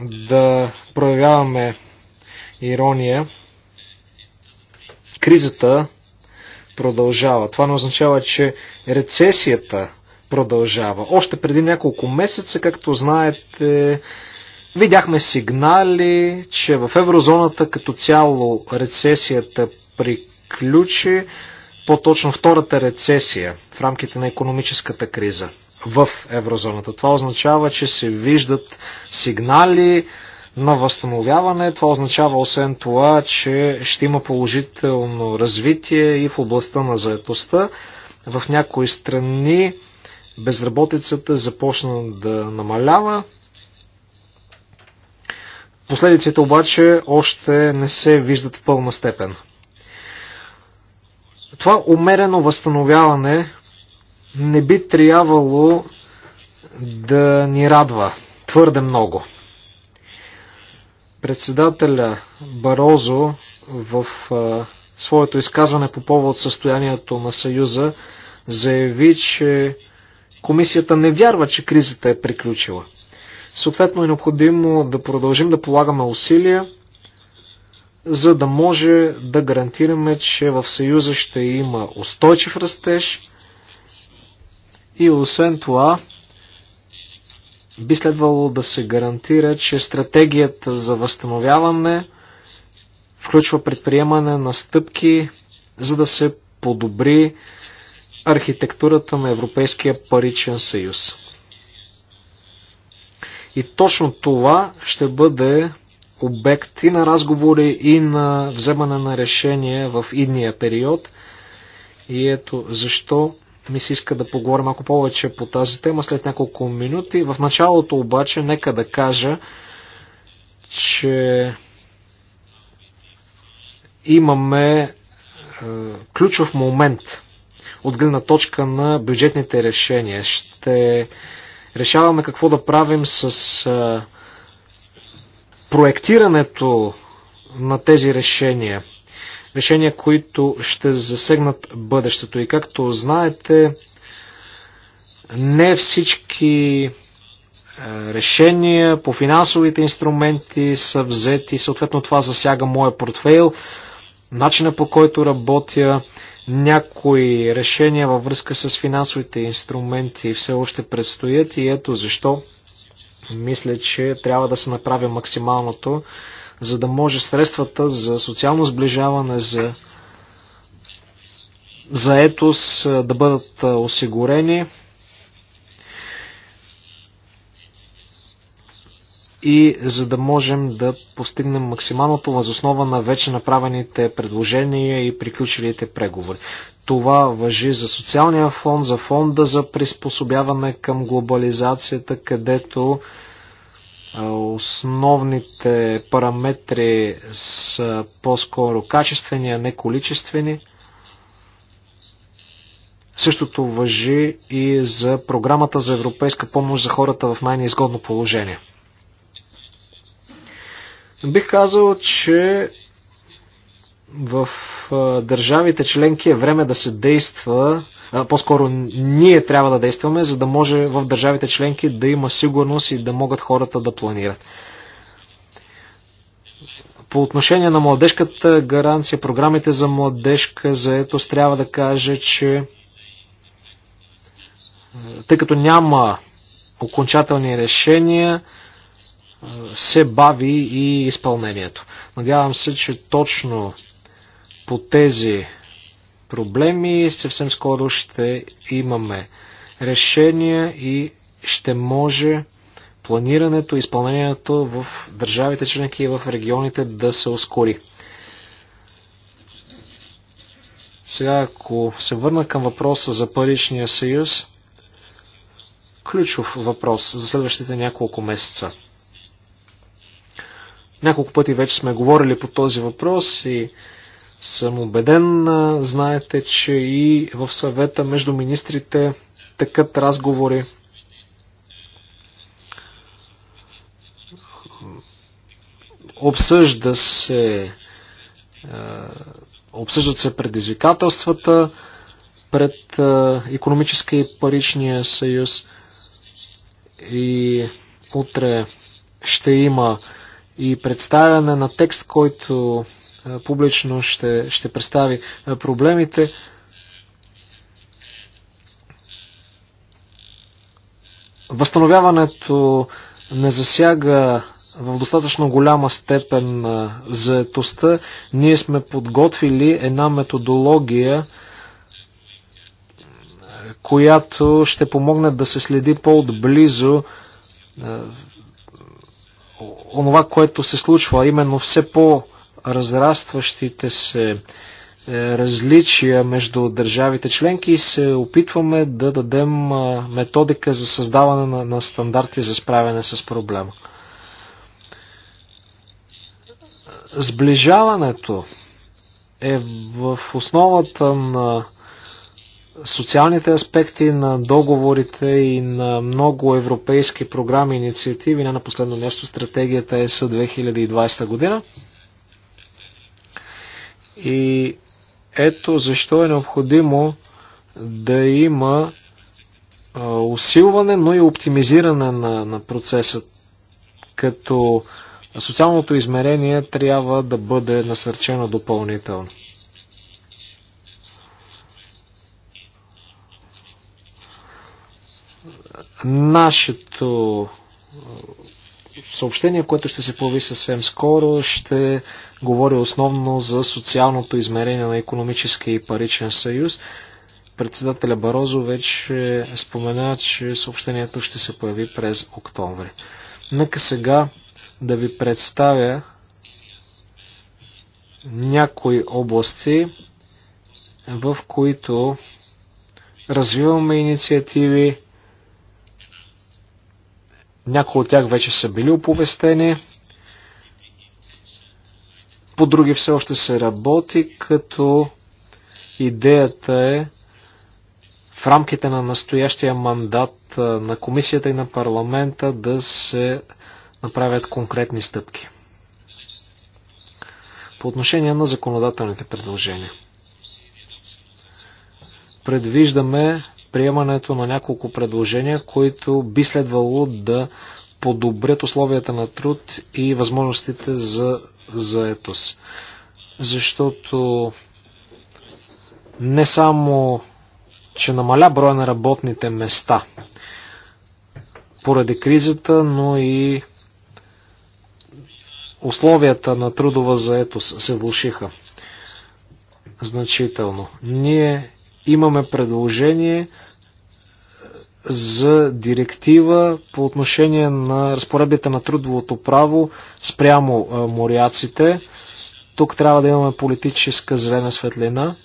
да проявяваме ирония. Кризата продължава. Това не означава, че рецесията продължава. Още преди няколко месеца, както знаете, видяхме сигнали, че в еврозоната като цяло рецесията приключи по-точно втората рецесия в рамките на економическата криза в еврозоната. Това означава, че се виждат сигнали на възстановяване. Това означава освен това, че ще има положително развитие и в областта на заетостта. В някои страни безработицата започна да намалява. Последиците обаче още не се виждат в пълна степен. Това умерено възстановяване не би трябвало да ни радва твърде много. Председателя Барозо в а, своето изказване по повод състоянието на Съюза заяви, че комисията не вярва, че кризата е приключила. Съответно е необходимо да продължим да полагаме усилия за да може да гарантираме, че в Съюза ще има устойчив растеж и освен това би следвало да се гарантира, че стратегията за възстановяване включва предприемане на стъпки, за да се подобри архитектурата на Европейския паричен съюз. И точно това ще бъде обект и на разговори, и на вземане на решения в идния период. И ето защо ми се иска да поговорим малко повече по тази тема след няколко минути. В началото обаче нека да кажа, че имаме е, ключов момент от гледна точка на бюджетните решения. Ще решаваме какво да правим с е, проектирането на тези решения. Решения, които ще засегнат бъдещето. И както знаете, не всички е, решения по финансовите инструменти са взети. Съответно това засяга моя портфейл, начина по който работя, някои решения във връзка с финансовите инструменти все още предстоят и ето защо мисля, че трябва да се направи максималното, за да може средствата за социално сближаване, за заетост да бъдат осигурени и за да можем да постигнем максималното възоснова на вече направените предложения и приключилите преговори. Това въжи за социалния фонд, за фонда за приспособяване към глобализацията, където основните параметри са по-скоро качествени, а не количествени. Същото въжи и за програмата за европейска помощ за хората в най-неизгодно положение. Бих казал, че в държавите членки е време да се действа, по-скоро ние трябва да действаме, за да може в държавите членки да има сигурност и да могат хората да планират. По отношение на младежката гаранция, програмите за младежка заетост трябва да кажа, че тъй като няма окончателни решения, се бави и изпълнението. Надявам се, че точно по тези проблеми съвсем скоро ще имаме решения и ще може планирането, изпълнението в държавите членки и в регионите да се ускори. Сега, ако се върна към въпроса за паричния съюз, ключов въпрос за следващите няколко месеца. Няколко пъти вече сме говорили по този въпрос и съм убеден, знаете, че и в съвета между министрите такът разговори. Обсъжда се обсъждат се предизвикателствата пред економическия и паричния съюз и утре ще има и представяне на текст, който публично ще, ще представи проблемите. Възстановяването не засяга в достатъчно голяма степен заетостта. Ние сме подготвили една методология, която ще помогне да се следи по-отблизо онова, което се случва, именно все по-разрастващите се е, различия между държавите членки и се опитваме да дадем методика за създаване на, на стандарти за справяне с проблема. Сближаването е в основата на социалните аспекти на договорите и на много европейски програми и инициативи, не на последно място стратегията ЕС 2020 година. И ето защо е необходимо да има усилване, но и оптимизиране на, на процеса, като социалното измерение трябва да бъде насърчено допълнително. Нашето е, съобщение, което ще се появи съвсем скоро, ще говори основно за социалното измерение на економически и паричен съюз. Председателя Барозо вече спомена, че съобщението ще се появи през октомври. Нека сега да ви представя някои области, в които развиваме инициативи, някои от тях вече са били оповестени. По други все още се работи, като идеята е в рамките на настоящия мандат на комисията и на парламента да се направят конкретни стъпки. По отношение на законодателните предложения. Предвиждаме приемането на няколко предложения, които би следвало да подобрят условията на труд и възможностите за заетост. Защото не само, че намаля броя на работните места поради кризата, но и условията на трудова заетост се влушиха значително. Ние Имаме предложение е, за директива по отношение на разпоредбите на трудовото право спрямо е, моряците. Тук трябва да имаме политическа зелена светлина.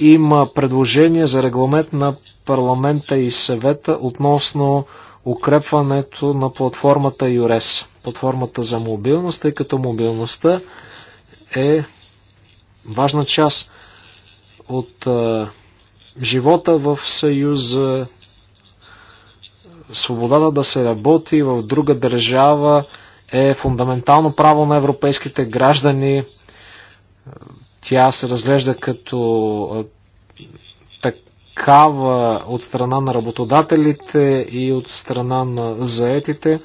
Има предложение за регламент на парламента и съвета относно укрепването на платформата ЮРЕС, платформата за мобилност, тъй като мобилността е важна част от а, живота в Съюза, свободата да се работи в друга държава е фундаментално право на европейските граждани. Тя се разглежда като такава от страна на работодателите и от страна на заетите.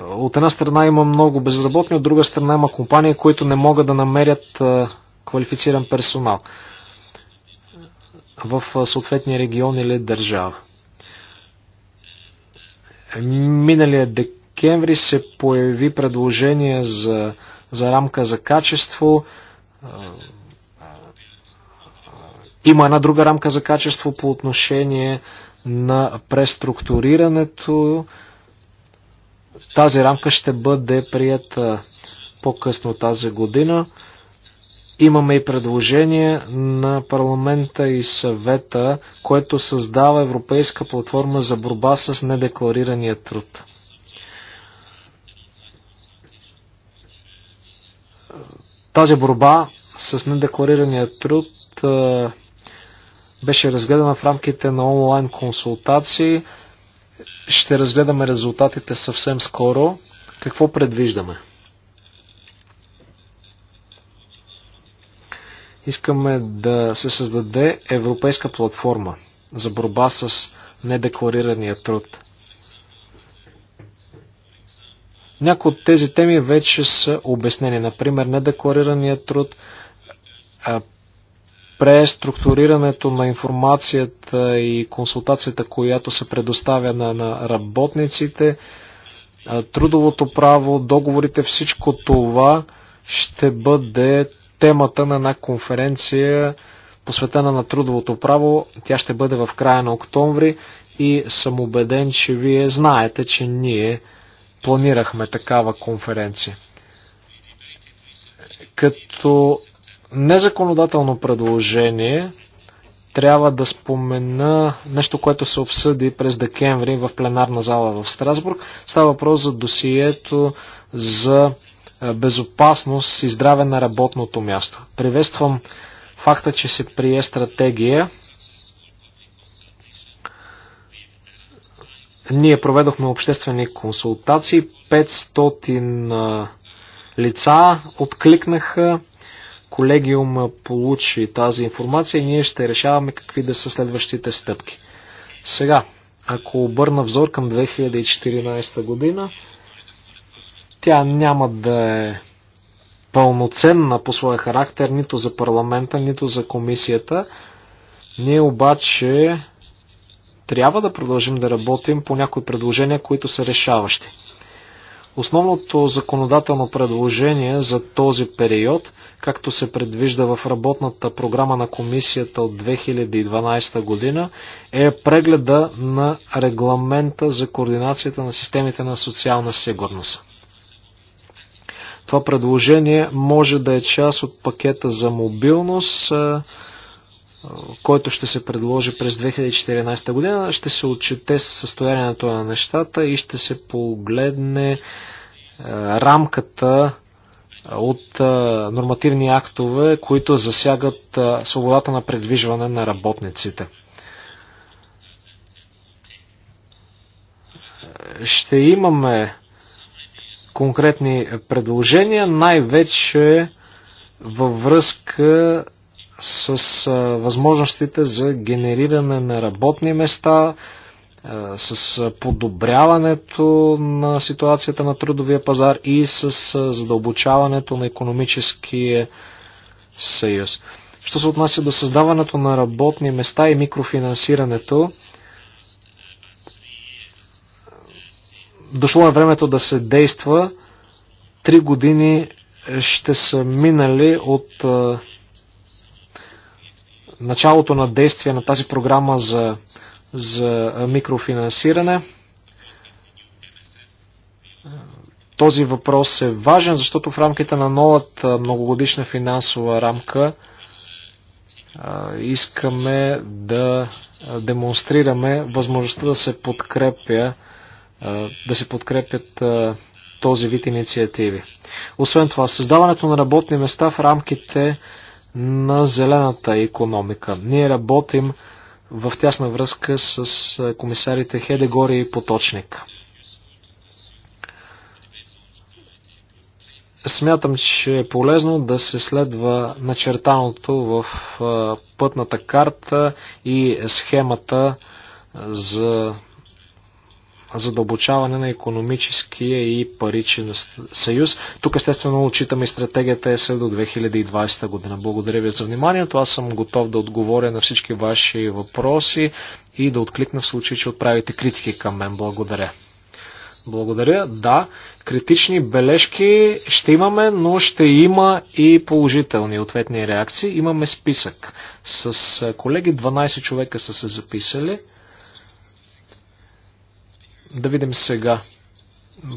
От една страна има много безработни, от друга страна има компании, които не могат да намерят квалифициран персонал в съответния регион или държава. Миналия декември се появи предложение за, за рамка за качество. Има една друга рамка за качество по отношение на преструктурирането. Тази рамка ще бъде прията по-късно тази година. Имаме и предложение на парламента и съвета, което създава Европейска платформа за борба с недекларирания труд. Тази борба с недекларирания труд беше разгледана в рамките на онлайн консултации. Ще разгледаме резултатите съвсем скоро. Какво предвиждаме? Искаме да се създаде европейска платформа за борба с недекларирания труд. Някои от тези теми вече са обяснени. Например, недекларирания труд, преструктурирането на информацията и консултацията, която се предоставя на, на работниците, трудовото право, договорите, всичко това ще бъде темата на една конференция, посветена на трудовото право. Тя ще бъде в края на октомври и съм убеден, че вие знаете, че ние планирахме такава конференция. Като незаконодателно предложение трябва да спомена нещо, което се обсъди през декември в пленарна зала в Страсбург. Става въпрос за досието за е, безопасност и здраве на работното място. Приветствам факта, че се прие стратегия. Ние проведохме обществени консултации, 500 е, лица откликнаха колегиум получи тази информация и ние ще решаваме какви да са следващите стъпки. Сега, ако обърна взор към 2014 година, тя няма да е пълноценна по своя характер нито за парламента, нито за комисията. Ние обаче трябва да продължим да работим по някои предложения, които са решаващи. Основното законодателно предложение за този период, както се предвижда в работната програма на комисията от 2012 година, е прегледа на регламента за координацията на системите на социална сигурност. Това предложение може да е част от пакета за мобилност, който ще се предложи през 2014 година, ще се отчете състоянието на нещата и ще се погледне е, рамката е, от е, нормативни актове, които засягат свободата на предвижване на работниците. Ще имаме конкретни предложения, най-вече във връзка с възможностите за генериране на работни места, с подобряването на ситуацията на трудовия пазар и с задълбочаването на економическия съюз. Що се отнася до създаването на работни места и микрофинансирането, дошло е времето да се действа. Три години ще са минали от началото на действие на тази програма за, за микрофинансиране. Този въпрос е важен, защото в рамките на новата многогодишна финансова рамка искаме да демонстрираме възможността да се подкрепя да се подкрепят този вид инициативи. Освен това, създаването на работни места в рамките на зелената економика. Ние работим в тясна връзка с е, комисарите Хедегори и Поточник. Смятам, че е полезно да се следва начертаното в е, пътната карта и схемата е, за задълбочаване на економическия и паричен съюз. Тук естествено отчитаме и стратегията ЕС до 2020 година. Благодаря ви за вниманието. Аз съм готов да отговоря на всички ваши въпроси и да откликна в случай, че отправите критики към мен. Благодаря. Благодаря. Да, критични бележки ще имаме, но ще има и положителни ответни реакции. Имаме списък с колеги. 12 човека са се записали. Да видим сега.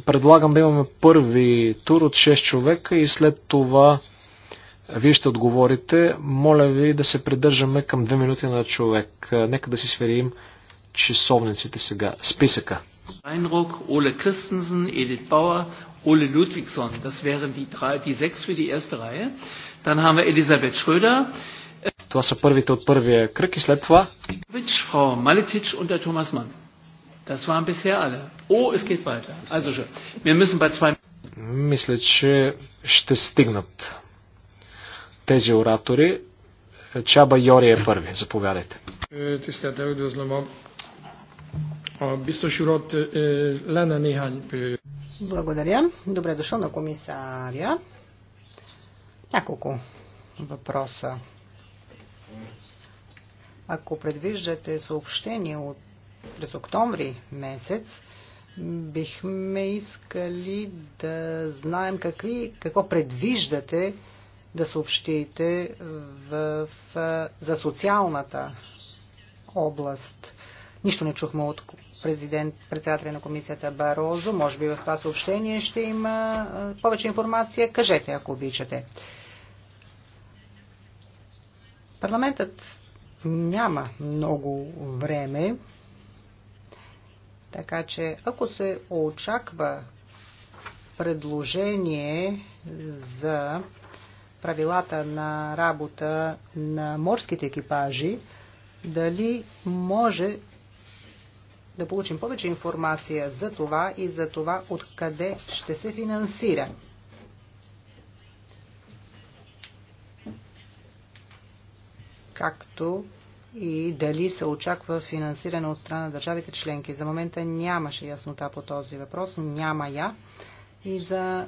Предлагам да имаме първи тур от 6 човека и след това вие ще отговорите. Моля ви да се придържаме към 2 минути на човек. Нека да си сверим часовниците сега. Списъка. Weinrock, Ole Christensen, Edith Bauer, Ole Ludwigsson. Das wären die, drei, die sechs für die erste Reihe. Dann haben wir Elisabeth Schröder. Това са първите от първия кръг и след това. Frau Maletic und der Thomas Mann. Das waren bisher alle. Oh, es geht weiter. Also schön. Wir müssen bei zwei... Мисля, че ще стигнат тези оратори. Чаба Йори е първи. Заповядайте. Благодаря. Добре дошъл на комисаря. Няколко въпроса. Ако предвиждате съобщение от през октомври месец бихме искали да знаем какви, какво предвиждате да съобщите в, в, за социалната област. Нищо не чухме от президент, председателя на комисията Барозо. Може би в това съобщение ще има повече информация. Кажете, ако обичате. Парламентът няма много време така че ако се очаква предложение за правилата на работа на морските екипажи, дали може да получим повече информация за това и за това откъде ще се финансира. Както и дали се очаква финансиране от страна на държавите членки. За момента нямаше яснота по този въпрос, няма я. И за...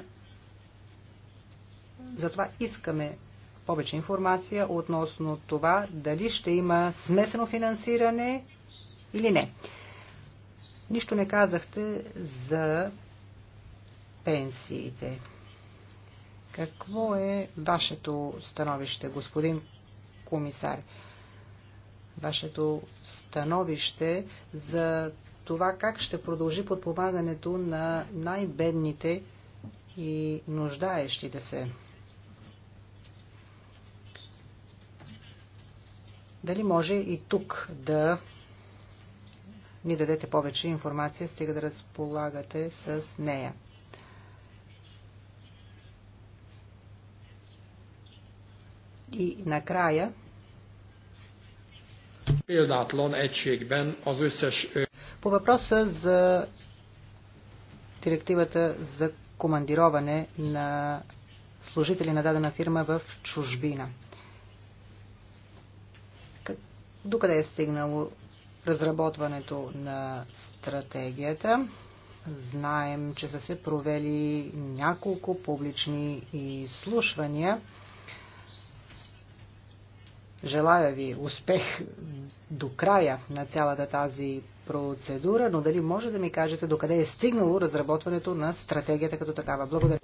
Затова искаме повече информация относно това дали ще има смесено финансиране или не. Нищо не казахте за пенсиите. Какво е вашето становище, господин комисар? вашето становище за това как ще продължи подпомагането на най-бедните и нуждаещите се. Дали може и тук да ни дадете повече информация, стига да разполагате с нея. И накрая по въпроса за директивата за командироване на служители на дадена фирма в чужбина. Докъде е стигнало разработването на стратегията? Знаем, че са се провели няколко публични изслушвания Желая ви успех до края на цялата тази процедура, но дали може да ми кажете докъде е стигнало разработването на стратегията като такава? Благодаря.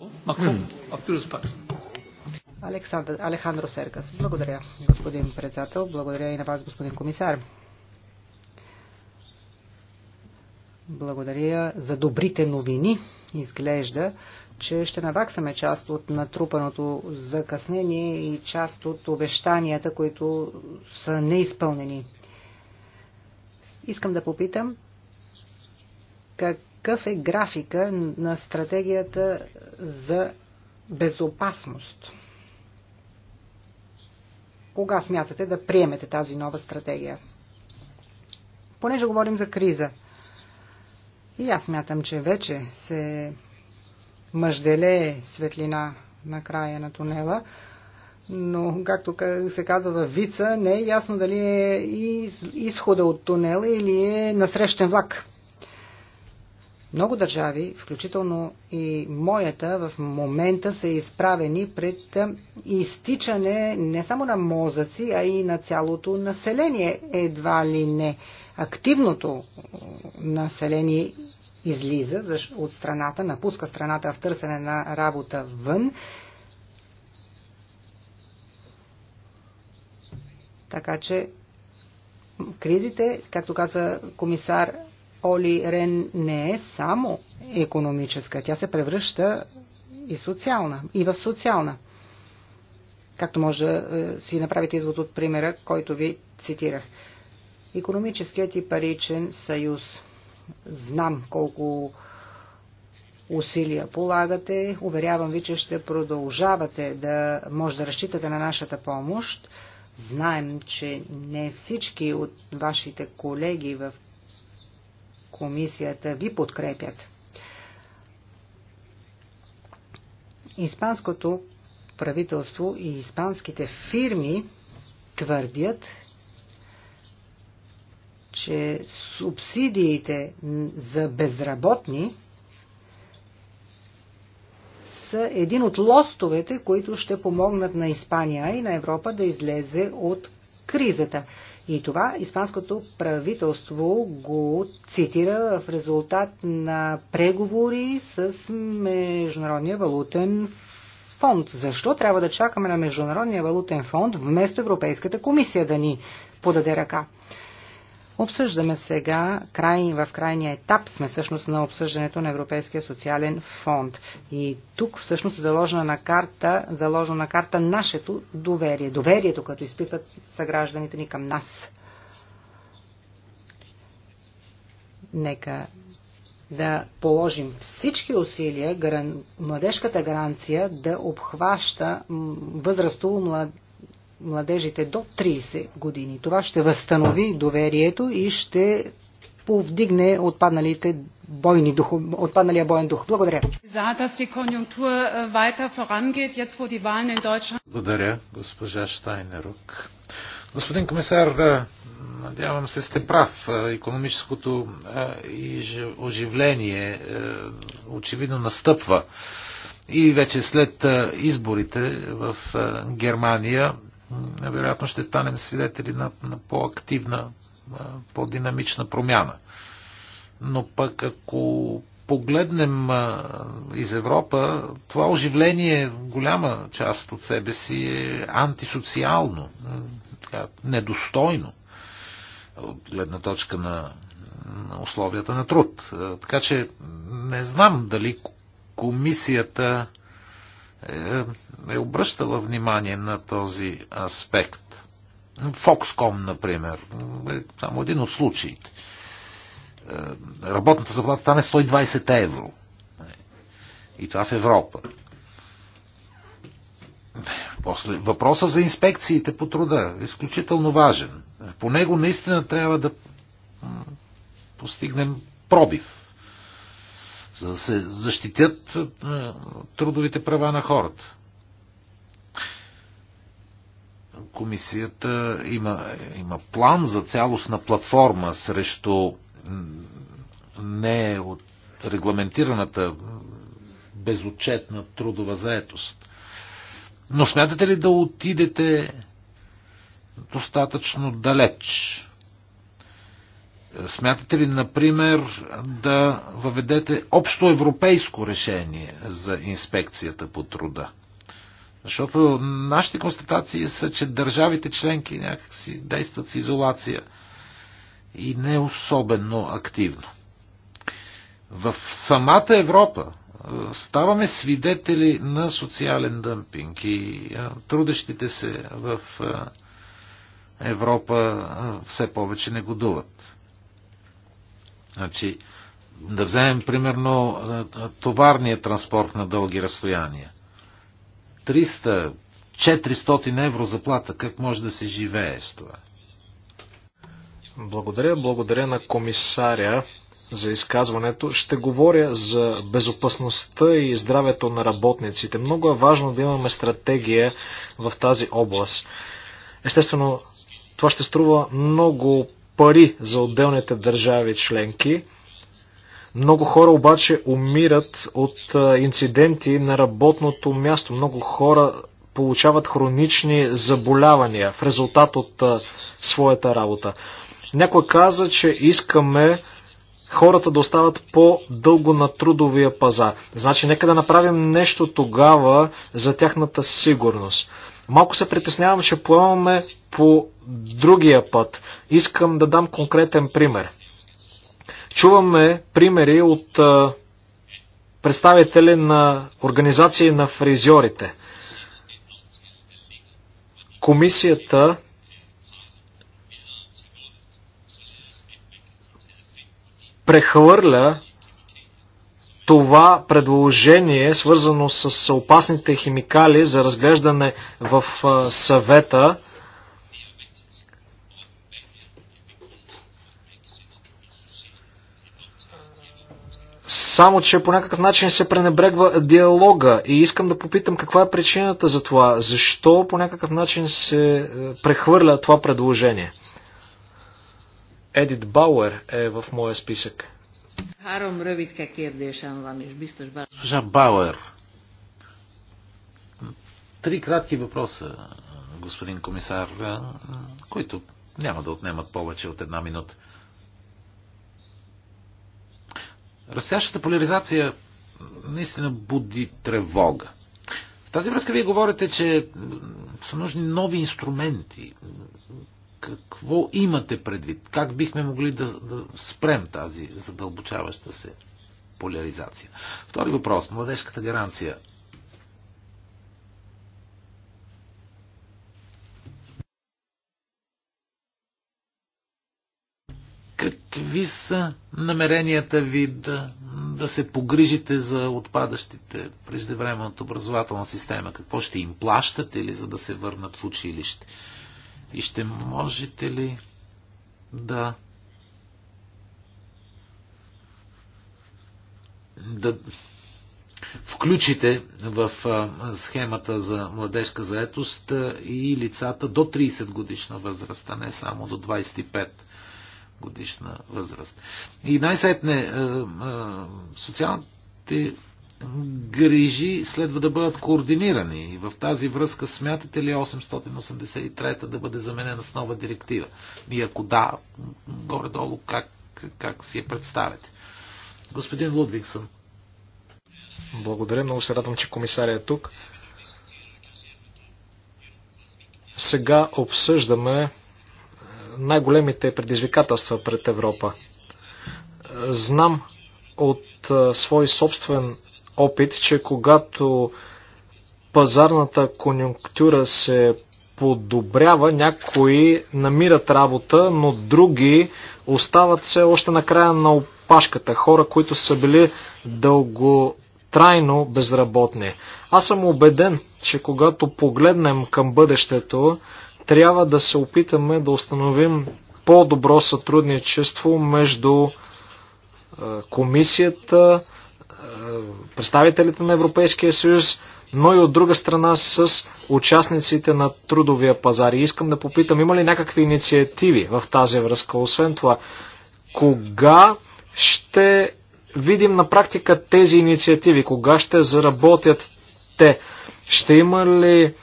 Александър, Алехандро Серкас. Благодаря, господин председател. Благодаря и на вас, господин комисар. Благодаря за добрите новини. Изглежда, че ще наваксаме част от натрупаното закъснение и част от обещанията, които са неизпълнени. Искам да попитам какъв е графика на стратегията за безопасност? Кога смятате да приемете тази нова стратегия? Понеже говорим за криза, и аз смятам, че вече се мъжделе е светлина на края на тунела, но, както се казва в вица, не е ясно дали е из, изхода от тунела или е насрещен влак. Много държави, включително и моята, в момента са изправени пред изтичане не само на мозъци, а и на цялото население, едва ли не. Активното население излиза от страната, напуска страната в търсене на работа вън. Така че кризите, както каза комисар Оли Рен, не е само економическа. Тя се превръща и социална, и в социална. Както може да е, си направите извод от примера, който ви цитирах. Економическият и паричен съюз – Знам колко усилия полагате. Уверявам ви, че ще продължавате да може да разчитате на нашата помощ. Знаем, че не всички от вашите колеги в комисията ви подкрепят. Испанското правителство и испанските фирми твърдят, че субсидиите за безработни са един от лостовете, които ще помогнат на Испания и на Европа да излезе от кризата. И това испанското правителство го цитира в резултат на преговори с Международния валутен фонд. Защо трябва да чакаме на Международния валутен фонд вместо Европейската комисия да ни подаде ръка? Обсъждаме сега, край, в крайния етап сме всъщност на обсъждането на Европейския социален фонд. И тук всъщност е заложена на карта, заложено на карта нашето доверие. Доверието, като изпитват съгражданите ни към нас. Нека да положим всички усилия, гаран... младежката гаранция да обхваща възрастово млад младежите до 30 години. Това ще възстанови доверието и ще повдигне отпадналите бойни дух, отпадналия боен дух. Благодаря. Е, Благодаря, госпожа Штайнерук. Господин комисар, е, надявам се сте прав. Е, економическото оживление очевидно настъпва. И вече след изборите в Германия вероятно ще станем свидетели на, на по-активна, по-динамична промяна. Но пък ако погледнем из Европа, това оживление голяма част от себе си е антисоциално, недостойно от гледна точка на условията на труд. Така че не знам дали комисията е, е обръщала внимание на този аспект. Foxcom, например, е само един от случаите. Е, работната заплата там е 120 евро. И това в Европа. После, въпроса за инспекциите по труда е изключително важен. По него наистина трябва да постигнем пробив за да се защитят е, трудовите права на хората. Комисията има, има план за цялостна платформа срещу не от регламентираната безотчетна трудова заетост. Но смятате ли да отидете достатъчно далеч? Смятате ли, например, да въведете общо европейско решение за инспекцията по труда? Защото нашите констатации са, че държавите членки някакси действат в изолация и не особено активно. В самата Европа ставаме свидетели на социален дъмпинг и трудещите се в Европа все повече негодуват. Значи, да вземем примерно товарния транспорт на дълги разстояния. 300, 400 евро заплата. Как може да се живее с това? Благодаря. Благодаря на комисаря за изказването. Ще говоря за безопасността и здравето на работниците. Много е важно да имаме стратегия в тази област. Естествено, това ще струва много пари за отделните държави членки. Много хора обаче умират от инциденти на работното място. Много хора получават хронични заболявания в резултат от своята работа. Някой каза, че искаме хората да остават по-дълго на трудовия пазар. Значи, нека да направим нещо тогава за тяхната сигурност. Малко се притеснявам, че поемаме по другия път. Искам да дам конкретен пример. Чуваме примери от представители на организации на фризьорите. Комисията прехвърля това предложение, свързано с опасните химикали за разглеждане в съвета, Само, че по някакъв начин се пренебрегва диалога и искам да попитам каква е причината за това. Защо по някакъв начин се е, прехвърля това предложение? Едит Бауер е в моя списък. Három Бауер. Три кратки въпроса, господин комисар, е, които няма да отнемат повече от една минута. Растящата поляризация наистина буди тревога. В тази връзка вие говорите, че са нужни нови инструменти. Какво имате предвид? Как бихме могли да, да спрем тази задълбочаваща се поляризация? Втори въпрос. Младежката гаранция. Какви са намеренията ви да, да се погрижите за отпадащите преждевременно от образователна система? Какво ще им плащате ли, за да се върнат в училище? И ще можете ли да да включите в схемата за младежка заетост и лицата до 30 годишна възраст, а не само до 25 годишна възраст. И най-сетне е, е, социалните грижи следва да бъдат координирани. И в тази връзка смятате ли 883 да бъде заменена с нова директива? И ако да, горе-долу как, как си я представяте? Господин Лудвигсън. Благодаря. Много се радвам, че комисария е тук. Сега обсъждаме най-големите предизвикателства пред Европа. Знам от свой собствен опит, че когато пазарната конюнктура се подобрява, някои намират работа, но други остават се още на края на опашката. Хора, които са били дълготрайно безработни. Аз съм убеден, че когато погледнем към бъдещето, трябва да се опитаме да установим по-добро сътрудничество между е, комисията, е, представителите на Европейския съюз, но и от друга страна с участниците на трудовия пазар. И искам да попитам, има ли някакви инициативи в тази връзка? Освен това, кога ще видим на практика тези инициативи? Кога ще заработят те? Ще има ли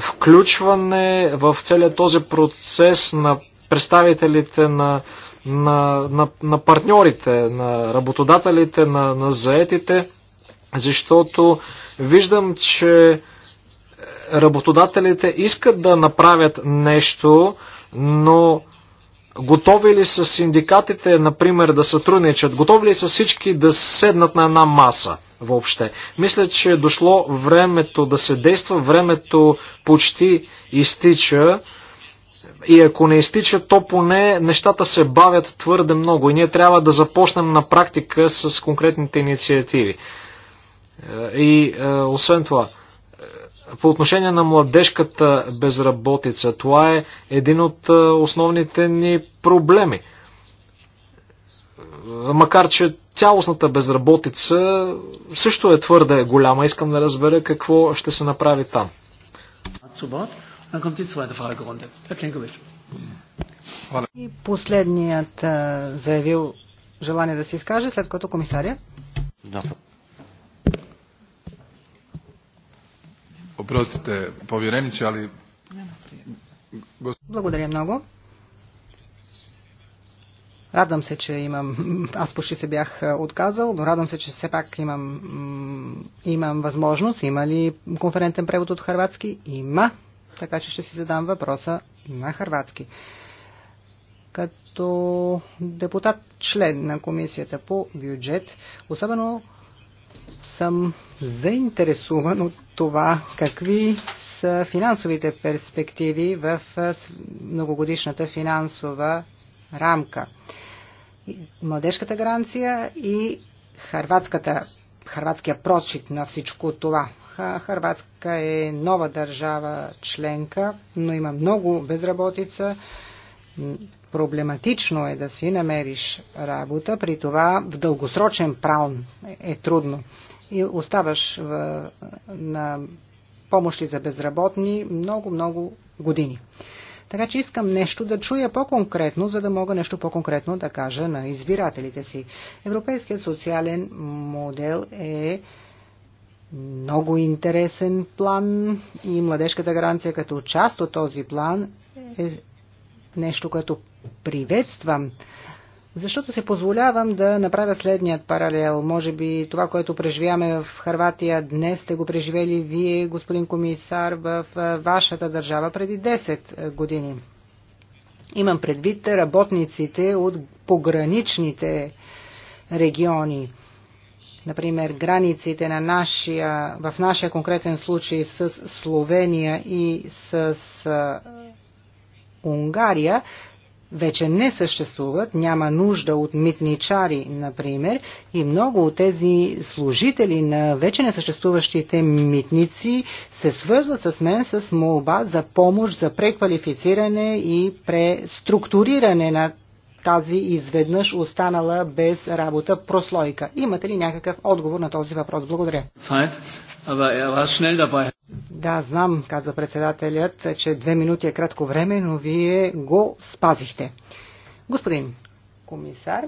включване в целият този процес на представителите на, на, на, на партньорите, на работодателите, на, на заетите, защото виждам, че работодателите искат да направят нещо, но Готови ли са синдикатите, например, да сътрудничат? Готови ли са всички да седнат на една маса въобще? Мисля, че е дошло времето да се действа. Времето почти изтича. И ако не изтича, то поне нещата се бавят твърде много и ние трябва да започнем на практика с конкретните инициативи. Е, и е, освен това, по отношение на младежката безработица, това е един от е, основните ни проблеми. Макар, че цялостната безработица също е твърде голяма. Искам да разбера какво ще се направи там. И последният е, заявил желание да се изкаже, след което комисаря. Oprostite, povjereniče, ali... Благодаря много. Радвам се, че имам... Аз почти се бях е, отказал, но радвам се, че все пак имам, имам възможност. Има ли конферентен превод от харватски? Има. Така че ще си задам въпроса на харватски. Като депутат член на комисията по бюджет, особено съм заинтересуван от това какви са финансовите перспективи в многогодишната финансова рамка. Младежката гаранция и харватската, харватския прочит на всичко това. Харватска е нова държава членка, но има много безработица. Проблематично е да си намериш работа, при това в дългосрочен план е, е трудно и оставаш в, на помощи за безработни много-много години. Така че искам нещо да чуя по-конкретно, за да мога нещо по-конкретно да кажа на избирателите си. Европейският социален модел е много интересен план и младежката гаранция като част от този план е нещо, което приветствам. Защото се позволявам да направя следният паралел. Може би това, което преживяваме в Харватия днес, сте го преживели вие, господин комисар, в вашата държава преди 10 години. Имам предвид работниците от пограничните региони. Например, границите на нашия, в нашия конкретен случай с Словения и с Унгария вече не съществуват, няма нужда от митничари, например, и много от тези служители на вече несъществуващите митници се свързват с мен с молба за помощ за преквалифициране и преструктуриране на тази изведнъж останала без работа прослойка? Имате ли някакъв отговор на този въпрос? Благодаря. Er да, знам, каза председателят, че две минути е кратко време, но вие го спазихте. Господин комисар,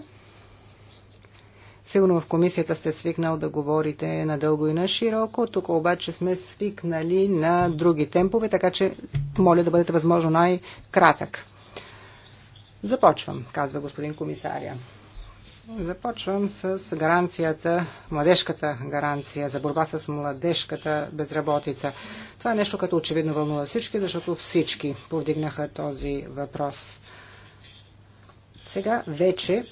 сигурно в комисията сте свикнал да говорите надълго и на широко, тук обаче сме свикнали на други темпове, така че моля да бъдете възможно най-кратък. Започвам, казва господин комисаря. Започвам с гаранцията, младежката гаранция за борба с младежката безработица. Това е нещо, като очевидно вълнува всички, защото всички повдигнаха този въпрос. Сега вече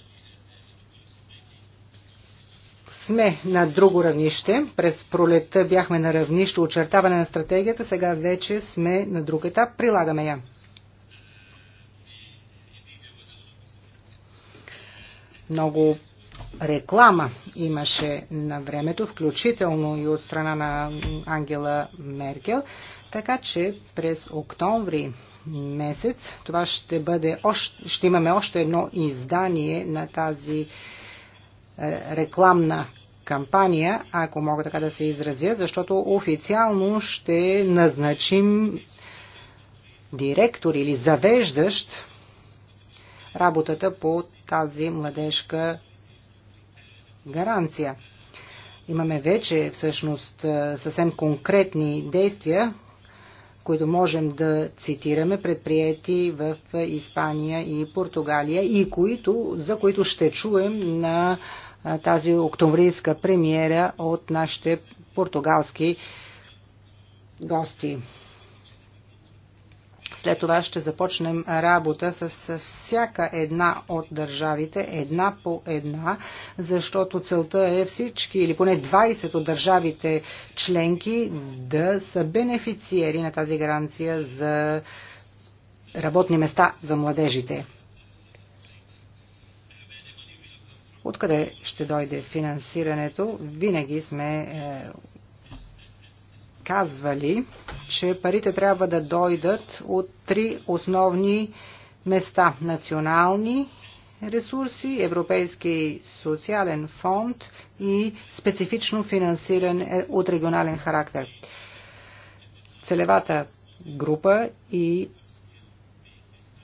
сме на друго равнище. През пролета бяхме на равнище очертаване на стратегията, сега вече сме на друг етап, прилагаме я. Много реклама имаше на времето, включително и от страна на Ангела Меркел. Така че през октомври месец това ще бъде, още, ще имаме още едно издание на тази е, рекламна кампания, ако мога така да се изразя, защото официално ще назначим директор или завеждащ работата по тази младежка гаранция. Имаме вече всъщност съвсем конкретни действия, които можем да цитираме, предприяти в Испания и Португалия и които, за които ще чуем на тази октомврийска премиера от нашите португалски гости. След това ще започнем работа с всяка една от държавите, една по една, защото целта е всички, или поне 20 от държавите членки да са бенефициери на тази гаранция за работни места за младежите. Откъде ще дойде финансирането? Винаги сме е, казвали, че парите трябва да дойдат от три основни места – национални ресурси, Европейски социален фонд и специфично финансиран е, от регионален характер. Целевата група и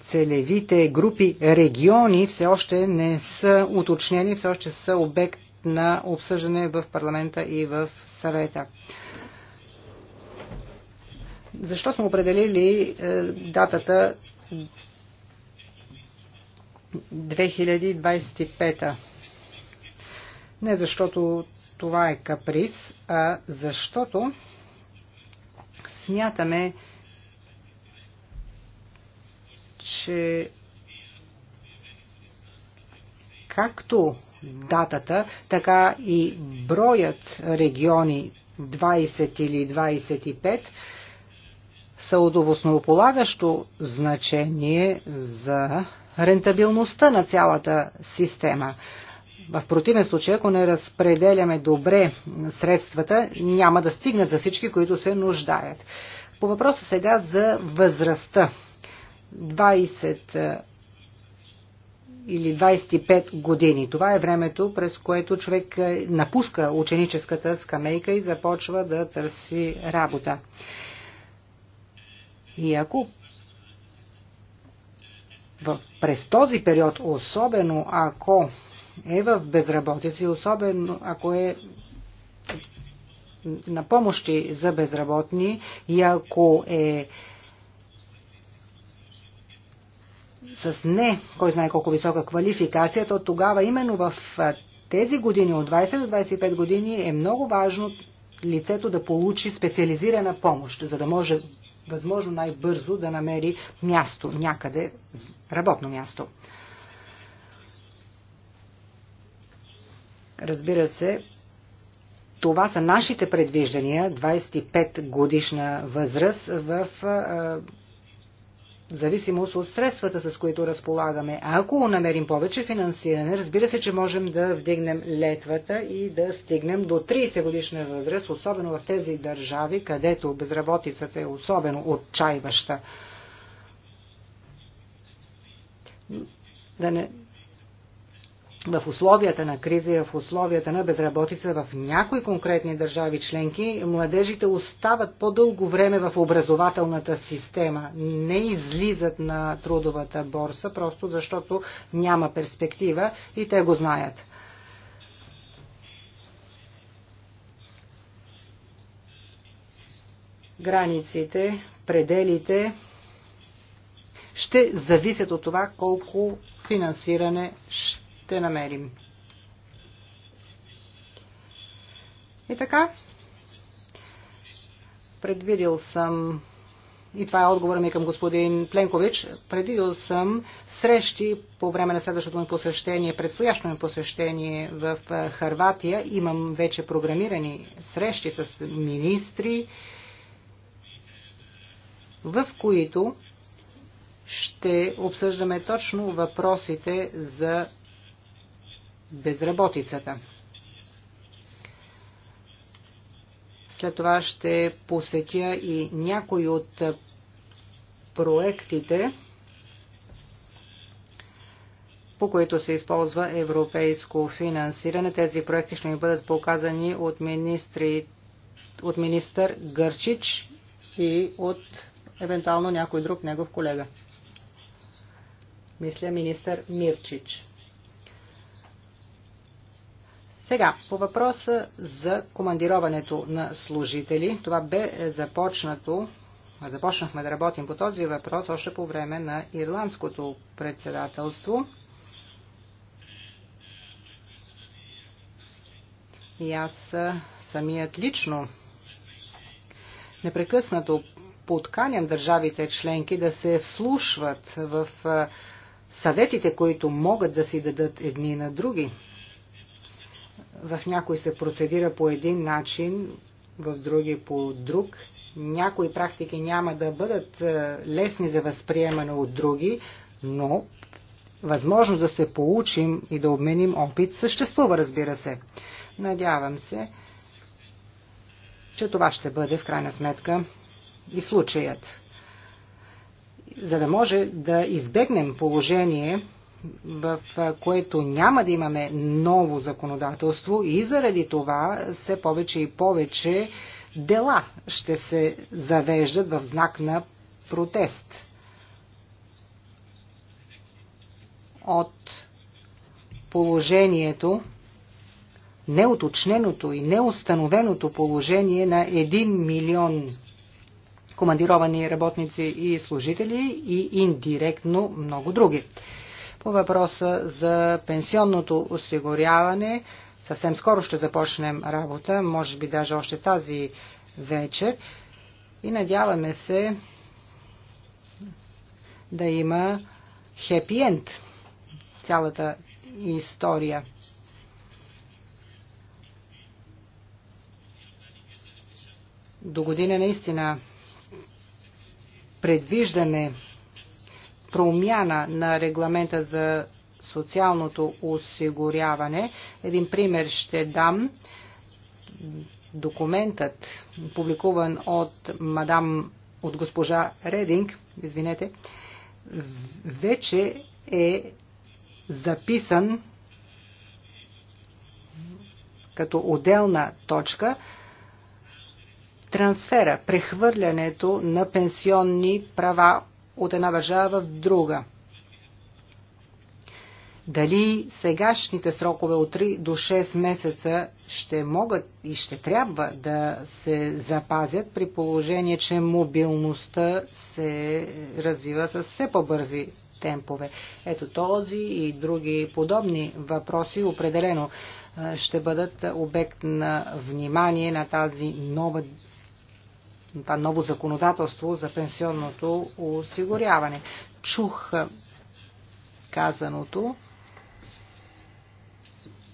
целевите групи региони все още не са уточнени, все още са обект на обсъждане в парламента и в съвета. Защо сме определили е, датата 2025? Не защото това е каприз, а защото смятаме, че както датата, така и броят региони 20 или 25 са от основополагащо значение за рентабилността на цялата система. В противен случай, ако не разпределяме добре средствата, няма да стигнат за всички, които се нуждаят. По въпроса сега за възрастта. 20 или 25 години. Това е времето, през което човек напуска ученическата скамейка и започва да търси работа. И ако в, през този период, особено ако е в безработица и особено ако е на помощи за безработни и ако е с не, кой знае колко висока квалификация, то тогава именно в тези години, от 20 до 25 години, е много важно лицето да получи специализирана помощ, за да може възможно най-бързо да намери място някъде, работно място. Разбира се, това са нашите предвиждания, 25 годишна възраст в зависимост от средствата, с които разполагаме. А ако намерим повече финансиране, разбира се, че можем да вдигнем летвата и да стигнем до 30 годишна възраст, особено в тези държави, където безработицата е особено отчаиваща. Да не, в условията на криза и в условията на безработица в някои конкретни държави членки, младежите остават по-дълго време в образователната система, не излизат на трудовата борса, просто защото няма перспектива и те го знаят. Границите, пределите ще зависят от това колко финансиране ще ще намерим. И така, предвидил съм, и това е отговора ми към господин Пленкович, предвидил съм срещи по време на следващото ми посещение, предстоящо ми посещение в Харватия. Имам вече програмирани срещи с министри, в които ще обсъждаме точно въпросите за безработицата. След това ще посетя и някои от проектите, по които се използва европейско финансиране. Тези проекти ще ми бъдат показани от, министри, от министър Гърчич и от евентуално някой друг негов колега. Мисля министър Мирчич. Сега, по въпроса за командироването на служители, това бе започнато, започнахме да работим по този въпрос още по време на ирландското председателство. И аз самият лично непрекъснато подканям държавите членки да се вслушват в съветите, които могат да си дадат едни на други. В някои се процедира по един начин, в други по друг. Някои практики няма да бъдат е, лесни за възприемане от други, но възможност да се получим и да обменим опит съществува, разбира се. Надявам се, че това ще бъде в крайна сметка и случаят. За да може да избегнем положение, в което няма да имаме ново законодателство и заради това все повече и повече дела ще се завеждат в знак на протест от положението, неуточненото и неустановеното положение на 1 милион командировани работници и служители и индиректно много други по въпроса за пенсионното осигуряване. Съвсем скоро ще започнем работа, може би даже още тази вечер. И надяваме се да има хепи енд цялата история. До година наистина предвиждаме промяна на регламента за социалното осигуряване. Един пример ще дам. Документът, публикуван от мадам, от госпожа Рединг, извинете, вече е записан като отделна точка трансфера, прехвърлянето на пенсионни права от една държава в друга. Дали сегашните срокове от 3 до 6 месеца ще могат и ще трябва да се запазят при положение, че мобилността се развива с все по-бързи темпове. Ето този и други подобни въпроси определено ще бъдат обект на внимание на тази нова това ново законодателство за пенсионното осигуряване. Чух казаното,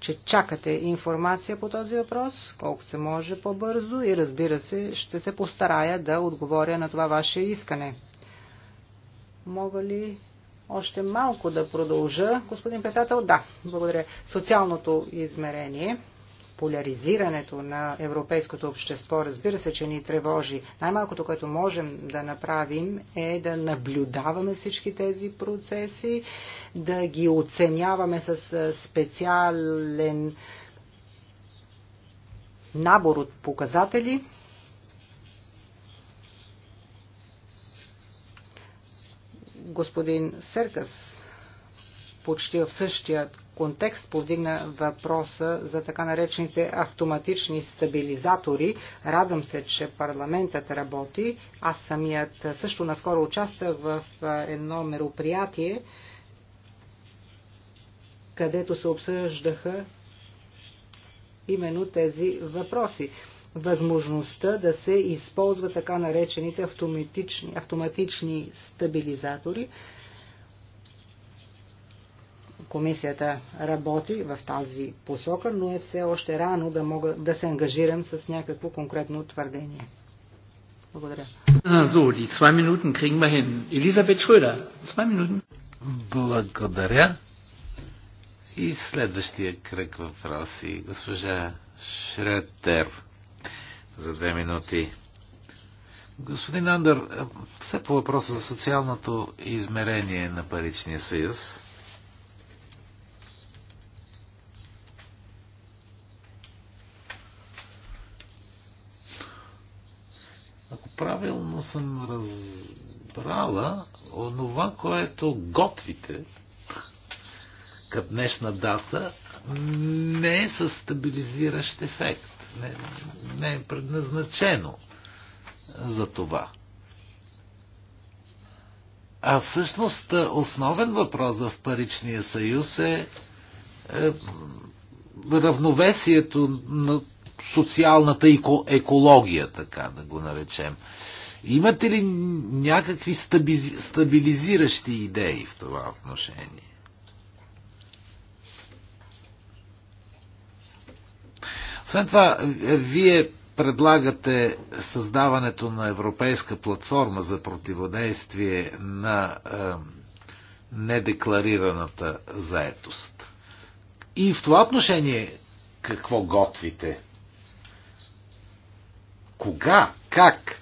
че чакате информация по този въпрос, колко се може по-бързо и разбира се, ще се постарая да отговоря на това ваше искане. Мога ли още малко да продължа, господин председател? Да, благодаря. Социалното измерение – поляризирането на европейското общество, разбира се, че ни тревожи. Най-малкото, което можем да направим е да наблюдаваме всички тези процеси, да ги оценяваме с специален набор от показатели, господин Серкас почти в същия контекст повдигна въпроса за така наречените автоматични стабилизатори. Радвам се, че парламентът работи. Аз самият също наскоро участвах в едно мероприятие, където се обсъждаха именно тези въпроси. Възможността да се използва така наречените автоматични, автоматични стабилизатори, Комисията работи в тази посока, но е все още рано да, мога, да се ангажирам с някакво конкретно твърдение. Благодаря. So, die Minuten kriegen wir hin. Elisabeth Schröder, Minuten. Благодаря. И следващия кръг въпроси. Госпожа Шретер за две минути. Господин Андър, все по въпроса за социалното измерение на паричния съюз. правилно съм разбрала онова, което готвите към днешна дата, не е със стабилизиращ ефект. Не, не е предназначено за това. А всъщност е, основен въпрос в паричния съюз е, е равновесието на социалната еко, екология, така да го наречем. Имате ли някакви стабилизиращи идеи в това отношение? Освен това, вие предлагате създаването на европейска платформа за противодействие на е, недекларираната заетост. И в това отношение какво готвите? Кога? Как?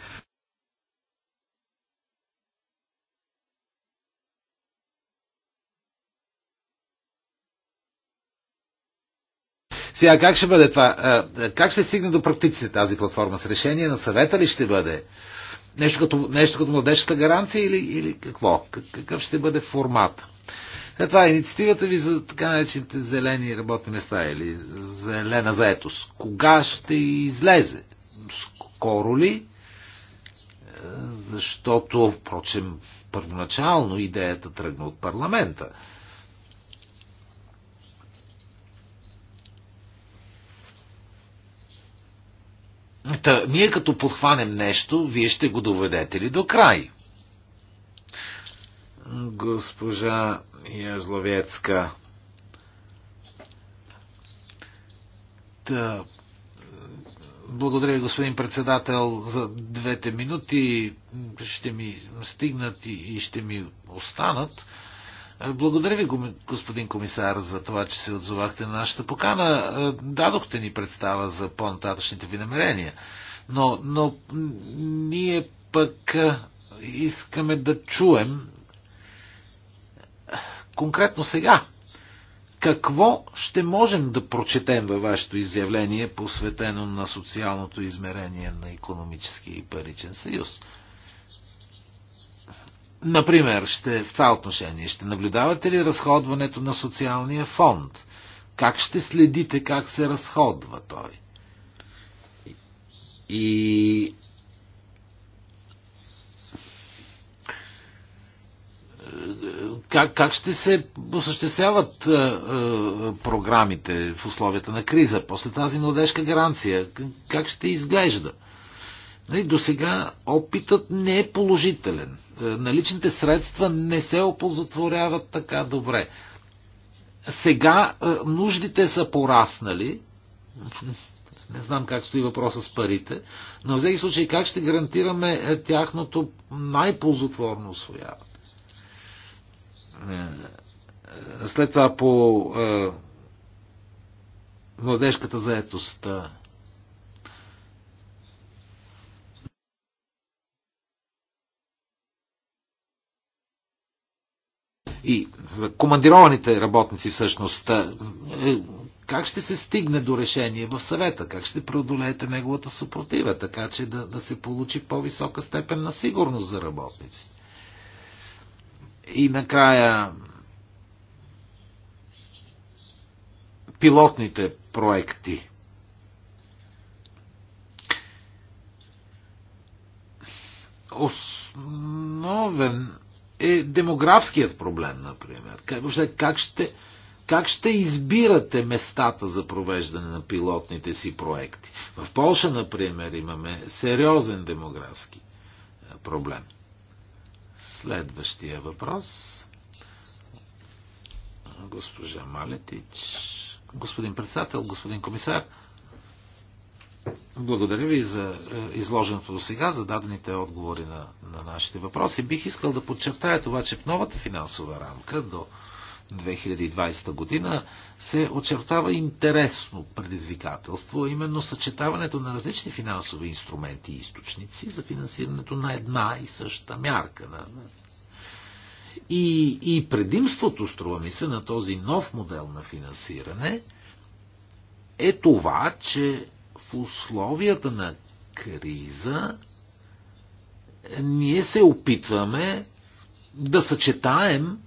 Сега как ще бъде това? Как ще стигне до практиците тази платформа? С решение на съвета ли ще бъде? Нещо като, нещо като младежката гаранция или, или какво? Какъв ще бъде формат? Е, това е инициативата ви за така наречените зелени работни места или зелена заетост. Кога ще излезе? Короли, е, защото, впрочем, първоначално идеята тръгна от парламента. Та, ние като подхванем нещо, вие ще го доведете ли до край? Госпожа Язловецка. Та, благодаря ви, господин председател, за двете минути. Ще ми стигнат и ще ми останат. Благодаря ви, господин комисар, за това, че се отзовахте на нашата покана. Дадохте ни представа за по-нататъчните ви намерения. Но, но ние пък искаме да чуем конкретно сега какво ще можем да прочетем във вашето изявление, посветено на социалното измерение на економическия и паричен съюз? Например, ще, в това отношение, ще наблюдавате ли разходването на социалния фонд? Как ще следите как се разходва той? И как, как ще се осъществяват е, е, програмите в условията на криза, после тази младежка гаранция, как ще изглежда? Нали, До сега опитът не е положителен. Е, наличните средства не се опозотворяват така добре. Сега нуждите са пораснали. <laughs> Не знам как стои въпроса с парите, но в всеки случай как ще гарантираме тяхното най-ползотворно освояване? Е, след това по е, младежката заетост. Е. И за командированите работници всъщност. Как ще се стигне до решение в съвета? Как ще преодолеете неговата съпротива, така че да, да се получи по-висока степен на сигурност за работници? И накрая пилотните проекти. Основен е демографският проблем, например. Как, как, ще, как ще избирате местата за провеждане на пилотните си проекти? В Польша, например, имаме сериозен демографски е, проблем. Следващия въпрос. Госпожа Малетич. Господин председател, господин комисар, благодаря ви за е, изложеното до сега, за дадените отговори на, на нашите въпроси. Бих искал да подчертая това, че в новата финансова рамка до 2020 година се очертава интересно предизвикателство, именно съчетаването на различни финансови инструменти и източници за финансирането на една и съща мярка. И, и предимството, струва ми се, на този нов модел на финансиране е това, че в условията на криза ние се опитваме да съчетаем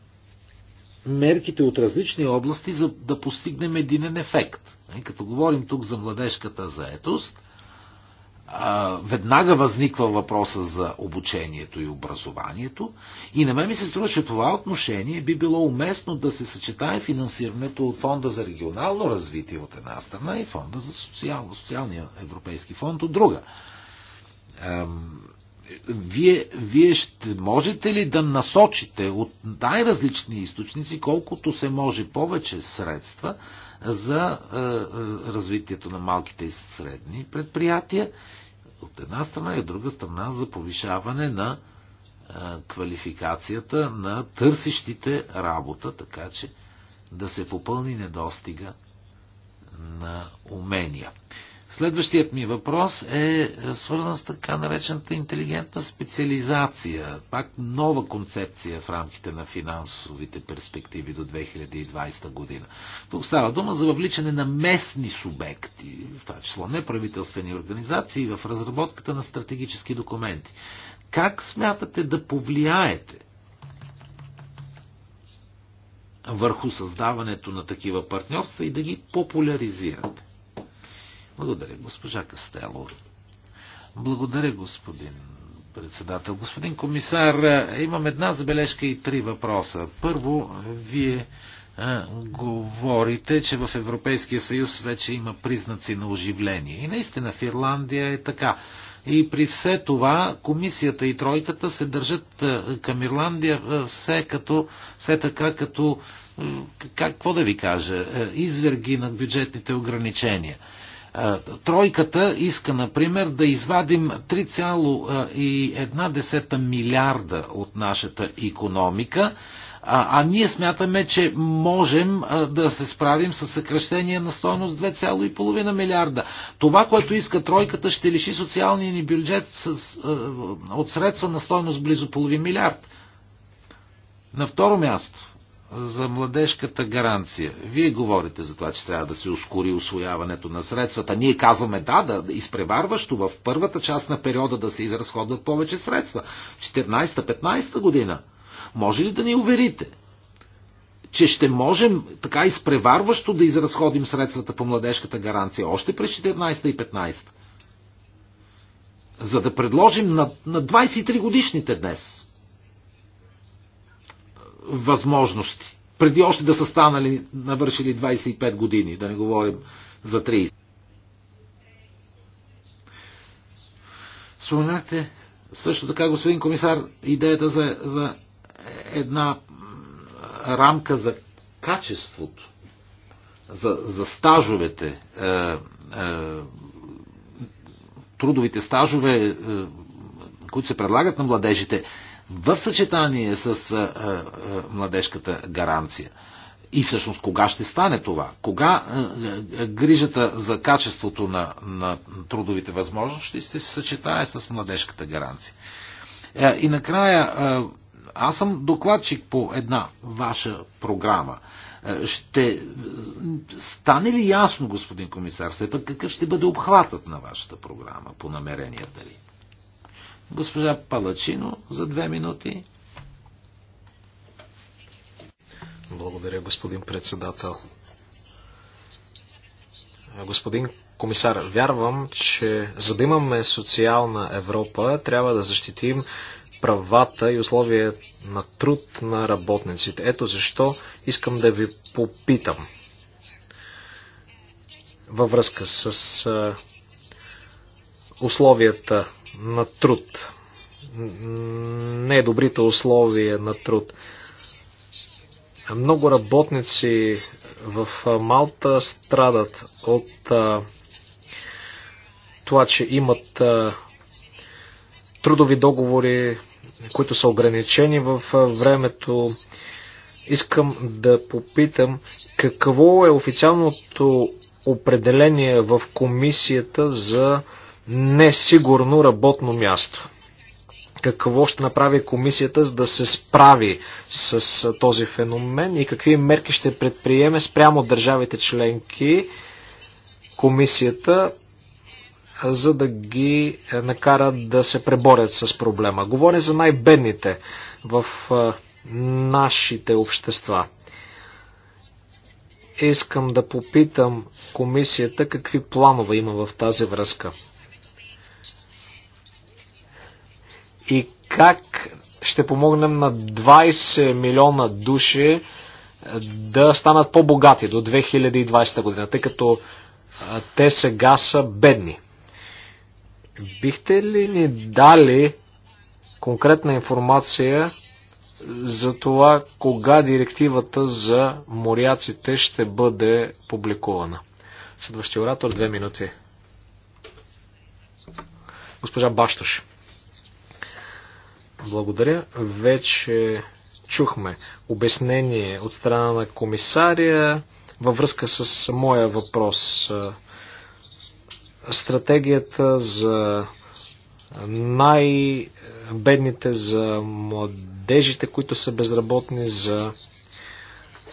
мерките от различни области, за да постигнем единен ефект. Нали, като говорим тук за младежката заетост, веднага възниква въпроса за обучението и образованието. И на мен ми се струва, че това отношение би било уместно да се съчетае финансирането от Фонда за регионално развитие от една страна и Фонда за социал, социалния европейски фонд от друга вие, вие ще можете ли да насочите от най-различни източници, колкото се може повече средства за е, е, развитието на малките и средни предприятия, от една страна и от друга страна за повишаване на е, квалификацията на търсещите работа, така че да се попълни недостига на умения. Следващият ми въпрос е свързан с така наречената интелигентна специализация. Пак нова концепция в рамките на финансовите перспективи до 2020 година. Тук става дума за въвличане на местни субекти, в това число неправителствени организации, в разработката на стратегически документи. Как смятате да повлияете върху създаването на такива партньорства и да ги популяризирате? Благодаря, госпожа Кастело. Благодаря, господин председател. Господин комисар, имам една забележка и три въпроса. Първо, вие а, е, говорите, че в Европейския съюз вече има признаци на оживление. И наистина в Ирландия е така. И при все това комисията и тройката се държат е, към Ирландия е, все, като, все така като, как, какво да ви кажа, изверги на бюджетните ограничения. Тройката иска, например, да извадим 3,1 милиарда от нашата економика, а, а ние смятаме, че можем а, да се справим с съкръщение на стоеност 2,5 милиарда. Това, което иска тройката, ще лиши социалния ни бюджет с, а, от средства на стоеност близо половин милиард. На второ място, за младежката гаранция. Вие говорите за това, че трябва да се ускори освояването на средствата. Ние казваме да, да изпреварващо в първата част на периода да се изразходват повече средства. 14-15 година. Може ли да ни уверите, че ще можем така изпреварващо да изразходим средствата по младежката гаранция още през 14 и 15? За да предложим на, на 23 годишните днес възможности. Преди още да са станали, навършили 25 години, да не говорим за 30. Споменахте също така, господин комисар, идеята за, за една рамка за качеството, за, за стажовете, е, е, трудовите стажове, е, които се предлагат на младежите в съчетание с а, а, младежката гаранция. И всъщност кога ще стане това? Кога а, грижата за качеството на, на трудовите възможности ще се съчетае с младежката гаранция? А, е, и накрая, а, аз съм докладчик по една ваша програма. Е, ще стане ли ясно, господин комисар, все пък какъв ще бъде обхватът на вашата програма по намеренията ли? Госпожа Палачино за две минути. Благодаря, господин председател. Господин комисар, вярвам, че за да имаме социална Европа, трябва да защитим правата и условия на труд на работниците. Ето защо искам да ви попитам във връзка с условията на труд. Недобрите е условия на труд. Много работници в Малта страдат от това, че имат трудови договори, които са ограничени в времето. Искам да попитам какво е официалното определение в комисията за а, несигурно работно място. Какво ще направи комисията, за да се справи с този феномен и какви мерки ще предприеме спрямо държавите членки комисията, за да ги накарат да се преборят с проблема. Говоря за най-бедните в нашите общества искам да попитам комисията какви планове има в тази връзка. и как ще помогнем на 20 милиона души е, да станат по-богати до 2020 година, тъй като е, те сега са бедни. Бихте ли ни дали конкретна информация за това кога директивата за моряците ще бъде публикувана? Следващия оратор, две минути. Госпожа Баштош. Благодаря. Вече чухме обяснение от страна на комисария във връзка с моя въпрос. Стратегията за най-бедните, за младежите, които са безработни, за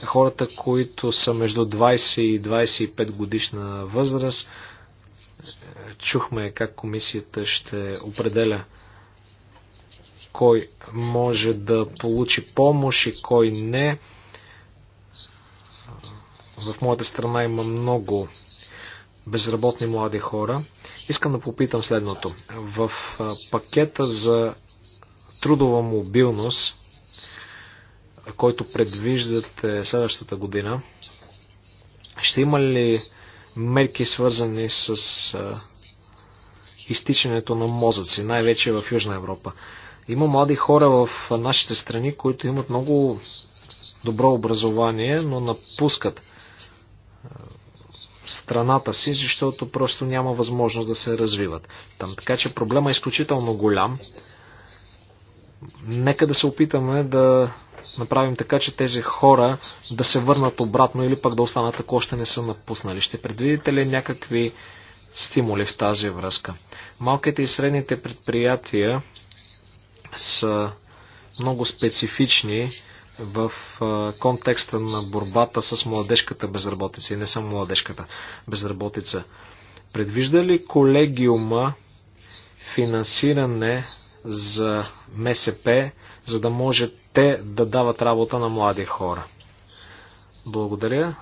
хората, които са между 20 и 25 годишна възраст. Чухме как комисията ще определя кой може да получи помощ и кой не. В моята страна има много безработни млади хора. Искам да попитам следното. В пакета за трудова мобилност, който предвиждате следващата година, ще има ли мерки свързани с изтичането на мозъци, най-вече в Южна Европа? Има млади хора в нашите страни, които имат много добро образование, но напускат страната си, защото просто няма възможност да се развиват там. Така че проблема е изключително голям. Нека да се опитаме да направим така, че тези хора да се върнат обратно или пък да останат, ако още не са напуснали. Ще предвидите ли някакви стимули в тази връзка? Малките и средните предприятия са много специфични в контекста на борбата с младежката безработица и не само младежката безработица. Предвижда ли колегиума финансиране за МСП, за да може те да дават работа на млади хора? Благодаря.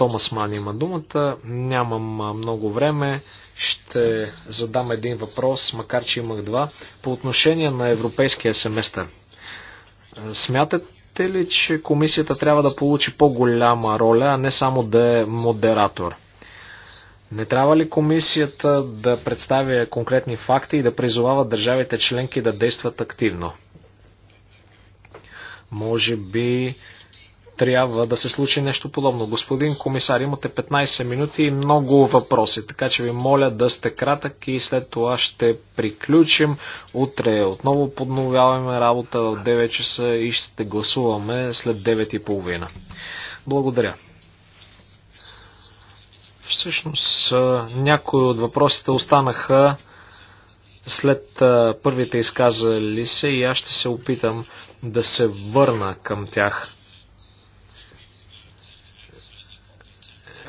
Томас Ман има думата. Нямам много време. Ще задам един въпрос, макар че имах два. По отношение на европейския семестър. Смятате ли, че комисията трябва да получи по-голяма роля, а не само да е модератор? Не трябва ли комисията да представя конкретни факти и да призовава държавите членки да действат активно? Може би трябва да се случи нещо подобно. Господин комисар, имате 15 минути и много въпроси, така че ви моля да сте кратък и след това ще приключим. Утре отново подновяваме работа в 9 часа и ще гласуваме след 9.30. Благодаря. Всъщност, някои от въпросите останаха след първите изказали се и аз ще се опитам да се върна към тях.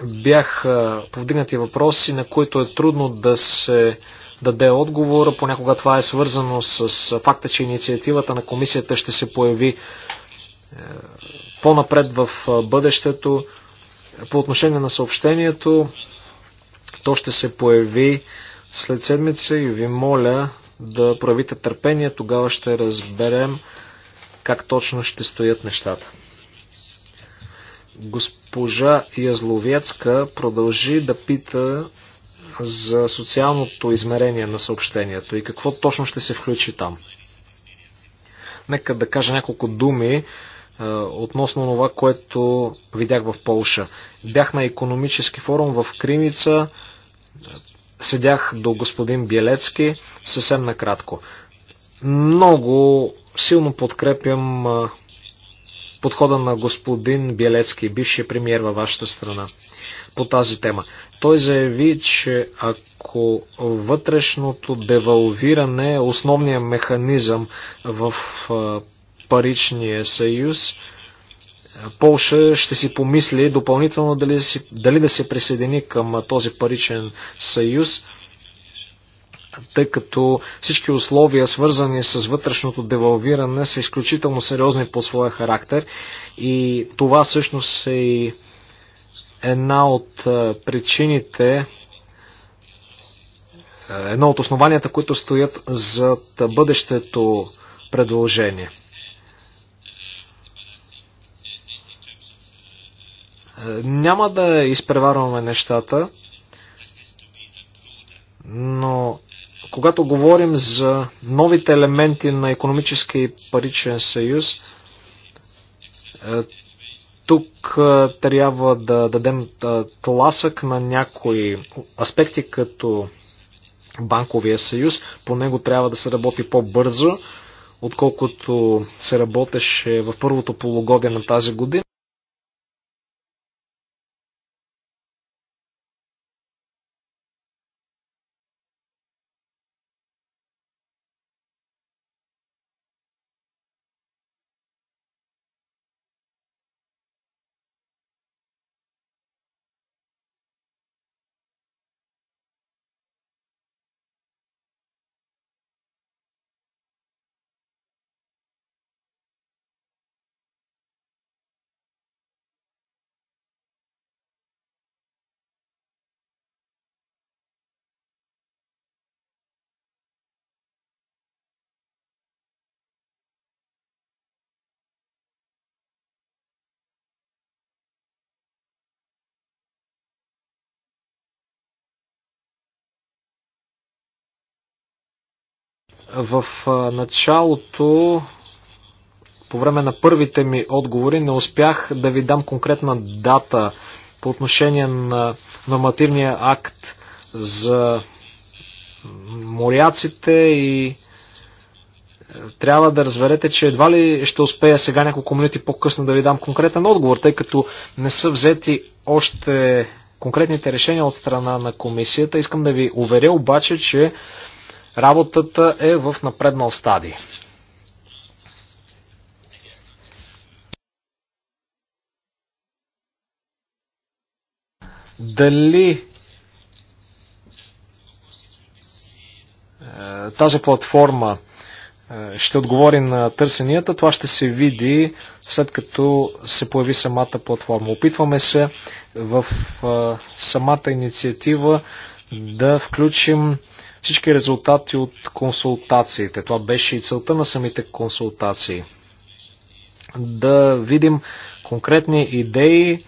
Бяха повдигнати въпроси, на които е трудно да се даде отговор. Понякога това е свързано с факта, че инициативата на комисията ще се появи е, по-напред в е, бъдещето. По отношение на съобщението, то ще се появи след седмица и ви моля да проявите търпение, тогава ще разберем как точно ще стоят нещата. Госпожа Язловецка продължи да пита за социалното измерение на съобщението и какво точно ще се включи там. Нека да кажа няколко думи относно това, което видях в Полша. Бях на економически форум в Кримица, седях до господин Белецки, съвсем накратко. Много силно подкрепям подхода на господин Белецки, бившия премьер във вашата страна по тази тема. Той заяви, че ако вътрешното девалвиране е основният механизъм в паричния съюз, Полша ще си помисли допълнително дали, дали да се присъедини към този паричен съюз тъй като всички условия, свързани с вътрешното девалвиране, са изключително сериозни по своя характер и това всъщност е и една от е, причините, е, едно от основанията, които стоят зад бъдещето предложение. Няма да изпреварваме нещата, но когато говорим за новите елементи на економически и паричен съюз, е, тук е, трябва да дадем е, тласък на някои аспекти, като банковия съюз. По него трябва да се работи по-бързо, отколкото се работеше в първото полугодие на тази година. В началото, по време на първите ми отговори, не успях да ви дам конкретна дата по отношение на нормативния акт за моряците и е, трябва да разберете, че едва ли ще успея сега няколко минути по-късно да ви дам конкретен отговор, тъй като не са взети още конкретните решения от страна на комисията. Искам да ви уверя обаче, че Работата е в напреднал стадий. Дали е, тази платформа е, ще отговори на търсенията, това ще се види след като се появи самата платформа. Опитваме се в е, самата инициатива да включим всички резултати от консултациите. Това беше и целта на самите консултации. Да видим конкретни идеи,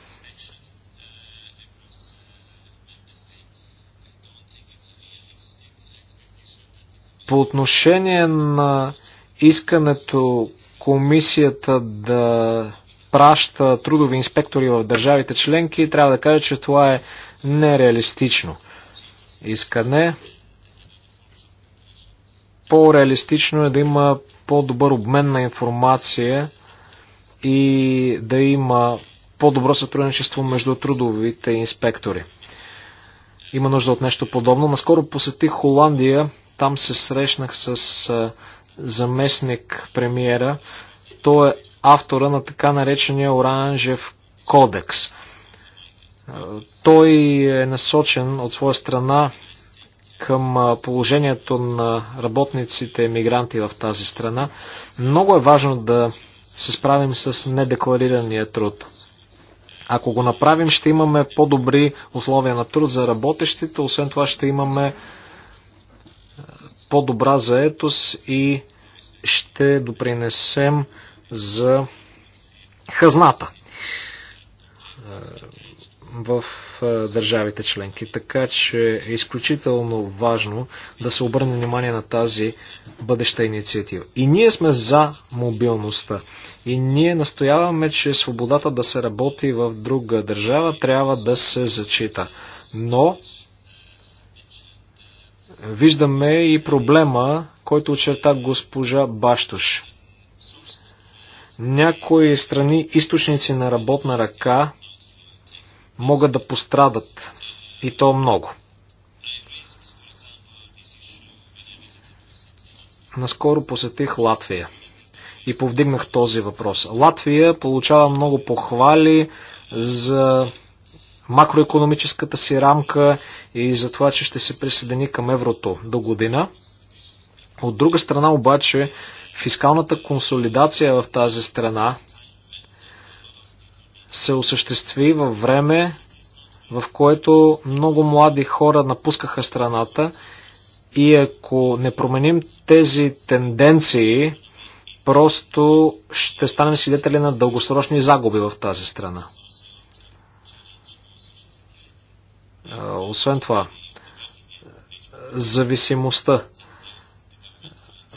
По отношение на искането комисията да праща трудови инспектори в държавите членки, трябва да кажа, че това е нереалистично искане. По-реалистично е да има по-добър обмен на информация и да има по-добро сътрудничество между трудовите инспектори. Има нужда от нещо подобно. Наскоро посетих Холандия, там се срещнах с заместник премиера. Той е автора на така наречения Оранжев кодекс. Той е насочен от своя страна към положението на работниците мигранти в тази страна. Много е важно да се справим с недекларирания труд. Ако го направим, ще имаме по-добри условия на труд за работещите, освен това ще имаме по-добра заетост и ще допринесем за хазната. В държавите членки. Така че е изключително важно да се обърне внимание на тази бъдеща инициатива. И ние сме за мобилността. И ние настояваме, че свободата да се работи в друга държава трябва да се зачита. Но виждаме и проблема, който очерта госпожа Баштош. Някои страни източници на работна ръка могат да пострадат и то много. Наскоро посетих Латвия и повдигнах този въпрос. Латвия получава много похвали за макроекономическата си рамка и за това, че ще се присъедини към еврото до година. От друга страна обаче, фискалната консолидация в тази страна се осъществи във време, в което много млади хора напускаха страната и ако не променим тези тенденции, просто ще станем свидетели на дългосрочни загуби в тази страна. Е, освен това, зависимостта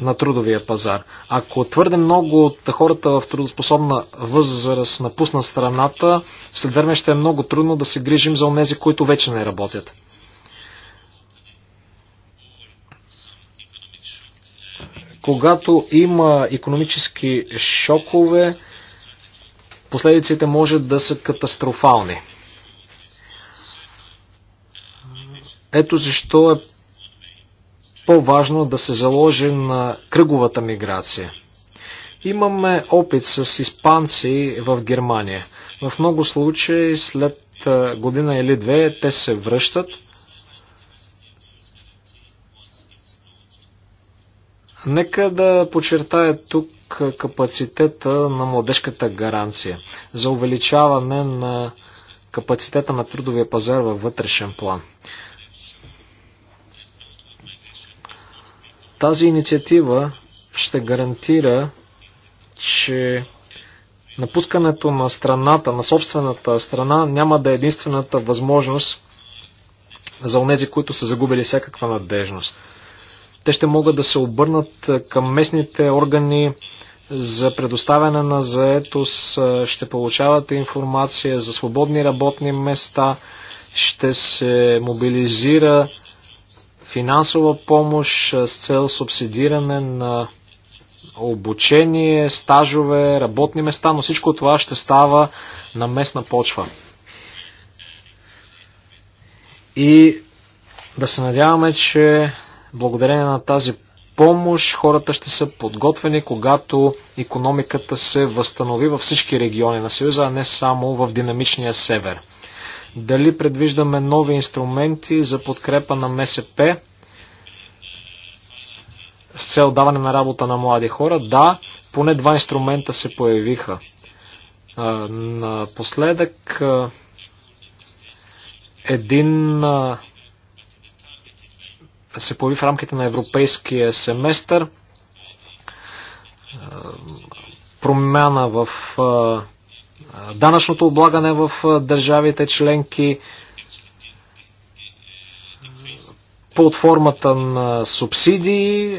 на трудовия пазар. Ако твърде много от хората в трудоспособна възраст напуснат страната, след време ще е много трудно да се грижим за онези, които вече не работят. Когато има економически шокове, последиците може да са катастрофални. Ето защо е по-важно да се заложи на кръговата миграция. Имаме опит с испанци в Германия. В много случаи след година или две те се връщат. Нека да подчертая тук капацитета на младежката гаранция за увеличаване на капацитета на трудовия пазар във вътрешен план. Тази инициатива ще гарантира, че напускането на страната, на собствената страна, няма да е единствената възможност за онези, които са загубили всякаква надежност. Те ще могат да се обърнат е, към местните органи за предоставяне на заетост, е, ще получават информация за свободни работни места, ще се мобилизира финансова помощ с цел субсидиране на обучение, стажове, работни места, но всичко това ще става на местна почва. И да се надяваме, че благодарение на тази помощ хората ще са подготвени, когато економиката се възстанови във всички региони на Съюза, а не само в динамичния север дали предвиждаме нови инструменти за подкрепа на МСП с цел даване на работа на млади хора. Да, поне два инструмента се появиха. Напоследък един се появи в рамките на европейския семестър промяна в данъчното облагане в държавите членки под формата на субсидии,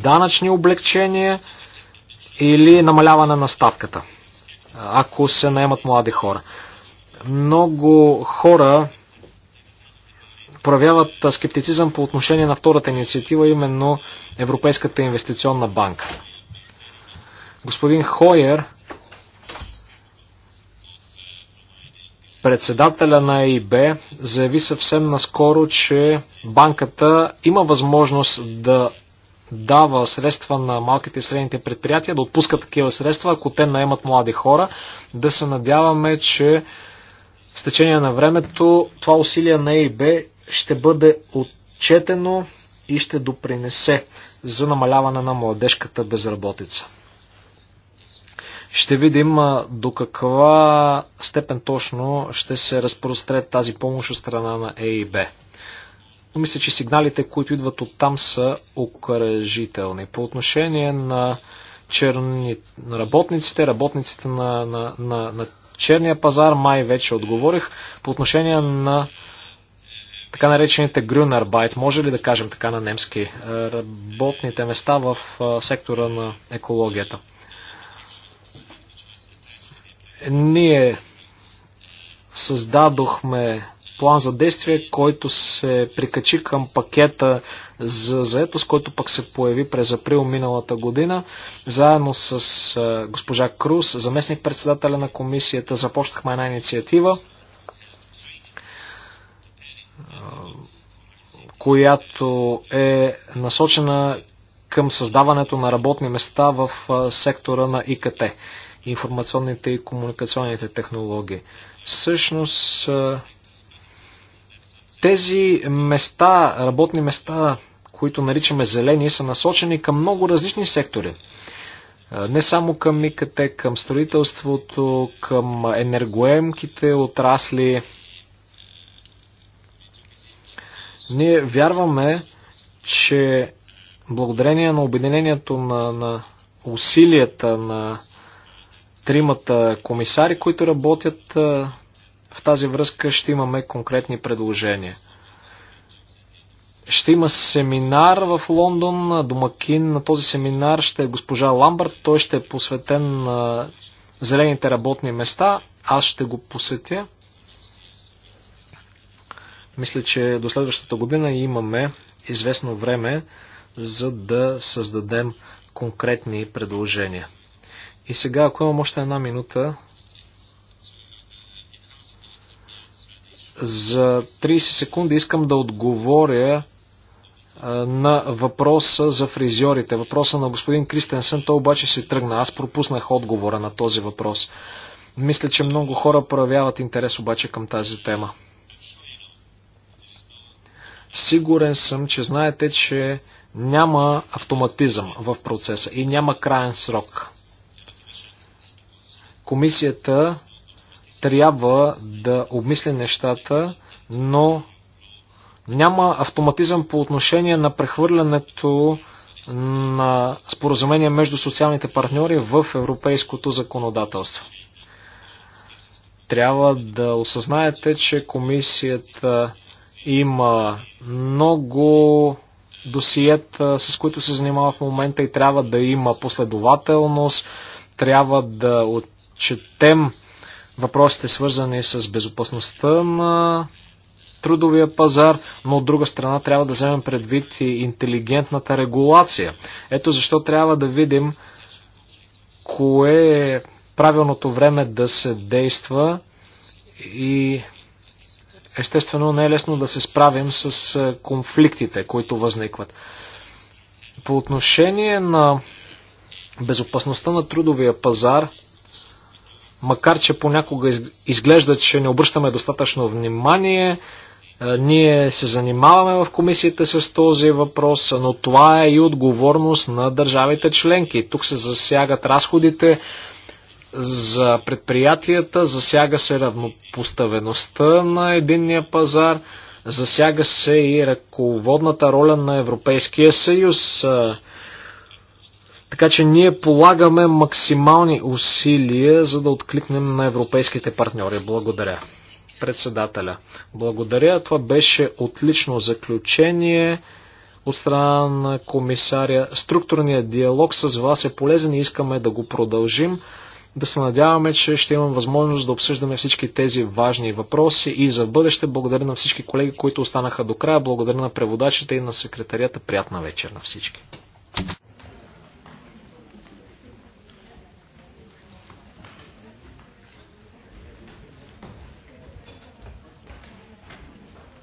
данъчни облегчения или намаляване на ставката, ако се наемат млади хора. Много хора проявяват скептицизъм по отношение на втората инициатива, именно Европейската инвестиционна банка. Господин Хойер Председателя на ЕИБ заяви съвсем наскоро, че банката има възможност да дава средства на малките и средните предприятия, да отпуска такива средства, ако те наемат млади хора, да се надяваме, че с течение на времето това усилие на ЕИБ ще бъде отчетено и ще допринесе за намаляване на младежката безработица. Ще видим до каква степен точно ще се разпростре тази помощ от страна на е и Б. Но мисля, че сигналите, които идват от там са окръжителни. По отношение на черни работниците, работниците на, на, на, на черния пазар, май вече отговорих. По отношение на така наречените грюнарбайт, може ли да кажем така на немски, работните места в сектора на екологията? Ние създадохме план за действие, който се прикачи към пакета за заетост, който пък се появи през април миналата година. Заедно с госпожа Круз, заместник председателя на комисията, започнахме една инициатива, която е насочена към създаването на работни места в сектора на ИКТ информационните и комуникационните технологии. Всъщност, тези места, работни места, които наричаме зелени, са насочени към много различни сектори. Не само към ИКТ, към строителството, към енергоемките отрасли. Ние вярваме, че благодарение на обединението на, на усилията на тримата комисари, които работят в тази връзка, ще имаме конкретни предложения. Ще има семинар в Лондон. Домакин на този семинар ще е госпожа Ламбърт. Той ще е посветен на зелените работни места. Аз ще го посетя. Мисля, че до следващата година имаме известно време, за да създадем конкретни предложения. И сега, ако имам още една минута, за 30 секунди искам да отговоря на въпроса за фризьорите. Въпроса на господин Кристенсън, той обаче си тръгна. Аз пропуснах отговора на този въпрос. Мисля, че много хора проявяват интерес обаче към тази тема. Сигурен съм, че знаете, че няма автоматизъм в процеса и няма крайен срок. Комисията трябва да обмисли нещата, но няма автоматизъм по отношение на прехвърлянето на споразумение между социалните партньори в европейското законодателство. Трябва да осъзнаете, че комисията има много досиета, с които се занимава в момента и трябва да има последователност, трябва да от четем въпросите свързани с безопасността на трудовия пазар, но от друга страна трябва да вземем предвид и интелигентната регулация. Ето защо трябва да видим кое е правилното време да се действа и естествено не е лесно да се справим с е, конфликтите, които възникват. По отношение на безопасността на трудовия пазар, макар че понякога изглежда, че не обръщаме достатъчно внимание. Е, ние се занимаваме в комисията с този въпрос, но това е и отговорност на държавите членки. Тук се засягат разходите за предприятията, засяга се равнопоставеността на единния пазар, засяга се и ръководната роля на Европейския съюз. Е, така че ние полагаме максимални усилия, за да откликнем на европейските партньори. Благодаря. Председателя. Благодаря. Това беше отлично заключение от страна на комисаря. Структурният диалог с вас е полезен и искаме да го продължим. Да се надяваме, че ще имам възможност да обсъждаме всички тези важни въпроси и за бъдеще. Благодаря на всички колеги, които останаха до края. Благодаря на преводачите и на секретарията. Приятна вечер на всички.